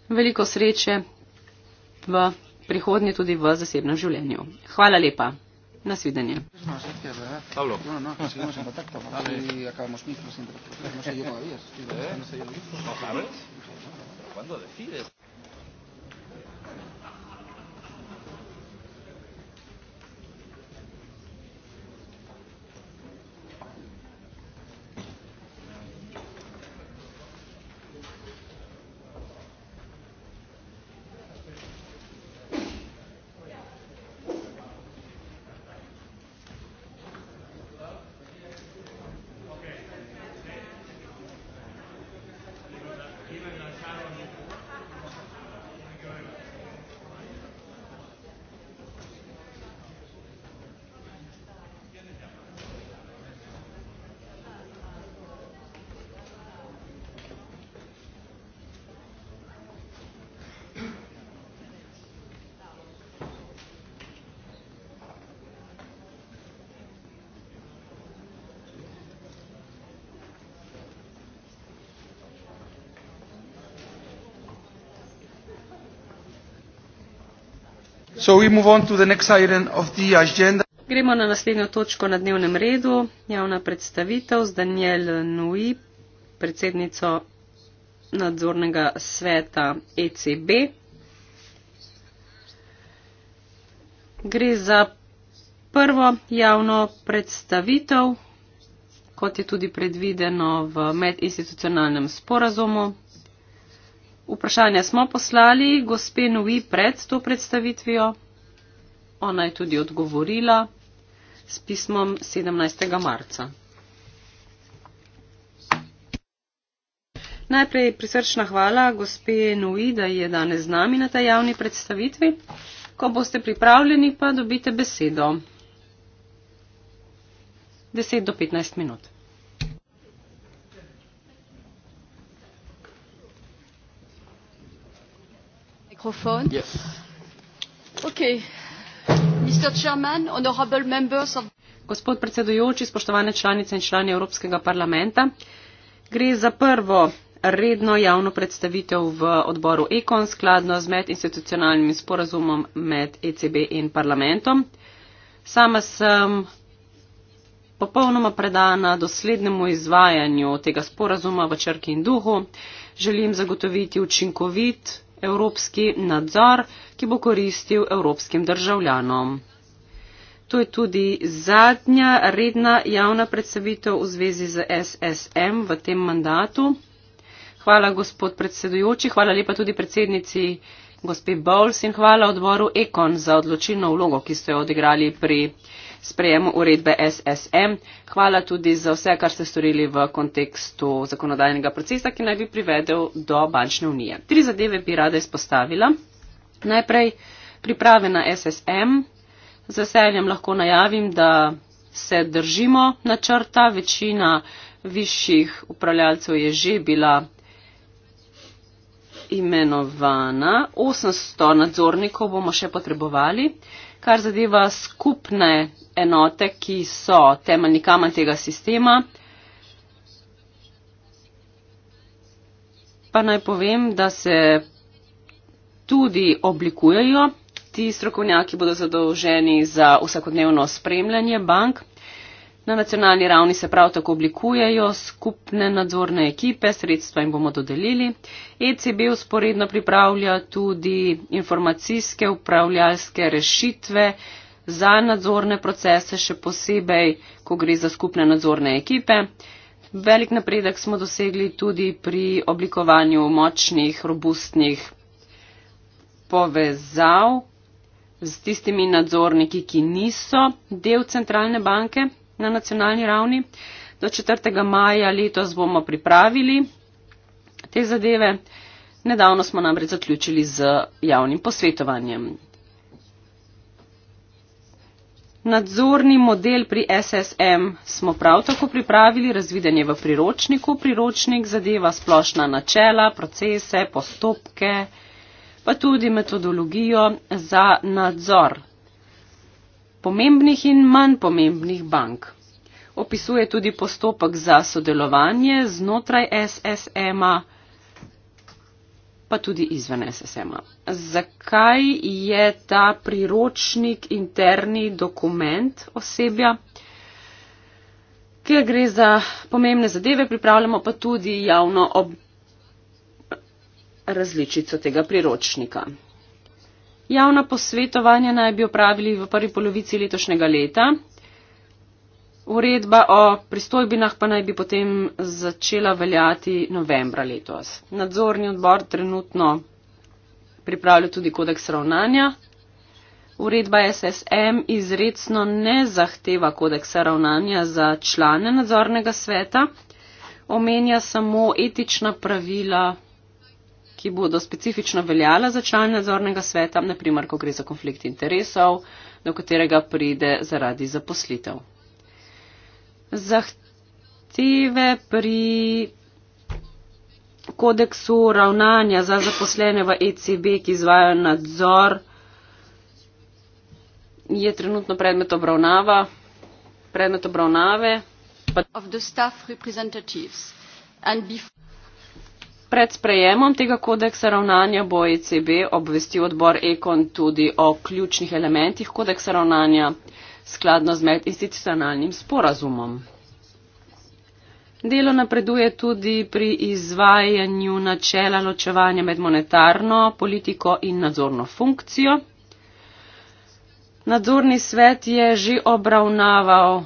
Speaker 3: Veliko sreče v prihodnje tudi v zasebnem življenju. Hvala lepa. Nasvidenje.
Speaker 1: Hvala
Speaker 4: cuando decides.
Speaker 3: Gremo na naslednjo točko na dnevnem redu. Javna predstavitev z Daniel Nui, predsednico nadzornega sveta ECB. Gre za prvo javno predstavitev, kot je tudi predvideno v medinstitucionalnem sporazumu Vprašanje smo poslali gospe Novi pred to predstavitvijo. Ona je tudi odgovorila s pismom 17. marca. Najprej prisrčna hvala gospe Nui, da je danes z nami na tej javni predstavitvi. Ko boste pripravljeni, pa dobite besedo. 10 do 15 minut.
Speaker 1: microphone. Yes.
Speaker 3: Okay. Mr. Chairman, honorable members of... Gospod predsedujoči, spoštovane članice in člani Evropskega parlamenta, gre za prvo redno javno predstavitev v odboru ECON skladno z medinstitucionalnim sporazumom med ECB in parlamentom. Sama sem popolnoma predana doslednemu izvajanju tega sporazuma v črki in duhu. Želim zagotoviti učinkovit evropski nadzor, ki bo koristil evropskim državljanom. To je tudi zadnja redna javna predstavitev v zvezi z SSM v tem mandatu. Hvala gospod predsedujoči, hvala lepa tudi predsednici gospe Bowles in hvala odboru Ekon za odločilno vlogo, ki ste jo odigrali pri sprejemu uredbe SSM. Hvala tudi za vse, kar ste storili v kontekstu zakonodajnega procesa, ki naj bi privedel do bančne unije. Tri zadeve bi rada izpostavila. Najprej priprave na SSM. Z veseljem lahko najavim, da se držimo načrta. Večina višjih upravljalcev je že bila imenovana. 800 nadzornikov bomo še potrebovali kar zadeva skupne enote, ki so temeljni kamen tega sistema. Pa naj povem, da se tudi oblikujejo. Ti strokovnjaki bodo zadolženi za vsakodnevno spremljanje bank. Na nacionalni ravni se prav tako oblikujejo skupne nadzorne ekipe, sredstva jim bomo dodelili. ECB usporedno pripravlja tudi informacijske upravljalske rešitve za nadzorne procese, še posebej, ko gre za skupne nadzorne ekipe. Velik napredek smo dosegli tudi pri oblikovanju močnih, robustnih povezav z tistimi nadzorniki, ki niso del centralne banke na nacionalni ravni. Do 4. maja letos bomo pripravili te zadeve. Nedavno smo namreč zaključili z javnim posvetovanjem. Nadzorni model pri SSM smo prav tako pripravili, razviden je v priročniku. Priročnik zadeva splošna načela, procese, postopke, pa tudi metodologijo za nadzor pomembnih in manj pomembnih bank. Opisuje tudi postopek za sodelovanje znotraj SSM-a, pa tudi izven SSM-a. Zakaj je ta priročnik interni dokument osebja? Ker gre za pomembne zadeve, pripravljamo pa tudi javno ob različico tega priročnika. Javna posvetovanja naj bi opravili v prvi polovici letošnjega leta. Uredba o pristojbinah pa naj bi potem začela veljati novembra letos. Nadzorni odbor trenutno pripravlja tudi kodeks ravnanja. Uredba SSM izredno ne zahteva kodeksa ravnanja za člane nadzornega sveta, omenja samo etična pravila ki bodo specifično veljala za član nadzornega sveta, naprimer, ko gre za konflikt interesov, do katerega pride zaradi zaposlitev. Zahteve pri kodeksu ravnanja za zaposlene v ECB, ki izvajo nadzor, je trenutno predmet obravnava. Predmet obravnave. Of the staff representatives and before pred sprejemom tega kodeksa ravnanja bo ECB obvestil odbor Ekon tudi o ključnih elementih kodeksa ravnanja skladno z medinstitucionalnim sporazumom. Delo napreduje tudi pri izvajanju načela ločevanja med monetarno politiko in nadzorno funkcijo. Nadzorni svet je že obravnaval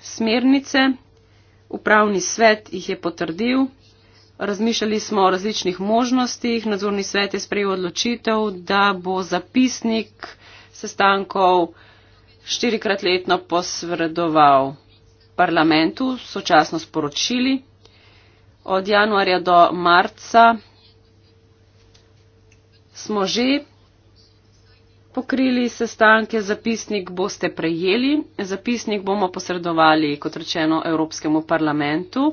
Speaker 3: smernice upravni svet jih je potrdil, razmišljali smo o različnih možnostih, nadzorni svet je sprejel odločitev, da bo zapisnik sestankov štirikrat letno posredoval parlamentu, sočasno sporočili. Od januarja do marca smo že pokrili sestanke, zapisnik boste prejeli, zapisnik bomo posredovali, kot rečeno, Evropskemu parlamentu.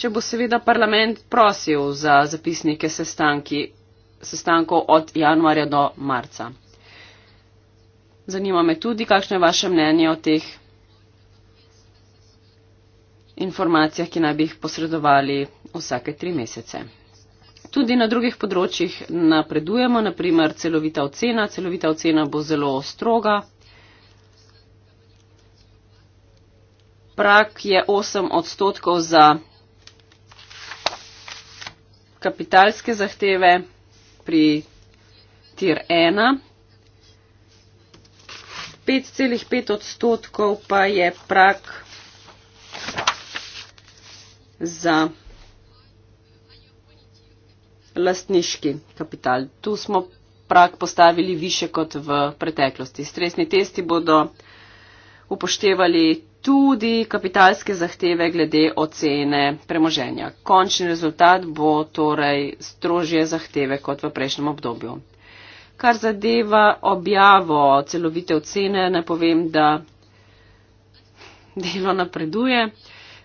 Speaker 3: Če bo seveda parlament prosil za zapisnike sestanki, sestankov od januarja do marca. Zanima me tudi, kakšno je vaše mnenje o teh informacijah, ki naj bi jih posredovali vsake tri mesece. Tudi na drugih področjih napredujemo, naprimer celovita ocena. Celovita ocena bo zelo stroga. Prak je 8 odstotkov za kapitalske zahteve pri tir 1. 5,5 odstotkov pa je prak za lastniški kapital. Tu smo prak postavili više kot v preteklosti. Stresni testi bodo upoštevali tudi kapitalske zahteve glede ocene premoženja. Končni rezultat bo torej strožje zahteve kot v prejšnjem obdobju. Kar zadeva objavo celovite ocene, ne povem, da delo napreduje.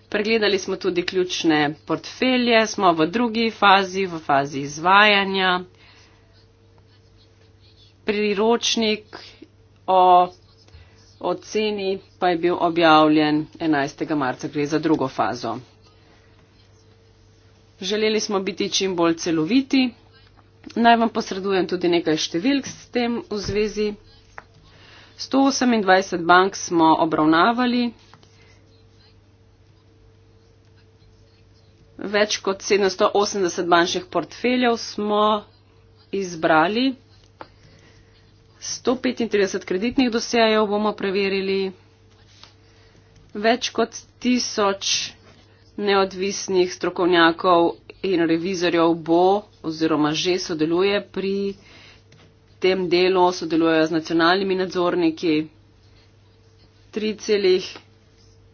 Speaker 3: Pregledali smo tudi ključne portfelje, smo v drugi fazi, v fazi izvajanja. Priročnik o oceni pa je bil objavljen 11. marca, gre za drugo fazo. Želeli smo biti čim bolj celoviti. Naj vam posredujem tudi nekaj številk s tem v zvezi. 128 bank smo obravnavali, več kot 780 manjših portfeljev smo izbrali. 135 kreditnih dosejev bomo preverili, več kot tisoč neodvisnih strokovnjakov in revizorjev bo oziroma že sodeluje pri tem delu, sodelujejo z nacionalnimi nadzorniki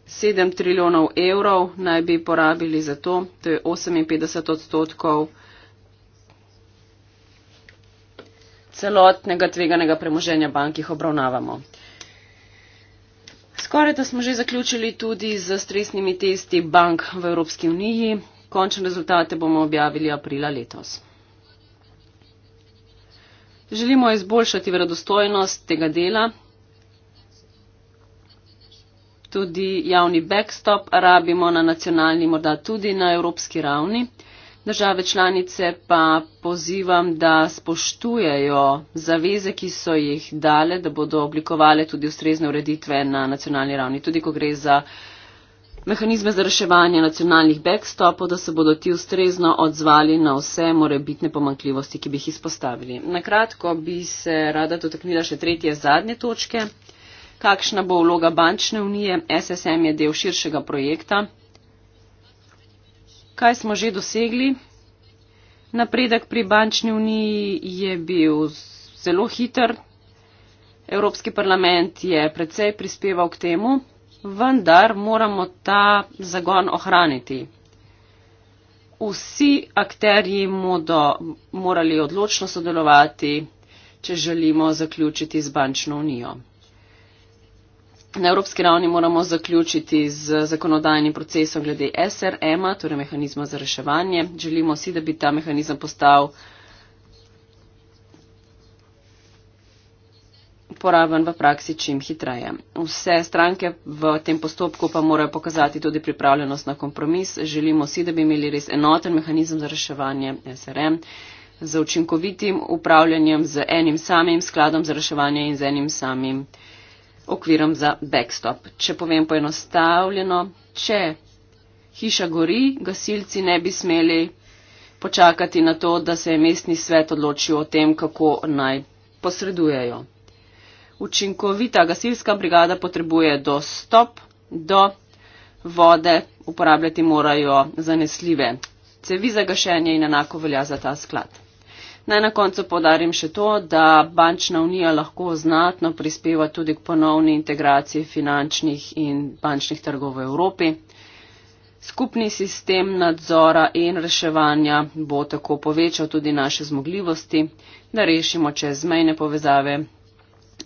Speaker 3: sedem trilijonov evrov naj bi porabili za to, to je 58 odstotkov celotnega tveganega premoženja bank, ki jih obravnavamo. Skoraj da smo že zaključili tudi z stresnimi testi bank v Evropski uniji. Končne rezultate bomo objavili aprila letos. Želimo izboljšati verodostojnost tega dela tudi javni backstop rabimo na nacionalni, morda tudi na evropski ravni. Države članice pa pozivam, da spoštujejo zaveze, ki so jih dale, da bodo oblikovale tudi ustrezne ureditve na nacionalni ravni. Tudi ko gre za mehanizme za reševanje nacionalnih backstopov, da se bodo ti ustrezno odzvali na vse morebitne pomankljivosti, ki bi jih izpostavili. Na kratko bi se rada dotaknila še tretje zadnje točke kakšna bo vloga bančne unije, SSM je del širšega projekta. Kaj smo že dosegli? Napredek pri bančni uniji je bil zelo hiter. Evropski parlament je predvsej prispeval k temu, vendar moramo ta zagon ohraniti. Vsi akterji bodo morali odločno sodelovati, če želimo zaključiti z bančno unijo. Na evropski ravni moramo zaključiti z zakonodajnim procesom glede SRM-a, torej mehanizma za reševanje. Želimo si, da bi ta mehanizem postal poraben v praksi čim hitreje. Vse stranke v tem postopku pa morajo pokazati tudi pripravljenost na kompromis. Želimo si, da bi imeli res enoten mehanizem za reševanje SRM z učinkovitim upravljanjem z enim samim skladom za reševanje in z enim samim okvirom za backstop. Če povem poenostavljeno, če hiša gori, gasilci ne bi smeli počakati na to, da se je mestni svet odločil o tem, kako naj posredujejo. Učinkovita gasilska brigada potrebuje dostop do vode, uporabljati morajo zanesljive cevi za gašenje in enako velja za ta sklad. Naj na koncu podarim še to, da bančna unija lahko znatno prispeva tudi k ponovni integraciji finančnih in bančnih trgov v Evropi. Skupni sistem nadzora in reševanja bo tako povečal tudi naše zmogljivosti, da rešimo čezmejne povezave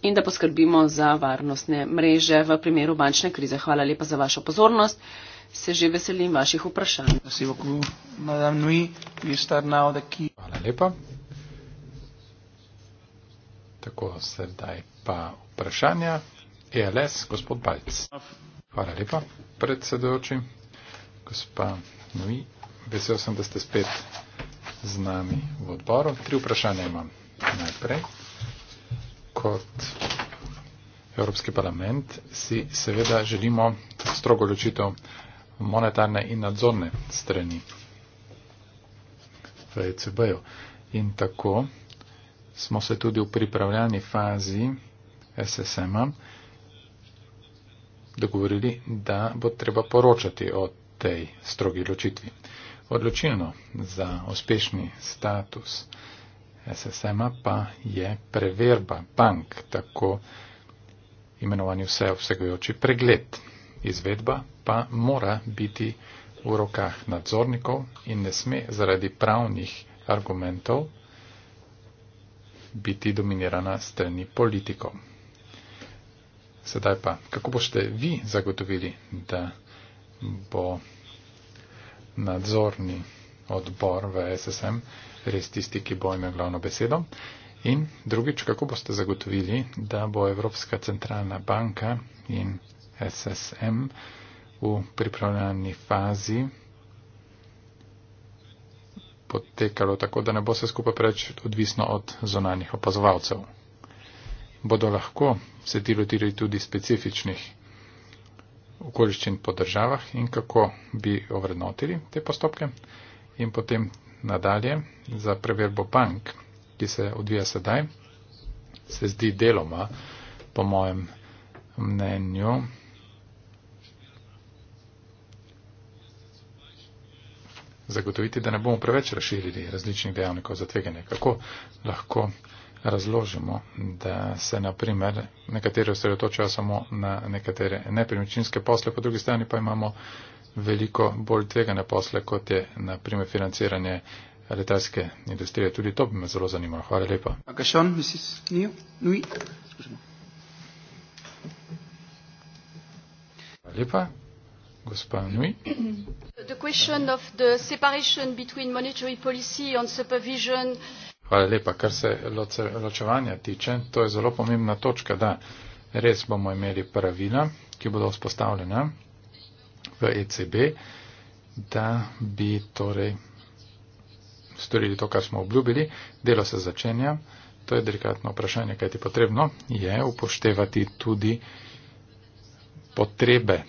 Speaker 3: in da poskrbimo za varnostne mreže v primeru bančne krize. Hvala lepa za vašo pozornost. Se že veselim vaših vprašanj. Hvala
Speaker 2: lepa. Tako sedaj pa vprašanja. ELS, gospod Balc. Hvala lepa, predsedujoči. Gospa Nui, vesel sem, da ste spet z nami v odboru. Tri vprašanja imam najprej. Kot Evropski parlament si seveda želimo strogo ločitev monetarne in nadzorne strani v ECB-ju. In tako smo se tudi v pripravljani fazi SSM-a dogovorili, da bo treba poročati o tej strogi ločitvi. Odločilno za uspešni status SSM-a pa je preverba bank, tako imenovani vse obsegajoči pregled. Izvedba pa mora biti v rokah nadzornikov in ne sme zaradi pravnih argumentov biti dominirana strani politikov. Sedaj pa, kako boste vi zagotovili, da bo nadzorni odbor v SSM res tisti, ki bo imel glavno besedo? In drugič, kako boste zagotovili, da bo Evropska centralna banka in SSM v pripravljeni fazi potekalo tako, da ne bo se skupaj preveč odvisno od zonanjih opazovalcev. Bodo lahko se ti lotili tudi specifičnih okoliščin po državah in kako bi ovrednotili te postopke in potem nadalje za preverbo bank, ki se odvija sedaj, se zdi deloma, po mojem mnenju, zagotoviti, da ne bomo preveč razširili različnih dejavnikov za tveganje. Kako lahko razložimo, da se naprimer nekateri osredotočajo samo na nekatere nepremičninske posle, po drugi strani pa imamo veliko bolj tvegane posle, kot je naprimer financiranje letalske industrije. Tudi to bi me zelo zanimalo. Hvala lepa. Hvala lepa, gospa Nui
Speaker 1: the question of the separation between monetary policy and supervision.
Speaker 2: Hvala lepa, kar se ločevanja tiče, to je zelo pomembna točka, da res bomo imeli pravila, ki bodo vzpostavljena v ECB, da bi torej storili to, kar smo obljubili. Delo se začenja, to je delikatno vprašanje, kaj ti potrebno je upoštevati tudi potrebe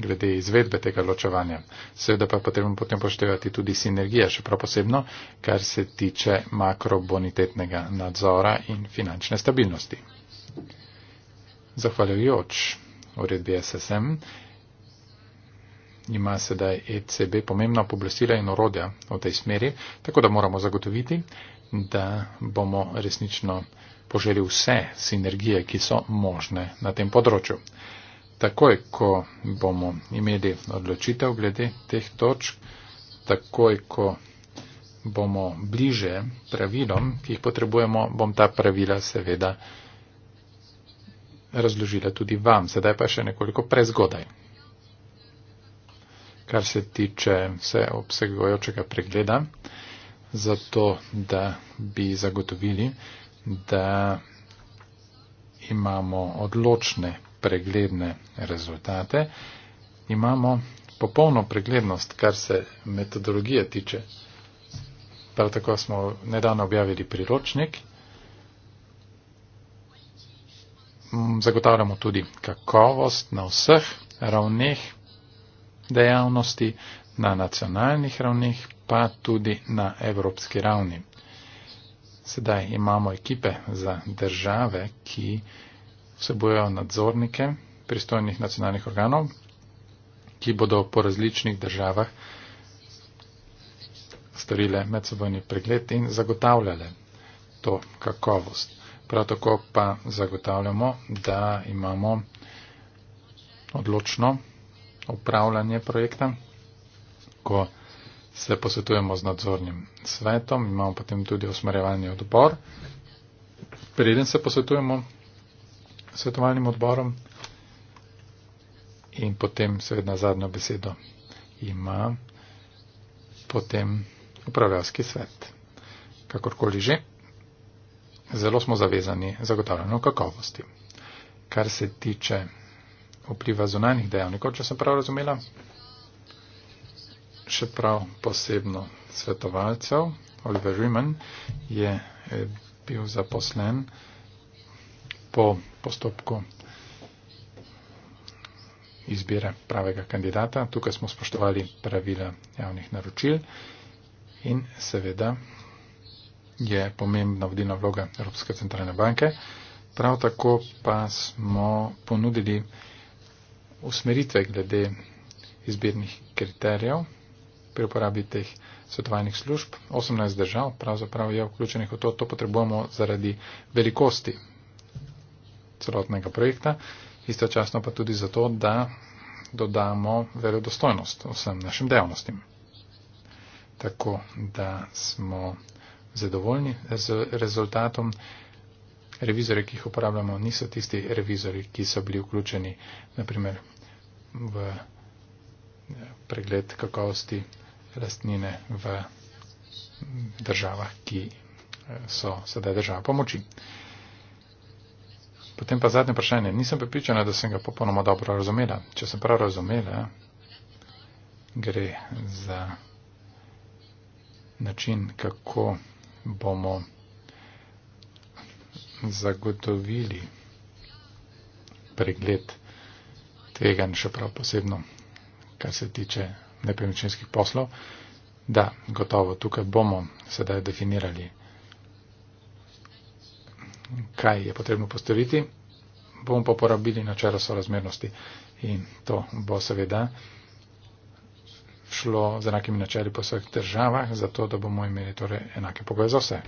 Speaker 2: glede izvedbe tega ločevanja. Seveda pa je potrebno potem poštevati tudi sinergije, še prav posebno, kar se tiče makrobonitetnega nadzora in finančne stabilnosti. Zahvaljujoč uredbi SSM ima sedaj ECB pomembna poblestila in orodja v tej smeri, tako da moramo zagotoviti, da bomo resnično poželi vse sinergije, ki so možne na tem področju takoj, ko bomo imeli odločitev glede teh točk, takoj, ko bomo bliže pravilom, ki jih potrebujemo, bom ta pravila seveda razložila tudi vam. Sedaj pa še nekoliko prezgodaj. Kar se tiče vse obsegojočega pregleda, zato da bi zagotovili, da imamo odločne pregledne rezultate, imamo popolno preglednost, kar se metodologije tiče. Prav tako smo nedavno objavili priročnik. Mm, zagotavljamo tudi kakovost na vseh ravneh dejavnosti, na nacionalnih ravneh, pa tudi na evropski ravni. Sedaj imamo ekipe za države, ki vsebujejo nadzornike pristojnih nacionalnih organov, ki bodo po različnih državah storile medsebojni pregled in zagotavljale to kakovost. Prav tako pa zagotavljamo, da imamo odločno upravljanje projekta, ko se posvetujemo z nadzornim svetom, imamo potem tudi usmerjevanje odbor, preden se posvetujemo svetovalnim odborom. In potem seveda zadnjo besedo ima potem upravljalski svet. Kakorkoli že, zelo smo zavezani zagotavljanju kakovosti. Kar se tiče vpliva zunanjih dejavnikov, če sem prav razumela, še prav posebno svetovalcev, Oliver Riemann je eh, bil zaposlen po postopku izbire pravega kandidata. Tukaj smo spoštovali pravila javnih naročil in seveda je pomembna vodilna vloga Evropske centralne banke. Prav tako pa smo ponudili usmeritve glede izbirnih kriterijev pri uporabi teh svetovalnih služb. 18 držav pravzaprav je vključenih v to, to potrebujemo zaradi velikosti celotnega projekta, istočasno pa tudi zato, da dodamo verodostojnost vsem našim dejavnostim. Tako da smo zadovoljni z rezultatom. Revizori, ki jih uporabljamo, niso tisti revizori, ki so bili vključeni, naprimer, v eh, pregled kakovosti lastnine v državah, ki eh, so sedaj država pomoči. Potem pa zadnje vprašanje. Nisem pripričana, da sem ga popolnoma dobro razumela. Če sem prav razumela, gre za način, kako bomo zagotovili pregled tega, še prav posebno, kar se tiče nepremičninskih poslov, da gotovo tukaj bomo sedaj definirali kaj je potrebno postoriti, bomo pa porabili načelo sorazmernosti in to bo seveda šlo z enakimi načeli po vseh državah, zato da bomo imeli torej enake pogoje za vse.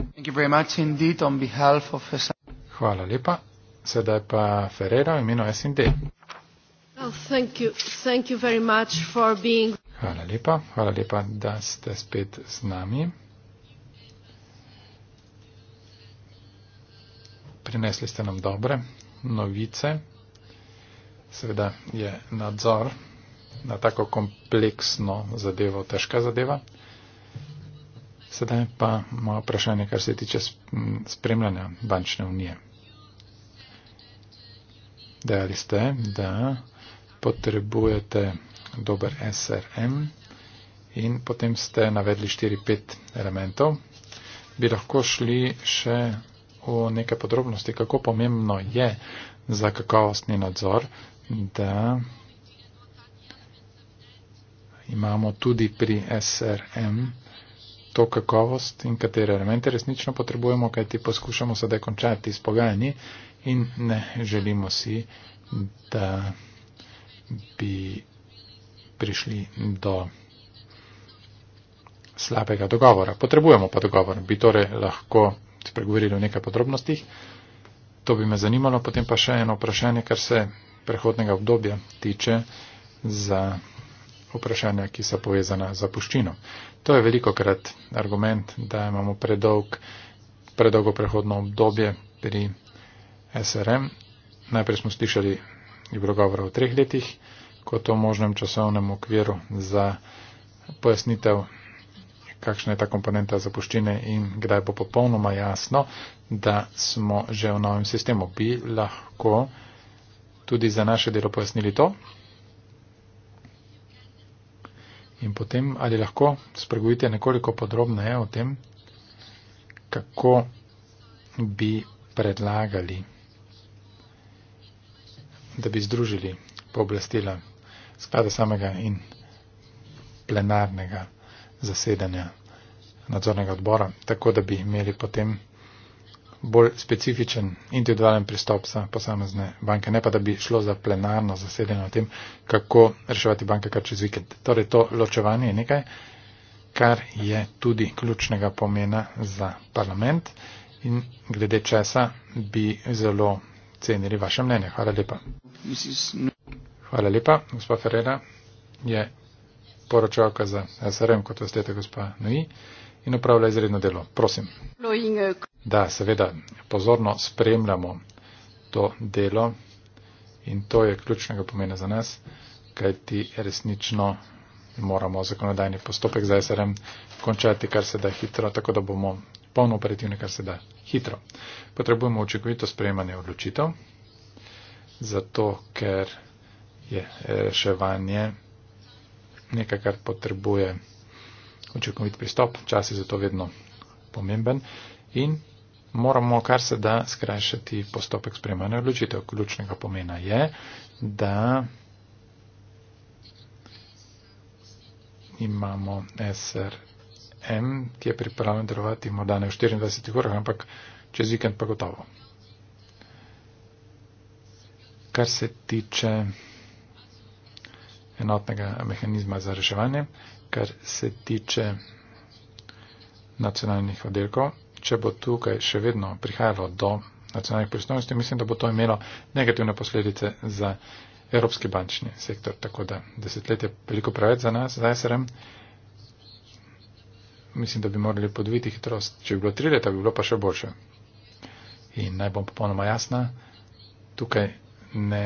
Speaker 2: Hvala lepa. Sedaj pa Ferrero, imeno SND. Oh, hvala lepa, hvala lepa, da ste spet z nami. prinesli ste nam dobre novice. Seveda je nadzor na tako kompleksno zadevo težka zadeva. Sedaj pa moja vprašanje, kar se tiče spremljanja bančne unije. Dejali ste, da potrebujete dober SRM in potem ste navedli 4-5 elementov. Bi lahko šli še v neke podrobnosti, kako pomembno je za kakovostni nadzor, da imamo tudi pri SRM to kakovost in katere elemente resnično potrebujemo, kajti poskušamo sedaj končati s pogajanji in ne želimo si, da bi prišli do slabega dogovora. Potrebujemo pa dogovor, bi torej lahko boste pregovorili o nekaj podrobnostih. To bi me zanimalo. Potem pa še eno vprašanje, kar se prehodnega obdobja tiče za vprašanja, ki so povezana z zapuščino. To je veliko krat argument, da imamo predolg, predolgo prehodno obdobje pri SRM. Najprej smo slišali, je bilo govora o treh letih, kot o možnem časovnem okviru za pojasnitev kakšna je ta komponenta zapuščine in kdaj bo popolnoma jasno, da smo že v novem sistemu. Bi lahko tudi za naše delo pojasnili to? In potem, ali lahko spregovite nekoliko podrobneje o tem, kako bi predlagali, da bi združili pooblastila sklada samega in plenarnega zasedanja nadzornega odbora, tako da bi imeli potem bolj specifičen individualen pristop za posamezne banke, ne pa da bi šlo za plenarno zasedanje o tem, kako reševati banke kar čez vikend. Torej to ločevanje je nekaj, kar je tudi ključnega pomena za parlament in glede česa bi zelo cenili vaše mnenje. Hvala lepa. Hvala lepa, gospod Ferreira. Je poročavka za SRM kot osteta gospa Noji in upravlja izredno delo. Prosim. Da, seveda, pozorno spremljamo to delo in to je ključnega pomena za nas, kajti resnično moramo zakonodajni postopek za SRM končati kar se da hitro, tako da bomo polno operativni kar se da hitro. Potrebujemo očekovito sprejemanje odločitev, zato ker je reševanje. Eh, nekaj, kar potrebuje učinkovit pristop, čas je zato vedno pomemben in moramo kar se da skrajšati postopek sprejmanja odločitev. Ključnega pomena je, da imamo SRM, ki je pripravljen delovati morda ne v 24 urah, ampak čez vikend pa gotovo. Kar se tiče enotnega mehanizma za reševanje, kar se tiče nacionalnih oddelkov. Če bo tukaj še vedno prihajalo do nacionalnih pristojnosti, mislim, da bo to imelo negativne posledice za evropski bančni sektor. Tako da desetletje je veliko preveč za nas, za SRM. Mislim, da bi morali podviti hitrost. Če bi bilo tri leta, bi bilo pa še boljše. In naj bom popolnoma jasna, tukaj ne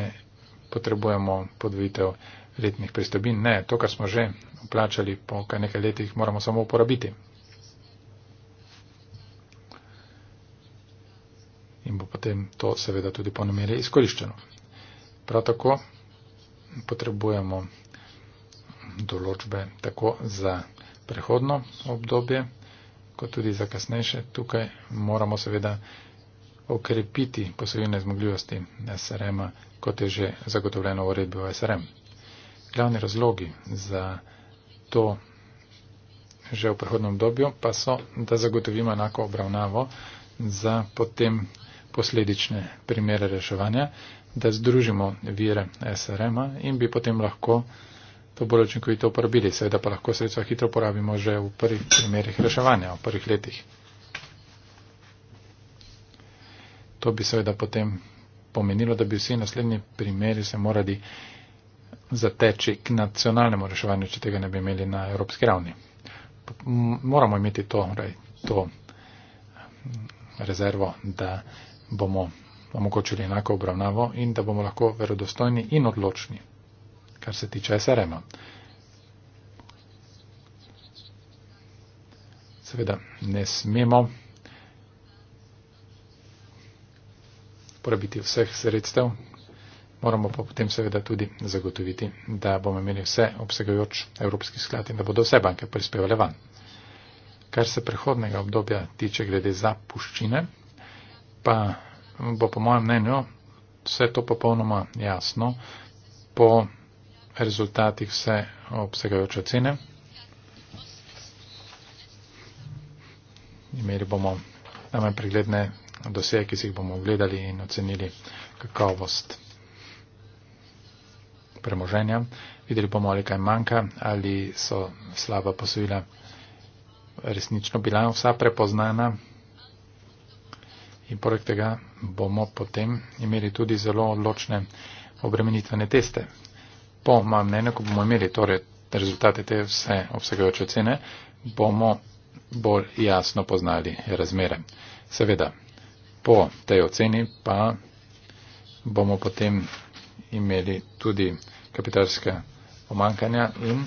Speaker 2: potrebujemo podvitev letnih pristobin. Ne, to, kar smo že plačali po kar nekaj letih, moramo samo uporabiti. In bo potem to seveda tudi ponomere izkoriščeno. Prav tako potrebujemo določbe tako za prehodno obdobje, kot tudi za kasnejše. Tukaj moramo seveda okrepiti posebne zmogljivosti SRM-a, kot je že zagotovljeno v uredbi o SRM. -a glavni razlogi za to že v prehodnem dobju pa so, da zagotovimo enako obravnavo za potem posledične primere reševanja, da združimo vire SRM-a in bi potem lahko to bolj očinkovito uporabili. Seveda pa lahko sredstva hitro uporabimo že v prvih primerih reševanja, v prvih letih. To bi seveda potem pomenilo, da bi vsi naslednji primeri se morali zateči k nacionalnemu reševanju, če tega ne bi imeli na evropski ravni. Moramo imeti to, torej to mm, rezervo, da bomo omogočili enako obravnavo in da bomo lahko verodostojni in odločni, kar se tiče SRM-a. Seveda ne smemo porabiti vseh sredstev, moramo pa potem seveda tudi zagotoviti, da bomo imeli vse obsegajoč evropski sklad in da bodo vse banke prispevale van. Kar se prehodnega obdobja tiče glede zapuščine, pa bo po mojem mnenju vse to popolnoma jasno po rezultatih vse obsegajoče cene. Imeli bomo najmanj pregledne doseje, ki si jih bomo ogledali in ocenili kakovost premoženja. Videli bomo, ali kaj manjka, ali so slaba posojila resnično bila vsa prepoznana. In poleg tega bomo potem imeli tudi zelo odločne obremenitvene teste. Po mojem mnenju, ko bomo imeli torej rezultate te vse obsegajoče ocene, bomo bolj jasno poznali razmere. Seveda, po tej oceni pa bomo potem imeli tudi kapitalska omankanja in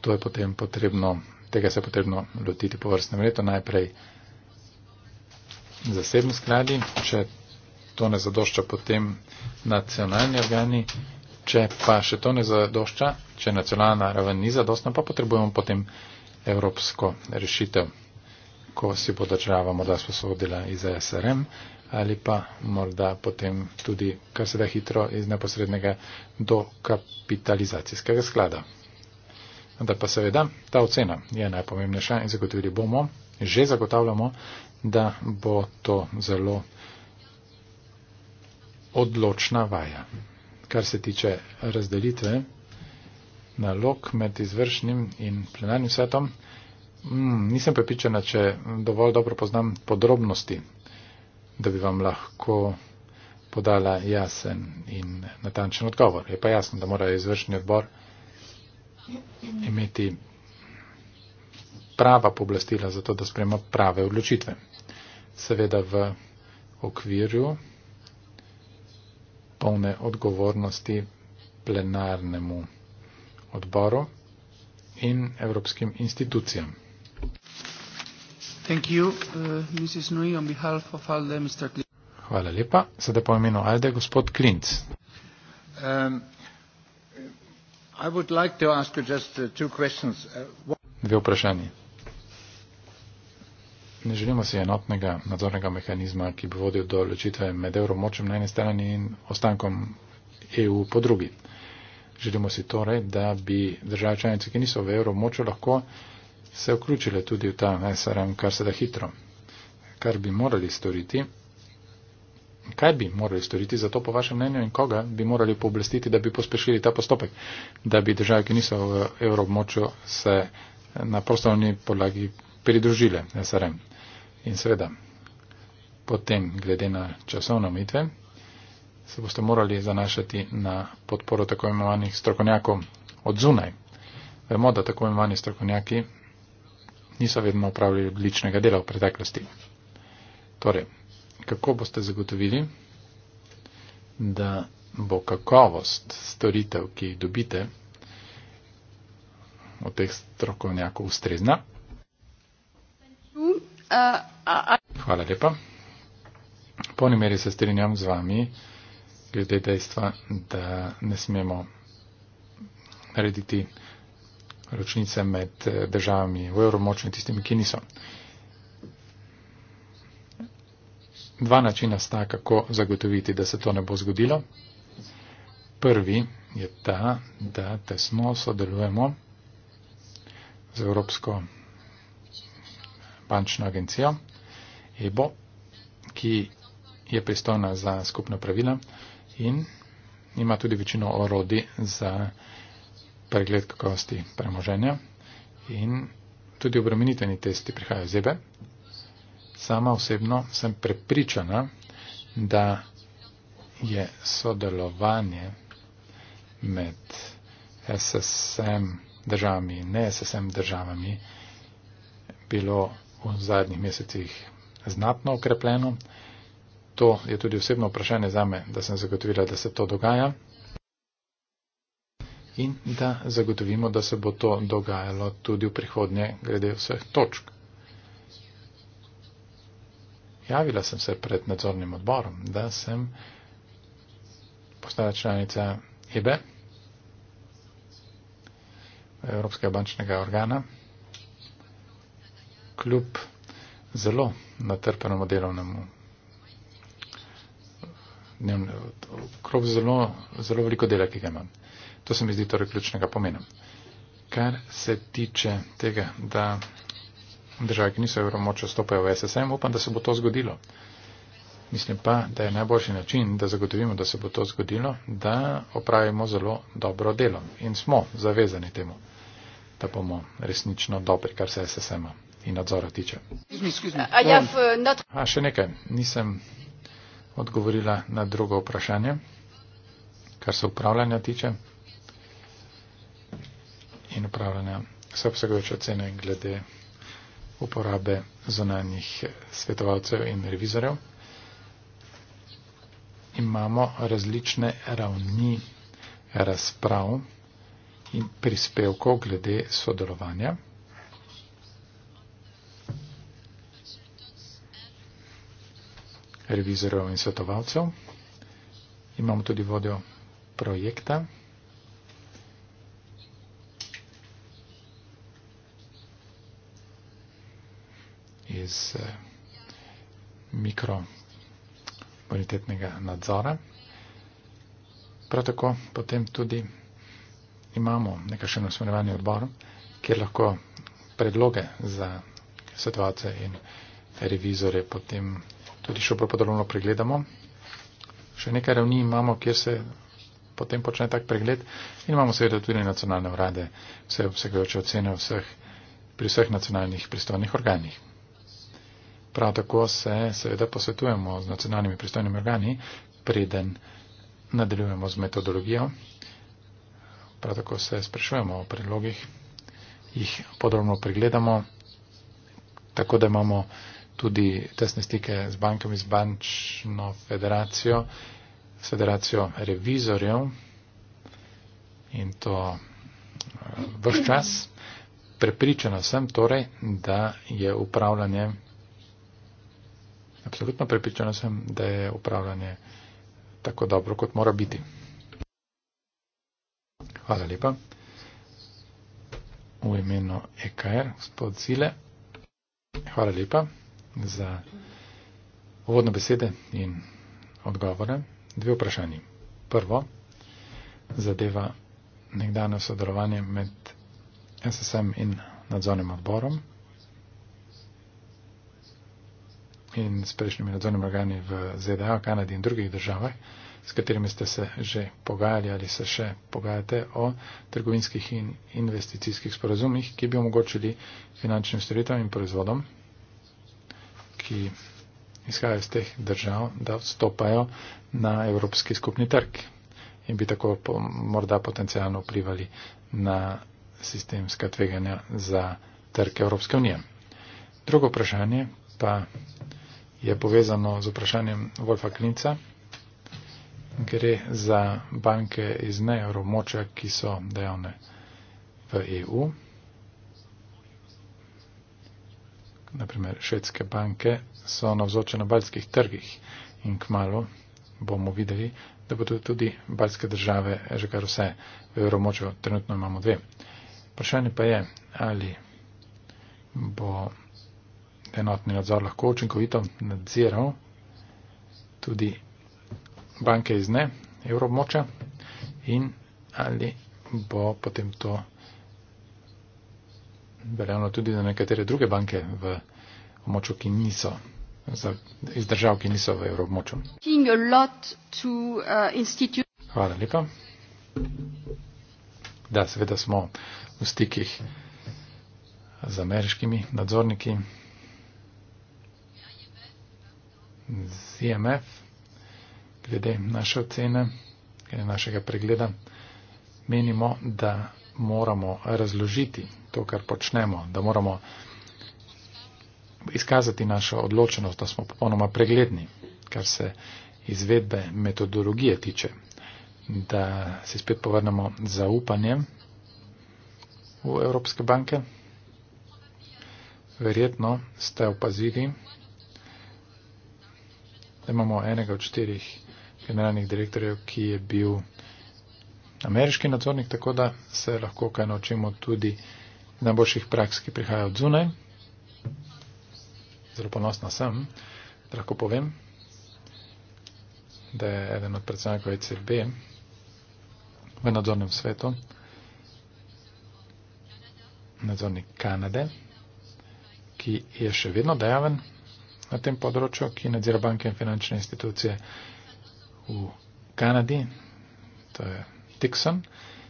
Speaker 2: to je potem potrebno, tega se je potrebno lotiti po vrstnem letu. Najprej zasebni skladi, če to ne zadošča, potem nacionalni organi, če pa še to ne zadošča, če nacionalna raven ni zadostna, pa potrebujemo potem evropsko rešitev, ko si bo država morda sposodila iz SRM ali pa morda potem tudi kar se da hitro iz neposrednega dokapitalizacijskega sklada. Da pa seveda ta ocena je najpomembnejša in zagotovili bomo, že zagotavljamo, da bo to zelo odločna vaja. Kar se tiče razdelitve nalog med izvršnim in plenarnim svetom, mm, nisem prepričana, če dovolj dobro poznam podrobnosti da bi vam lahko podala jasen in natančen odgovor. Je pa jasno, da mora izvršni odbor imeti prava poblastila za to, da sprema prave odločitve. Seveda v okvirju polne odgovornosti plenarnemu odboru in evropskim institucijam.
Speaker 1: Thank you, uh, Nui, on of Alde, Mr.
Speaker 2: Hvala lepa. Sedaj pa v imenu Alde, gospod Klinc.
Speaker 4: Um, I would like to ask you just uh, two questions. Uh,
Speaker 2: Dve vprašanje. Ne želimo si enotnega nadzornega mehanizma, ki bi vodil do ločitve med evromočem na eni strani in ostankom EU po drugi. Želimo si torej, da bi države članice, ki niso v evromoču, lahko uh, se vključile tudi v ta SRM kar se da hitro. Kar bi morali storiti, kaj bi morali storiti za to po vašem mnenju in koga bi morali pooblastiti, da bi pospešili ta postopek, da bi države, ki niso v evroobmočju, se na prostovni podlagi pridružile SRM. In seveda, potem, glede na časovno omitve, se boste morali zanašati na podporo tako imenovanih strokovnjakov od zunaj. Vemo, da tako imenovani strokovnjaki niso vedno opravljali odličnega dela v preteklosti. Torej, kako boste zagotovili, da bo kakovost storitev, ki jih dobite od teh strokovnjakov, ustrezna? Hvala lepa. V polni meri se strinjam z vami glede dejstva, da ne smemo narediti ročnice med eh, državami v evromočju in tistimi, ki niso. Dva načina sta, kako zagotoviti, da se to ne bo zgodilo. Prvi je ta, da tesno sodelujemo z Evropsko bančno agencijo EBO, ki je pristojna za skupna pravila in ima tudi večino orodi za pregled kakovosti premoženja in tudi obremenitveni testi prihajajo z ebe. Sama osebno sem prepričana, da je sodelovanje med SSM državami in ne SSM državami bilo v zadnjih mesecih znatno okrepljeno. To je tudi osebno vprašanje za me, da sem zagotovila, da se to dogaja in da zagotovimo, da se bo to dogajalo tudi v prihodnje, glede vseh točk. Javila sem se pred nadzornim odborom, da sem postala članica EBE, Evropskega bančnega organa, kljub zelo natrpenemu delovnemu. Dnevne, krok zelo, zelo veliko dela, ki ga imam. To se mi zdi torej ključnega pomena. Kar se tiče tega, da države, ki niso evromoče, stopajo v SSM, upam, da se bo to zgodilo. Mislim pa, da je najboljši način, da zagotovimo, da se bo to zgodilo, da opravimo zelo dobro delo in smo zavezani temu, da bomo resnično dobri, kar se SSM-a in nadzora tiče. Uh, A še nekaj, nisem odgovorila na drugo vprašanje, kar se upravljanja tiče in upravljanja sobsegajoče ocene glede uporabe zonanjih svetovalcev in revizorjev. Imamo različne ravni razprav in prispevkov glede sodelovanja. revizorjev in svetovalcev. Imamo tudi vodjo projekta. iz eh, mikrobonitetnega nadzora. Prav tako potem tudi imamo nekakšen usmerjevanje odbor, kjer lahko predloge za svetovalce in revizore potem tudi še podrobno pregledamo. Še nekaj ravni imamo, kjer se potem počne tak pregled in imamo seveda tudi nacionalne urade, vse obsegajoče ocene vseh, pri vseh nacionalnih pristojnih organih. Prav tako se seveda posvetujemo z nacionalnimi pristojnimi organi, preden nadaljujemo z metodologijo. Prav tako se sprašujemo o predlogih, jih podrobno pregledamo, tako da imamo tudi tesne stike z bankami, z bančno federacijo, s federacijo revizorjev in to eh, vse čas. Prepričana sem torej, da je upravljanje Absolutno prepričana sem, da je upravljanje tako dobro, kot mora biti. Hvala lepa. V imenu EKR, gospod Zile, hvala lepa za uvodne besede in odgovore. Dve vprašanje. Prvo zadeva nekdano sodelovanje med SSM in nadzornim odborom. in s prejšnjimi nadzornimi organi v ZDA, Kanadi in drugih državah, s katerimi ste se že pogajali ali se še pogajate o trgovinskih in investicijskih sporazumih, ki bi omogočili finančnim storitvam in proizvodom, ki izhajajo iz teh držav, da vstopajo na evropski skupni trg in bi tako po, morda potencijalno vplivali na sistemska tveganja za trg Evropske unije. Drugo vprašanje pa je povezano z vprašanjem Wolfa Klinca. Gre za banke iz neevromoča, ki so dejavne v EU. Naprimer, švedske banke so navzoče na baljskih trgih in kmalo bomo videli, da bodo tudi baljske države že kar vse v evromoču. Trenutno imamo dve. Vprašanje pa je, ali bo enotni nadzor lahko učinkovito nadziral tudi banke iz ne evromoča in ali bo potem to veljavno tudi za nekatere druge banke v območju, ki niso za, iz držav, ki niso v evromoču.
Speaker 1: Uh,
Speaker 2: Hvala lepa. Da, seveda smo v stikih z ameriškimi nadzorniki. z IMF, glede naše ocene, glede našega pregleda, menimo, da moramo razložiti to, kar počnemo, da moramo izkazati našo odločenost, da smo popolnoma pregledni, kar se izvedbe metodologije tiče, da se spet povrnemo zaupanjem v Evropske banke. Verjetno ste opazili, imamo enega od štirih generalnih direktorjev, ki je bil ameriški nadzornik, tako da se lahko kaj naučimo tudi najboljših praks, ki prihajajo od zunaj. Zelo ponosna sem, da lahko povem, da je eden od predsednikov ECB v nadzornem svetu, nadzornik Kanade, ki je še vedno dejaven, na tem področju, ki nadzira banke in finančne institucije v Kanadi, to je Tixon,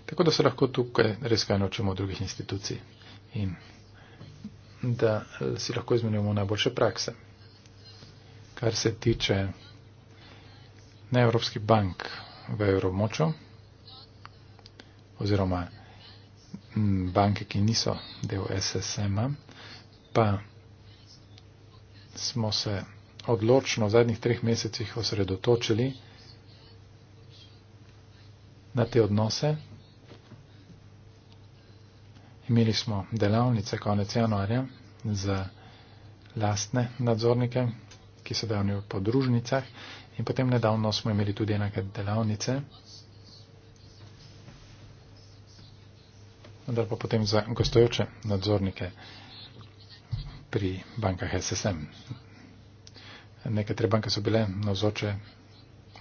Speaker 2: tako da se lahko tukaj res kaj naučimo od drugih institucij in da si lahko izmenjujemo najboljše prakse. Kar se tiče neevropskih bank v evromočju oziroma banke, ki niso del SSM-a, pa smo se odločno v zadnjih treh mesecih osredotočili na te odnose. Imeli smo delavnice konec januarja za lastne nadzornike, ki so delali v podružnicah in potem nedavno smo imeli tudi enake delavnice. Vendar pa potem za gostujoče nadzornike pri bankah SSM. Nekatere banke so bile navzoče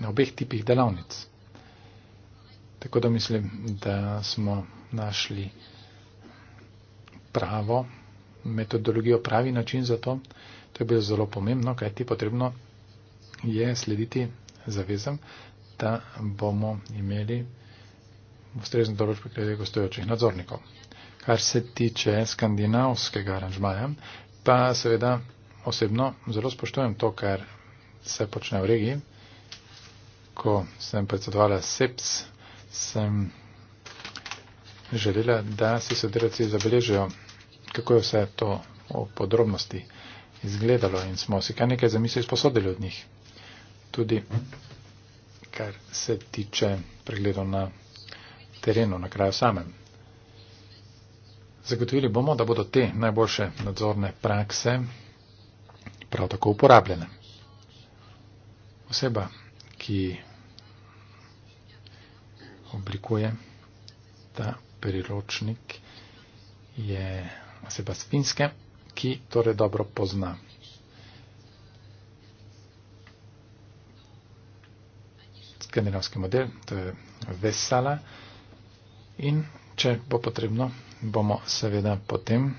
Speaker 2: na obeh tipih delavnic. Tako da mislim, da smo našli pravo metodologijo, pravi način za to. To je bilo zelo pomembno, kajti potrebno je slediti zavezam, da bomo imeli ustrezno določbe glede gostujočih nadzornikov. Kar se tiče skandinavskega aranžmaja, pa seveda osebno zelo spoštujem to, kar se počne v regiji. Ko sem predsedovala SEPS, e sem želela, da si sodelavci zabeležijo, kako je vse to v podrobnosti izgledalo in smo si kar nekaj zamisli sposodili od njih. Tudi kar se tiče pregledov na terenu, na kraju samem. Zagotovili bomo, da bodo te najboljše nadzorne prakse prav tako uporabljene. Oseba, ki oblikuje ta priročnik, je oseba z Finske, ki torej dobro pozna skandinavski model, to je Vesala, in če bo potrebno, bomo seveda potem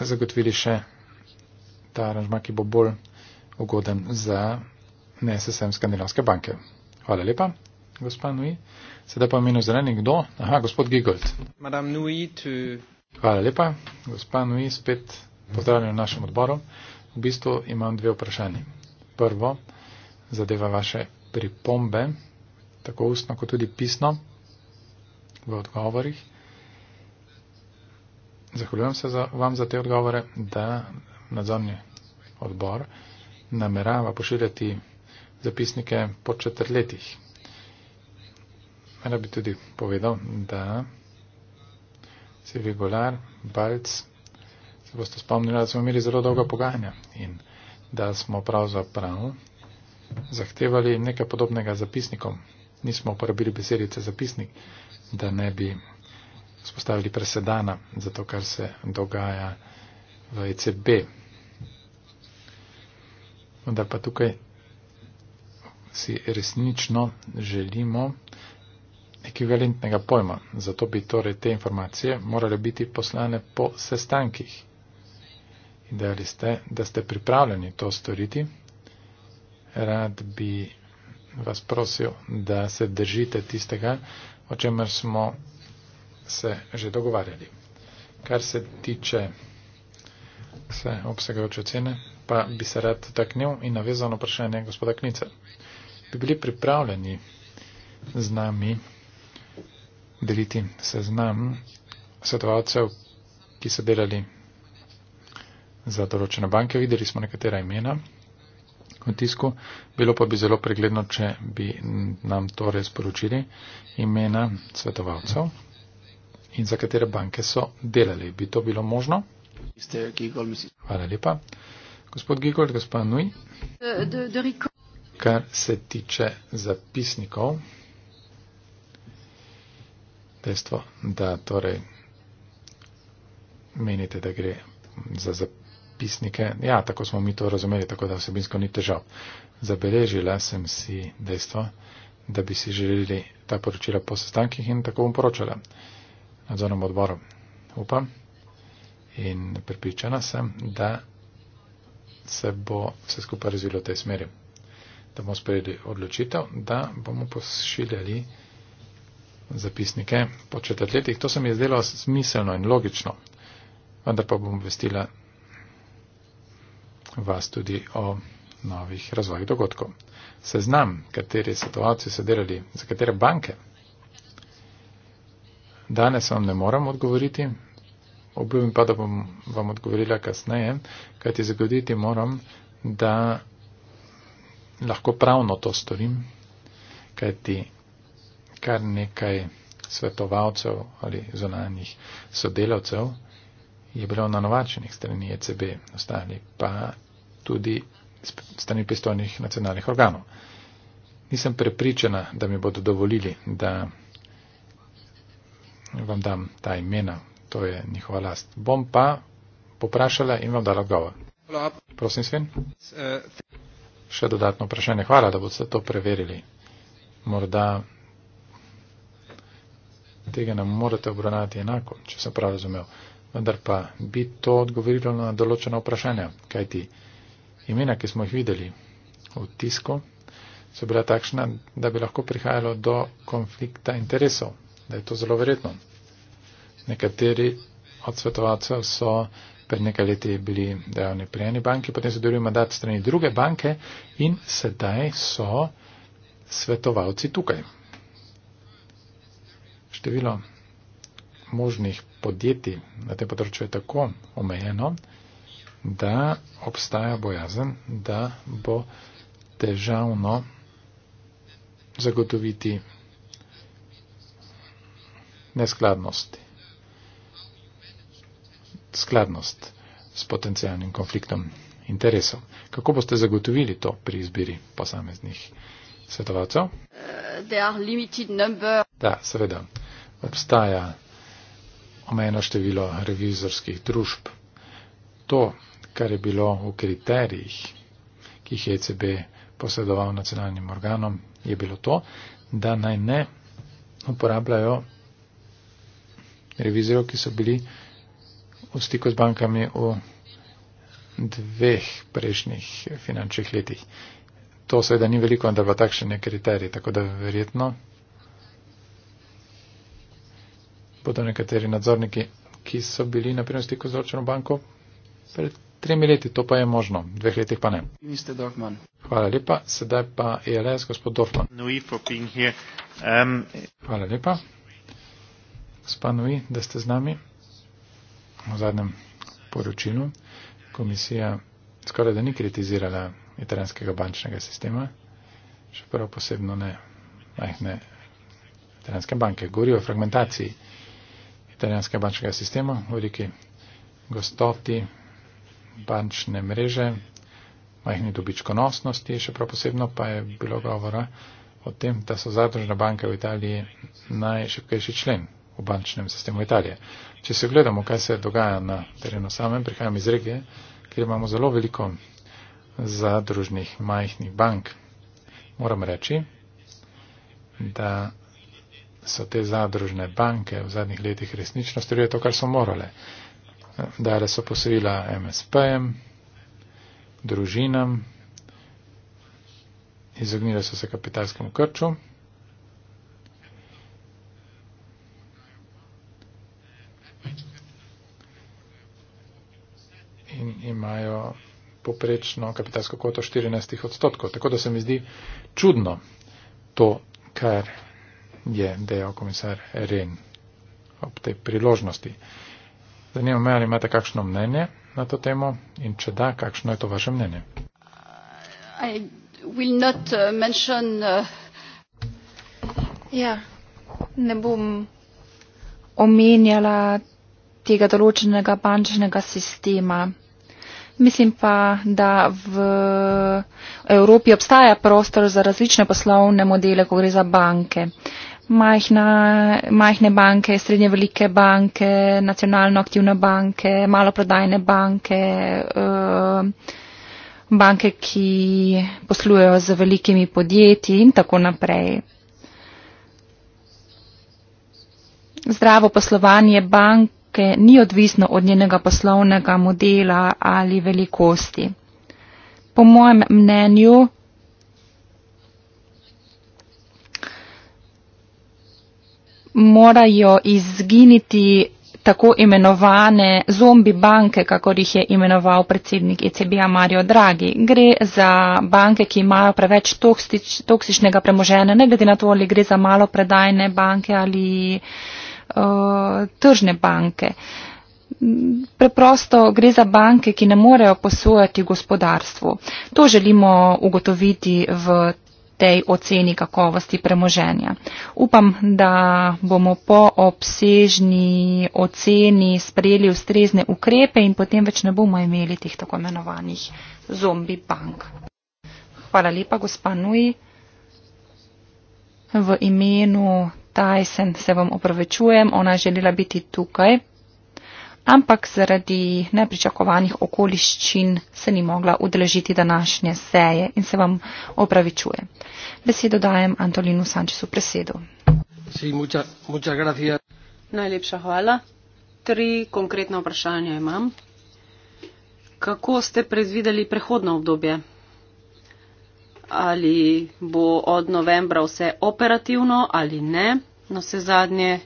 Speaker 2: zagotovili še ta aranžma, ki bo bolj ugoden za NSSM Skandinavske banke. Hvala lepa, gospa Nui. Sedaj pa meni zeleni kdo? Aha, gospod Gigold. Hvala lepa, gospa Nui, spet pozdravljen v našem odboru. V bistvu imam dve vprašanje. Prvo, zadeva vaše pripombe, tako ustno kot tudi pisno v odgovorih. Zahvaljujem se za, vam za te odgovore, da nadzorni odbor namerava pošiljati zapisnike po četrletjih. Rad bi tudi povedal, da se Vigolar, Balc, se boste spomnili, da smo imeli zelo dolga pogajanja in da smo pravzaprav zahtevali nekaj podobnega zapisnikom. Nismo uporabili besedice zapisnik, da ne bi spostavili presedana za to, kar se dogaja v ECB. Vendar pa tukaj si resnično želimo ekvivalentnega pojma. Zato bi torej te informacije morale biti poslane po sestankih. Dejali ste, da ste pripravljeni to storiti. Rad bi vas prosil, da se držite tistega, o čemer smo se že dogovarjali. Kar se tiče vse obsegajoče cene, pa bi se rad taknil in navezal na vprašanje gospoda Knice. Bi bili pripravljeni z nami deliti seznam svetovalcev, ki so delali za določene banke, videli smo nekatera imena v tisku, bilo pa bi zelo pregledno, če bi nam torej sporočili imena svetovalcev. Hmm in za katere banke so delali. Bi to bilo možno? Hvala lepa. Gospod Gigold, gospod Nui. Kar se tiče zapisnikov, dejstvo, da torej menite, da gre za zapisnike. Ja, tako smo mi to razumeli, tako da vsebinsko ni težav. Zabeležila sem si dejstvo, da bi si želeli ta poročila po sestankih in tako bom poročala nadzornem odboru. Upam in pripričana sem, da se bo vse skupaj razvilo v tej smeri. Da bomo sprejeli odločitev, da bomo pošiljali zapisnike po četrtletjih. To se mi je zdelo smiselno in logično. Vendar pa bom obvestila vas tudi o novih razvojih dogodkov. Seznam, kateri situacije so delali, za katere banke Danes vam ne moram odgovoriti, obljubim pa, da bom vam odgovorila kasneje, kajti zagoditi moram, da lahko pravno to storim, kajti kar nekaj svetovalcev ali zonanjih sodelavcev je bilo na novačenih strani ECB, ostali pa tudi strani pristojnih nacionalnih organov. Nisem prepričana, da mi bodo dovolili, da vam dam ta imena. To je njihova last. Bom pa poprašala in vam dala odgovor. Prosim, Sven. Še dodatno vprašanje. Hvala, da boste to preverili. Morda tega ne morate obravnavati enako, če sem prav razumel. Vendar pa bi to odgovorilo na določena vprašanja. Kaj ti imena, ki smo jih videli v tisku, so bila takšna, da bi lahko prihajalo do konflikta interesov da je to zelo verjetno. Nekateri od svetovalcev so pred nekaj leti bili dejavni pri eni banki, potem so dobili mandat strani druge banke in sedaj so svetovalci tukaj. Število možnih podjetij na tem področju je tako omejeno, da obstaja bojazen, da bo težavno zagotoviti neskladnosti. Skladnost s potencijalnim konfliktom interesov. Kako boste zagotovili to pri izbiri posameznih svetovalcev?
Speaker 1: Eh,
Speaker 2: da, seveda. Obstaja omejeno število revizorskih družb. To, kar je bilo v kriterijih, ki jih je ECB posredoval nacionalnim organom, je bilo to, da naj ne uporabljajo revizorjev, ki so bili v stiku z bankami v dveh prejšnjih finančnih letih. To seveda ni veliko, da pa takšen je kriterij, tako da verjetno bodo nekateri nadzorniki, ki so bili na primer v stiku z ročno banko, pred tremi leti, to pa je možno, dveh letih pa ne. Hvala lepa, sedaj pa ELS, gospod Dorfman. No, um, Hvala lepa. Spanovi, da ste z nami v zadnjem poročilu. Komisija skoraj da ni kritizirala italijanskega bančnega sistema, še prav posebno ne majhne italijanske banke. Govori o fragmentaciji italijanskega bančnega sistema, o veliki gostoti bančne mreže, majhni dobičkonosnosti, še prav posebno pa je bilo govora o tem, da so zadružna banka v Italiji najšipkejši člen v bančnem sistemu Italije. Če se gledamo, kaj se dogaja na terenu samem, prihajam iz regije, kjer imamo zelo veliko zadružnih majhnih bank. Moram reči, da so te zadružne banke v zadnjih letih resnično storile to, kar so morale. Dale so posojila MSP-jem, družinam, izognile so se kapitalskemu krču. imajo poprečno kapitalsko koto 14 odstotkov. Tako da se mi zdi čudno to, kar je dejal komisar Ren ob tej priložnosti. Zanima me, ali imate kakšno mnenje na to temo in če da, kakšno je to vaše mnenje.
Speaker 1: Not, uh, mention, uh... ja,
Speaker 5: ne bom omenjala tega določenega bančnega sistema. Mislim pa, da v Evropi obstaja prostor za različne poslovne modele, ko gre za banke. Majhna, majhne banke, srednje velike banke, nacionalno aktivne banke, maloprodajne banke, eh, banke, ki poslujejo z velikimi podjetji in tako naprej. Zdravo poslovanje bank stroke ni odvisno od njenega poslovnega modela ali velikosti. Po mojem mnenju morajo izginiti tako imenovane zombi banke, kako jih je imenoval predsednik ECB-a Mario Draghi. Gre za banke, ki imajo preveč toksič, toksičnega premoženja, ne glede na to, ali gre za malo predajne banke ali. Uh, Eh, tržne banke. Preprosto gre za banke, ki ne morejo posojati gospodarstvu. To želimo ugotoviti v tej oceni kakovosti premoženja. Upam, da bomo po obsežni oceni sprejeli ustrezne ukrepe in potem več ne bomo imeli teh tako imenovanih zombi bank. Hvala lepa, gospa Nui. V imenu Tyson, se vam opravičujem, ona je želela biti tukaj, ampak zaradi nepričakovanih okoliščin se ni mogla udeležiti današnje seje in se vam opravičuje. Besedo dajem Antolinu Sančesu presedu.
Speaker 1: Sí, mucha, mucha
Speaker 3: Najlepša hvala. Tri konkretna vprašanja imam. Kako ste predvideli prehodno obdobje? ali bo od novembra vse operativno ali ne. Na vse zadnje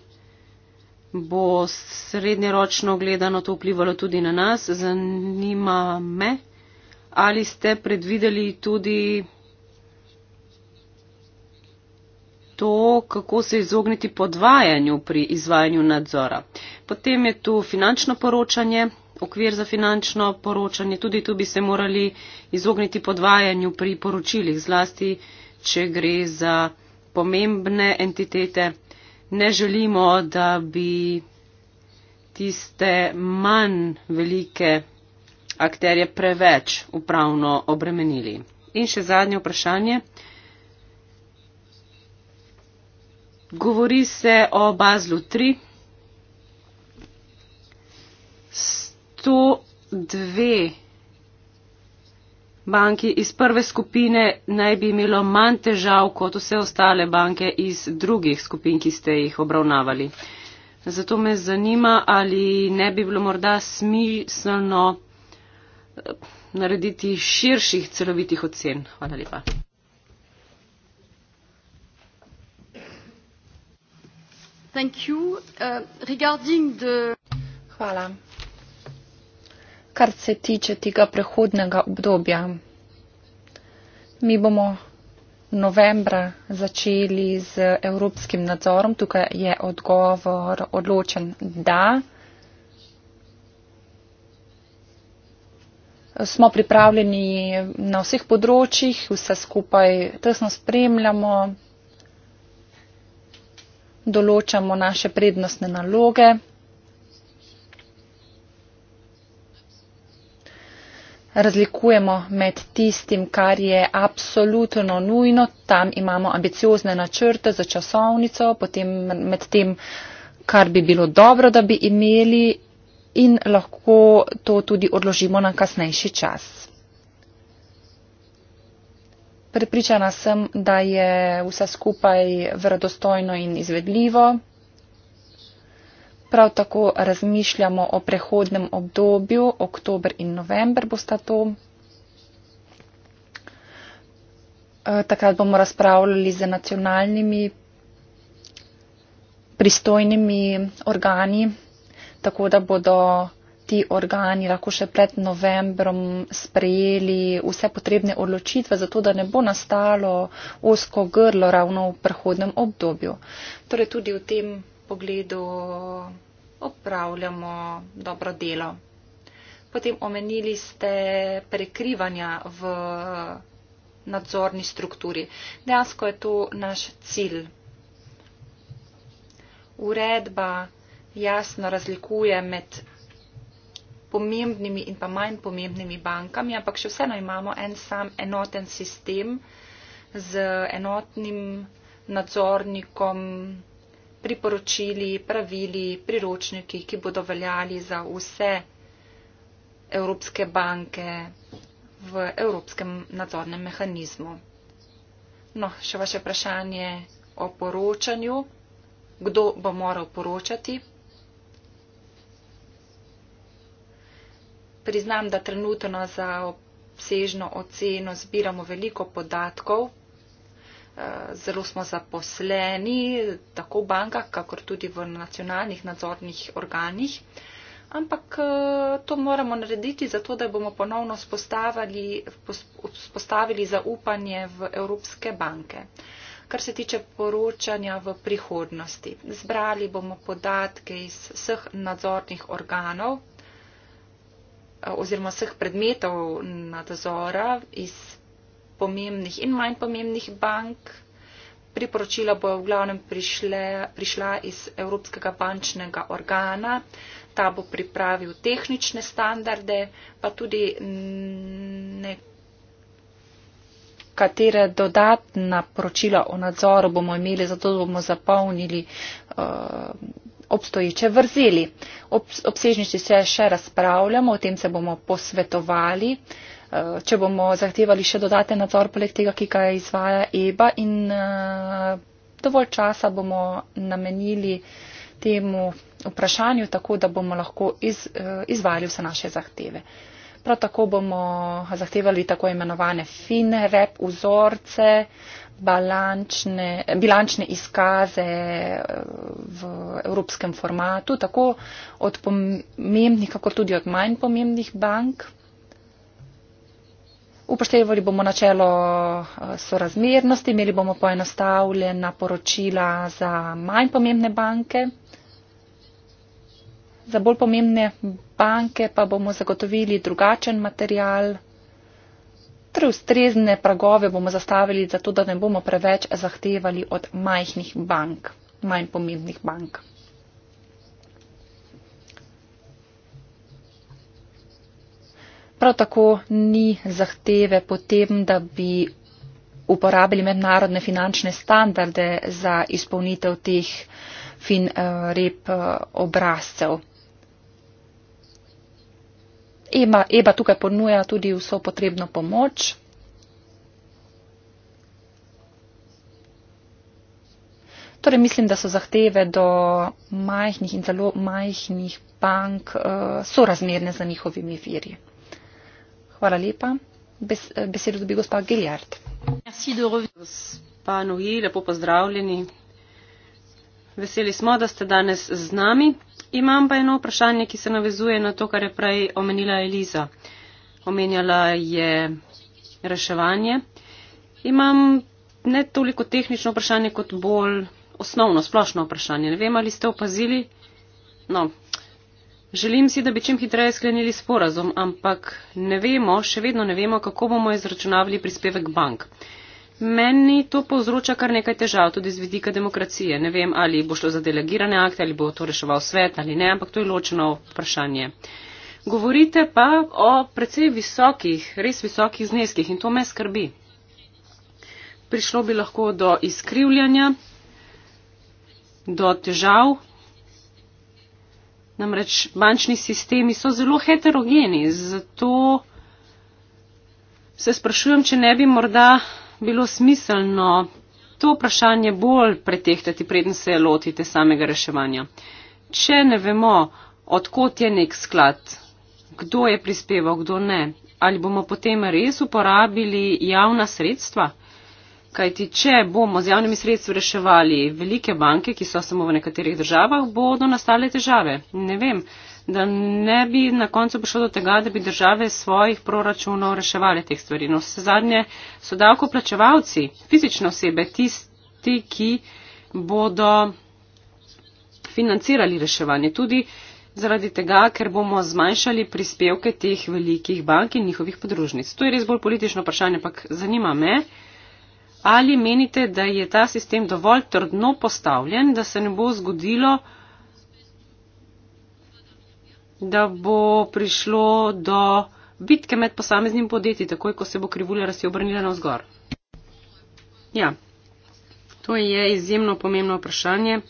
Speaker 3: bo srednjeročno gledano to vplivalo tudi na nas. Zanima me, ali ste predvideli tudi to, kako se izogniti podvajanju pri izvajanju nadzora. Potem je tu finančno poročanje, okvir za finančno poročanje, tudi tu bi se morali izogniti podvajanju pri poročilih, zlasti, če gre za pomembne entitete. Ne želimo, da bi tiste manj velike akterje preveč upravno obremenili. In še zadnje vprašanje. Govori se o Bazlu 3. 102 banki iz prve skupine naj bi imelo manj težav kot vse ostale banke iz drugih skupin, ki ste jih obravnavali. Zato me zanima, ali ne bi bilo morda smiselno eh, narediti širših celovitih ocen. Hvala lepa.
Speaker 5: Thank you. Uh, regarding the... Hvala kar se tiče tega prehodnega obdobja. Mi bomo novembra začeli z evropskim nadzorom. Tukaj je odgovor odločen, da smo pripravljeni na vseh področjih, vse skupaj tesno spremljamo, določamo naše prednostne naloge. razlikujemo med tistim, kar je absolutno nujno. Tam imamo ambiciozne načrte za časovnico, potem med tem, kar bi bilo dobro, da bi imeli in lahko to tudi odložimo na kasnejši čas. Pripričana sem, da je vse skupaj verodostojno in izvedljivo. Prav tako razmišljamo o prehodnem obdobju, oktober in november bosta to. E, takrat bomo razpravljali z nacionalnimi pristojnimi organi, tako da bodo ti organi lahko še pred novembrom sprejeli vse potrebne odločitve, zato da ne bo nastalo osko grlo ravno v prehodnem obdobju. Torej tudi v tem pogledu opravljamo dobro delo. Potem omenili ste prekrivanja v nadzorni strukturi. Dejansko je to naš cilj. Uredba jasno razlikuje med pomembnimi in pa manj pomembnimi bankami, ampak še vseeno imamo en sam enoten sistem z enotnim nadzornikom priporočili, pravili, priročniki, ki bodo veljali za vse evropske banke v evropskem nadzornem mehanizmu. No, še vaše vprašanje o poročanju. Kdo bo moral poročati? Priznam, da trenutno za obsežno oceno zbiramo veliko podatkov, zelo smo zaposleni, tako v bankah, kakor tudi v nacionalnih nadzornih organih. Ampak eh, to moramo narediti, zato da bomo ponovno spostavili zaupanje v Evropske banke. Kar se tiče poročanja v prihodnosti, zbrali bomo podatke iz vseh nadzornih organov eh, oziroma vseh predmetov nadzora iz pomembnih in manj pomembnih bank. Priporočila bojo v glavnem prišle, prišla iz Evropskega bančnega organa. Ta bo pripravil tehnične standarde, pa tudi nekatere dodatna poročila o nadzoru bomo imeli, zato bomo zapolnili. Uh, obstoječe vrzeli. Ob, obsežnici se še razpravljamo, o tem se bomo posvetovali, eh, če bomo zahtevali še dodaten nadzor poleg tega, ki ga izvaja EBA in eh, dovolj časa bomo namenili temu vprašanju, tako da bomo lahko iz, eh, izvali vse naše zahteve. Prav tako bomo zahtevali tako imenovane fine rep vzorce, bilančne, bilančne izkaze eh, v evropskem formatu, tako od pomembnih, kako tudi od manj pomembnih bank. Upoštevali bomo načelo eh, sorazmernosti, imeli bomo poenostavljena poročila za manj pomembne banke. Za bolj pomembne banke pa bomo zagotovili drugačen material ter ustrezne pragove bomo zastavili, zato da ne bomo preveč zahtevali od majhnih bank, manj pomembnih bank. Prav tako ni zahteve potem, da bi uporabili mednarodne finančne standarde za izpolnitev teh fin eh, rep eh, obrazcev. EMA, EBA tukaj ponuja tudi vso potrebno pomoč. Torej, mislim, da so zahteve do majhnih in zelo majhnih bank eh, sorazmerne za njihovimi viri. Hvala lepa. Bes, eh, besedo dobi gospa Giljard.
Speaker 3: Gospa Nuji, lepo pozdravljeni. Veseli smo, da ste danes z nami. Imam pa eno vprašanje, ki se navezuje na to, kar je prej omenila Eliza. Omenjala je reševanje. Imam ne toliko tehnično vprašanje, kot bolj osnovno, splošno vprašanje. Ne vem, ali ste opazili. No, želim si, da bi čim hitreje sklenili sporazum, ampak ne vemo, še vedno ne vemo, kako bomo izračunavali prispevek bank. Meni to povzroča kar nekaj težav, tudi z vidika demokracije. Ne vem, ali bo šlo za delegirane akte, ali bo to reševal svet ali ne, ampak to je ločeno vprašanje. Govorite pa o precej visokih, res visokih zneskih in to me skrbi. Prišlo bi lahko do izkrivljanja, do težav. Namreč bančni sistemi so zelo heterogeni, zato se sprašujem, če ne bi morda bilo smiselno to vprašanje bolj pretehtati, preden se lotite samega reševanja. Če ne vemo, odkot je nek sklad, kdo je prispeval, kdo ne, ali bomo potem res uporabili javna sredstva? Kajti, če bomo z javnimi sredstvi reševali velike banke, ki so samo v nekaterih državah, bodo nastale težave. Ne vem, da ne bi na koncu prišlo do tega, da bi države svojih proračunov reševali teh stvari. No, vse zadnje so davkoplačevalci, fizične osebe, tisti, ki bodo financirali reševanje. Tudi zaradi tega, ker bomo zmanjšali prispevke teh velikih bank in njihovih podružnic. To je res bolj politično vprašanje, ampak zanima me, ali menite, da je ta sistem dovolj trdno postavljen, da se ne bo zgodilo, da bo prišlo do bitke med posameznim podjetji, takoj ko se bo krivulja rasti obrnila na vzgor. Ja, to je izjemno pomembno vprašanje.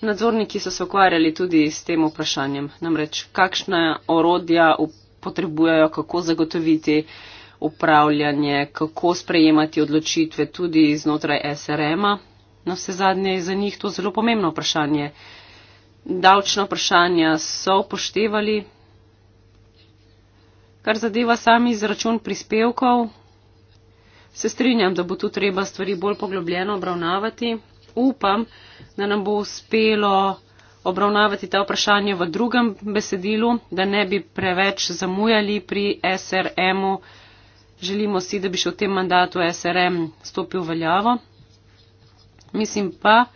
Speaker 3: Nadzorniki so se ukvarjali tudi s tem vprašanjem, namreč kakšna orodja potrebujejo, kako zagotoviti upravljanje, kako sprejemati odločitve tudi znotraj SRM-a. Na vse zadnje je za njih to zelo pomembno vprašanje davčna vprašanja so upoštevali. Kar zadeva sami izračun prispevkov, se strinjam, da bo tu treba stvari bolj poglobljeno obravnavati. Upam, da nam bo uspelo obravnavati ta vprašanja v drugem besedilu, da ne bi preveč zamujali pri SRM-u. Želimo si, da bi še v tem mandatu SRM stopil veljavo. Mislim pa,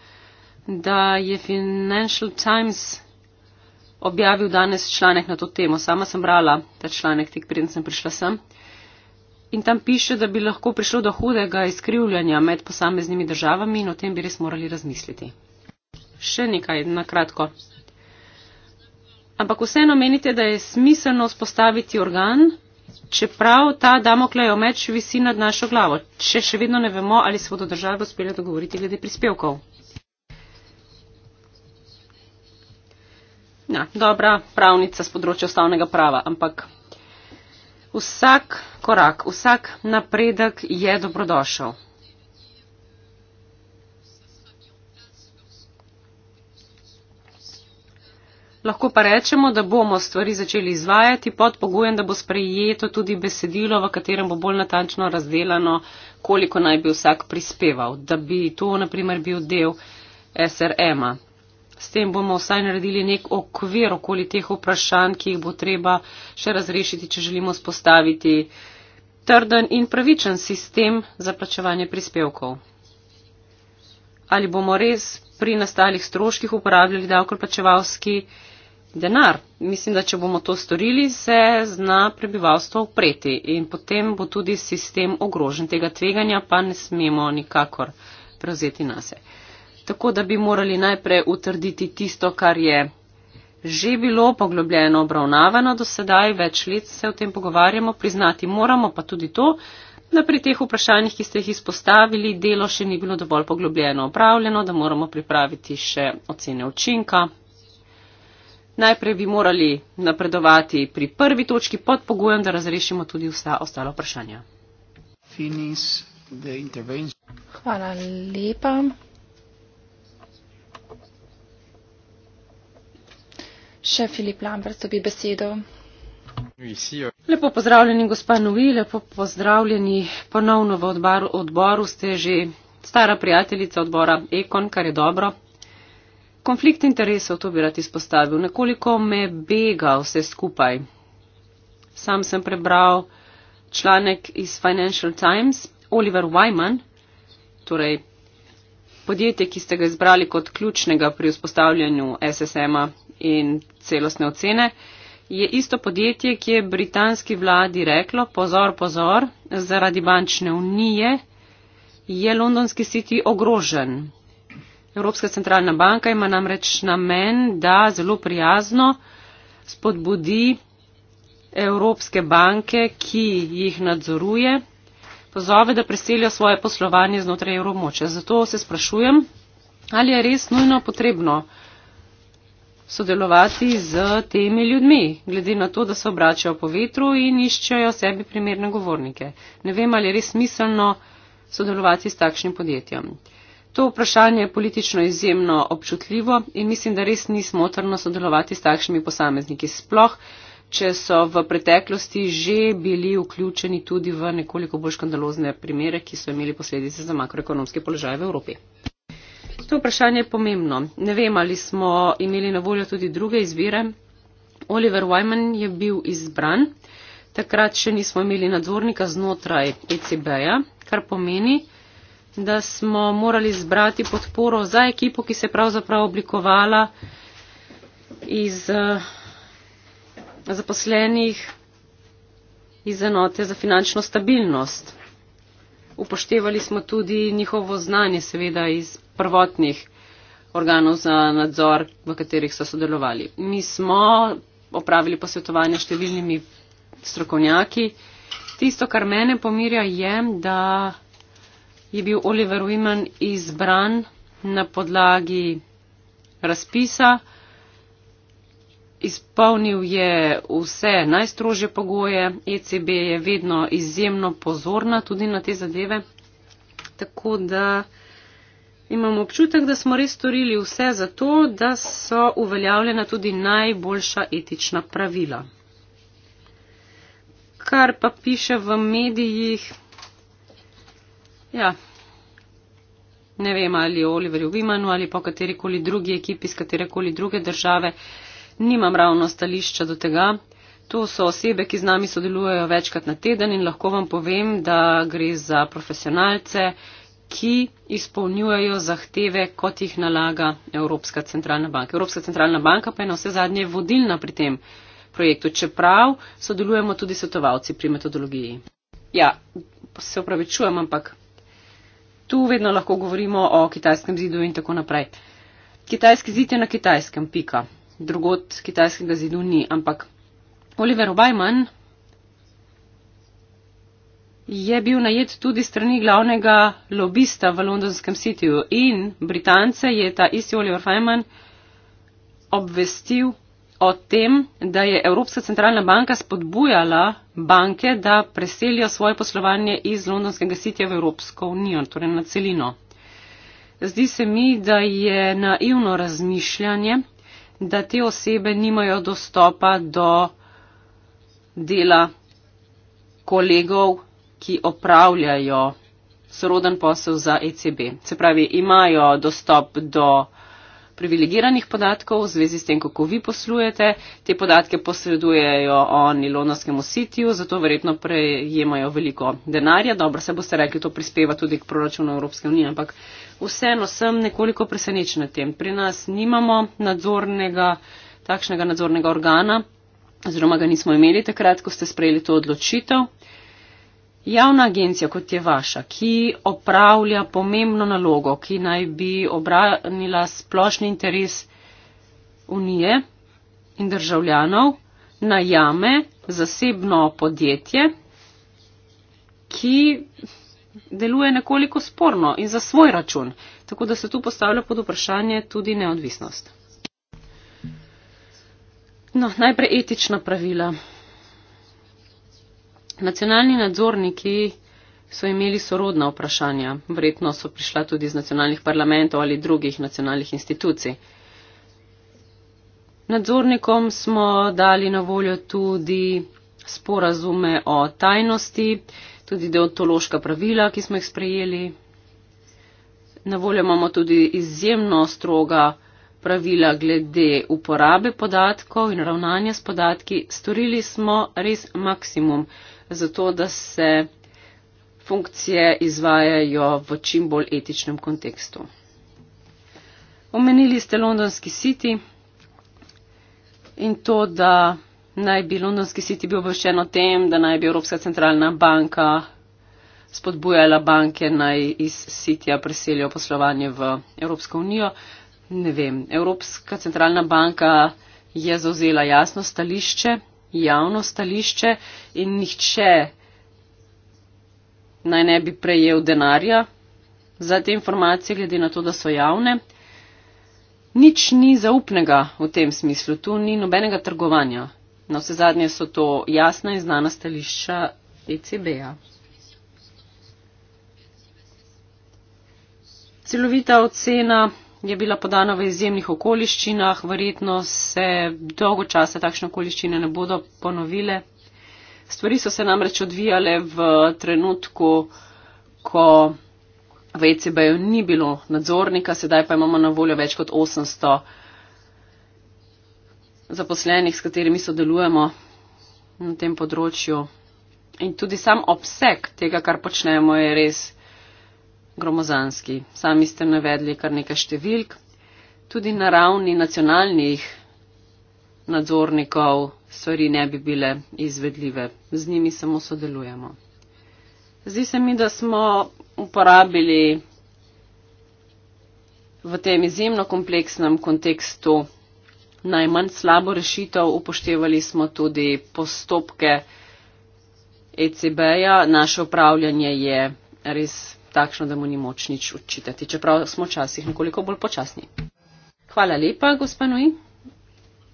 Speaker 3: da je Financial Times objavil danes članek na to temo. Sama sem brala ta članek, tik preden sem prišla sem. In tam piše, da bi lahko prišlo do hudega izkrivljanja med posameznimi državami in o tem bi res morali razmisliti. Še nekaj na kratko. Ampak vseeno menite, da je smiselno spostaviti organ, čeprav ta damoklejo meč visi nad našo glavo, če še vedno ne vemo, ali se bodo države uspele dogovoriti glede prispevkov. ja, dobra pravnica z področja ustavnega prava, ampak vsak korak, vsak napredek je dobrodošel. Lahko pa rečemo, da bomo stvari začeli izvajati pod pogojem, da bo sprejeto tudi besedilo, v katerem bo bolj natančno razdeljeno, koliko naj bi vsak prispeval, da bi to naprimer bil del SRM-a. S tem bomo vsaj naredili nek okvir okoli teh vprašanj, ki jih bo treba še razrešiti, če želimo spostaviti trden in pravičen sistem za plačevanje prispevkov. Ali bomo res pri nastalih stroških uporabljali davkoplačevalski denar? Mislim, da če bomo to storili, se zna prebivalstvo upreti in potem bo tudi sistem ogrožen. Tega tveganja pa ne smemo nikakor prevzeti na sebe tako da bi morali najprej utrditi tisto, kar je že bilo poglobljeno obravnavano do sedaj, več let se o tem pogovarjamo, priznati moramo pa tudi to, da pri teh vprašanjih, ki ste jih izpostavili, delo še ni bilo dovolj poglobljeno opravljeno, da moramo pripraviti še ocene učinka. Najprej bi morali napredovati pri prvi točki pod pogojem, da razrešimo tudi vsa ostala vprašanja.
Speaker 5: Hvala lepa. Še Filip Lambert dobi besedo.
Speaker 1: Eh.
Speaker 3: Lepo pozdravljeni, gospa Novi, lepo pozdravljeni ponovno v odboru, odboru. Ste že stara prijateljica odbora Ekon, kar je dobro. Konflikt interesov, to bi rad izpostavil, nekoliko me bega vse skupaj. Sam sem prebral članek iz Financial Times, Oliver Wyman, torej podjetje, ki ste ga izbrali kot ključnega pri vzpostavljanju SSM-a in celostne ocene, je isto podjetje, ki je britanski vladi reklo, pozor, pozor, zaradi bančne unije je londonski siti ogrožen. Evropska centralna banka ima namreč namen, da zelo prijazno spodbudi evropske banke, ki jih nadzoruje, pozove, da preselijo svoje poslovanje znotraj evromoče. Zato se sprašujem, ali je res nujno potrebno sodelovati z temi ljudmi, glede na to, da se obračajo po vetru in iščejo sebi primerne govornike. Ne vem, ali je res smiselno sodelovati s takšnim podjetjem. To vprašanje je politično izjemno občutljivo in mislim, da res ni smotrno sodelovati s takšnimi posamezniki, sploh, če so v preteklosti že bili vključeni tudi v nekoliko bolj škandalozne primere, ki so imeli posledice za makroekonomske položaje v Evropi to vprašanje je pomembno. Ne vem, ali smo imeli na voljo tudi druge izvire. Oliver Wyman je bil izbran. Takrat še nismo imeli nadzornika znotraj ECB-ja, kar pomeni, da smo morali zbrati podporo za ekipo, ki se je pravzaprav oblikovala iz eh, zaposlenih iz enote za finančno stabilnost. Upoštevali smo tudi njihovo znanje, seveda iz prvotnih organov za nadzor, v katerih so sodelovali. Mi smo opravili posvetovanje številnimi strokovnjaki. Tisto, kar mene pomirja, je, da je bil Oliver Wiman izbran na podlagi razpisa, izpolnil je vse najstrožje pogoje, ECB je vedno izjemno pozorna tudi na te zadeve, tako da imam občutek, da smo res storili vse za to, da so uveljavljena tudi najboljša etična pravila. Kar pa piše v medijih, ja, ne vem ali Oliverju Vimanu ali pa katerikoli drugi ekipi iz katerekoli druge države, nimam ravno stališča do tega. To so osebe, ki z nami sodelujejo večkrat na teden in lahko vam povem, da gre za profesionalce, uh, ki izpolnjujejo zahteve, kot jih nalaga Evropska centralna banka. Evropska centralna banka pa je na vse zadnje vodilna pri tem projektu, čeprav sodelujemo tudi svetovalci pri metodologiji. Ja, se upravičujem, ampak tu vedno lahko govorimo o kitajskem zidu in tako naprej. Kitajski zid je na kitajskem, pika. Drugot kitajskega zidu ni, ampak Oliver Obajman, je bil najet tudi strani glavnega lobista v londonskem sitiju in Britance je ta isti Oliver Feynman obvestil o tem, da je Evropska centralna banka spodbujala banke, da preselijo svoje poslovanje iz londonskega sitja v Evropsko unijo, torej na celino. Zdi se mi, da je naivno razmišljanje, da te osebe nimajo dostopa do dela kolegov ki opravljajo soroden posel za ECB. Se pravi, imajo dostop do privilegiranih podatkov v zvezi s tem, kako vi poslujete. Te podatke posredujejo oni londonskemu sitiju, zato verjetno prejemajo veliko denarja. Dobro, se boste rekli, to prispeva tudi k proračunu Evropske unije, ampak vseeno sem nekoliko presenečen na tem. Pri nas nimamo nadzornega, takšnega nadzornega organa, oziroma ga nismo imeli takrat, ko ste sprejeli to odločitev. Uh, Javna agencija, kot je vaša, ki opravlja pomembno nalogo, ki naj bi obranila splošni interes Unije in državljanov, najame zasebno podjetje, ki deluje nekoliko sporno in za svoj račun. Tako da se tu postavlja pod vprašanje tudi neodvisnost. No, najprej etična pravila. Nacionalni nadzorniki so imeli sorodna vprašanja, verjetno so prišla tudi iz nacionalnih parlamentov ali drugih nacionalnih institucij. Nadzornikom smo dali na voljo tudi sporazume o tajnosti, tudi deontološka pravila, ki smo jih sprejeli. Na voljo imamo tudi izjemno stroga pravila glede uporabe podatkov in ravnanja s podatki. Storili smo res maksimum zato, da se funkcije izvajajo v čim bolj etičnem kontekstu. Omenili ste Londonski City in to, da naj bi Londonski City bil obveščen o tem, da naj bi Evropska centralna banka spodbujala banke naj iz Citya preselijo poslovanje v Evropsko unijo. Ne vem, Evropska centralna banka je zauzela jasno stališče, javno stališče in nihče naj ne bi prejel denarja za te informacije, glede na to, da so javne. Nič ni zaupnega v tem smislu, tu ni nobenega trgovanja. Na vse zadnje so to jasna in znana stališča ECB-ja. Celovita ocena je bila podana v izjemnih okoliščinah, verjetno se dolgo časa takšne okoliščine ne bodo ponovile. Stvari so se namreč odvijale v trenutku, ko v ECB-ju ni bilo nadzornika, sedaj pa imamo na voljo več kot 800 zaposlenih, s katerimi sodelujemo na tem področju. In tudi sam obseg tega, kar počnemo, je res gromozanski. Sami ste navedli kar nekaj številk. Tudi na ravni nacionalnih nadzornikov stvari ne bi bile izvedljive. Z njimi samo sodelujemo. Zdi se mi, da smo uporabili v tem izjemno kompleksnem kontekstu najmanj slabo rešitev. Upoštevali smo tudi postopke ECB-ja. Naše upravljanje je res takšno, da mu ni moč nič učitati, čeprav smo včasih nekoliko bolj počasni. Hvala lepa, gospod Nui.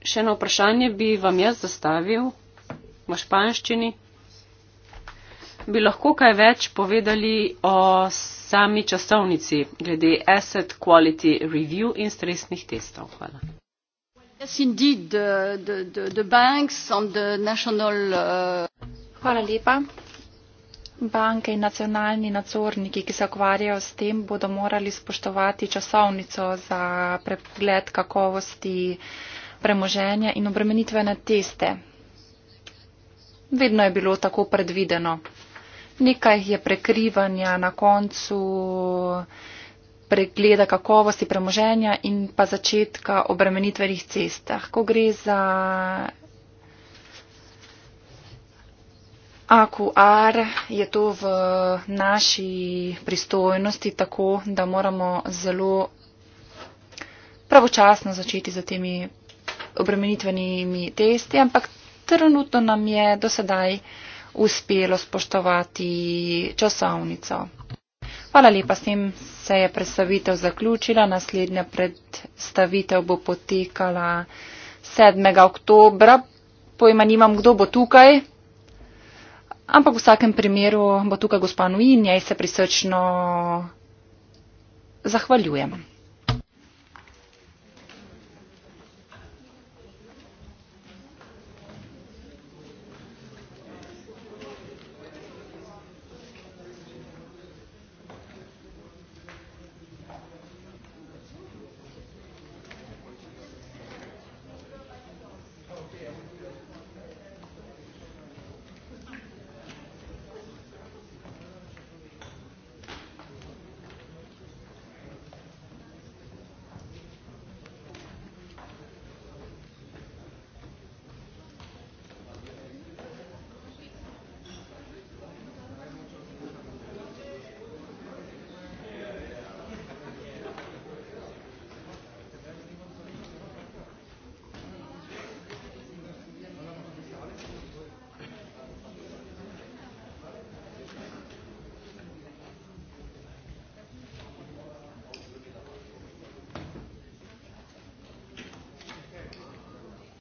Speaker 3: Še eno vprašanje bi vam jaz zastavil v španščini. Bi lahko kaj več povedali o sami časovnici glede asset quality review in stresnih testov? Hvala.
Speaker 1: Yes, indeed, the, the, the, the banks on the national.
Speaker 5: Uh... Hvala lepa. Banke in nacionalni nadzorniki, ki se okvarjajo s tem, bodo morali spoštovati časovnico za pregled kakovosti premoženja in obremenitvene teste. Vedno je bilo tako predvideno. Nekaj je prekrivanja na koncu pregleda kakovosti premoženja in pa začetka obremenitvenih cestah. Ko gre za AQR je to v naši pristojnosti tako, da moramo zelo pravočasno začeti z temi obremenitvenimi testi, ampak trenutno nam je do sedaj uspelo spoštovati časovnico. Hvala lepa, s tem se je predstavitev zaključila. Naslednja predstavitev bo potekala 7. oktobra. Pojma nimam, kdo bo tukaj. Ampak v vsakem primeru bo tukaj gospa Nuin, njej se prisrčno zahvaljujem.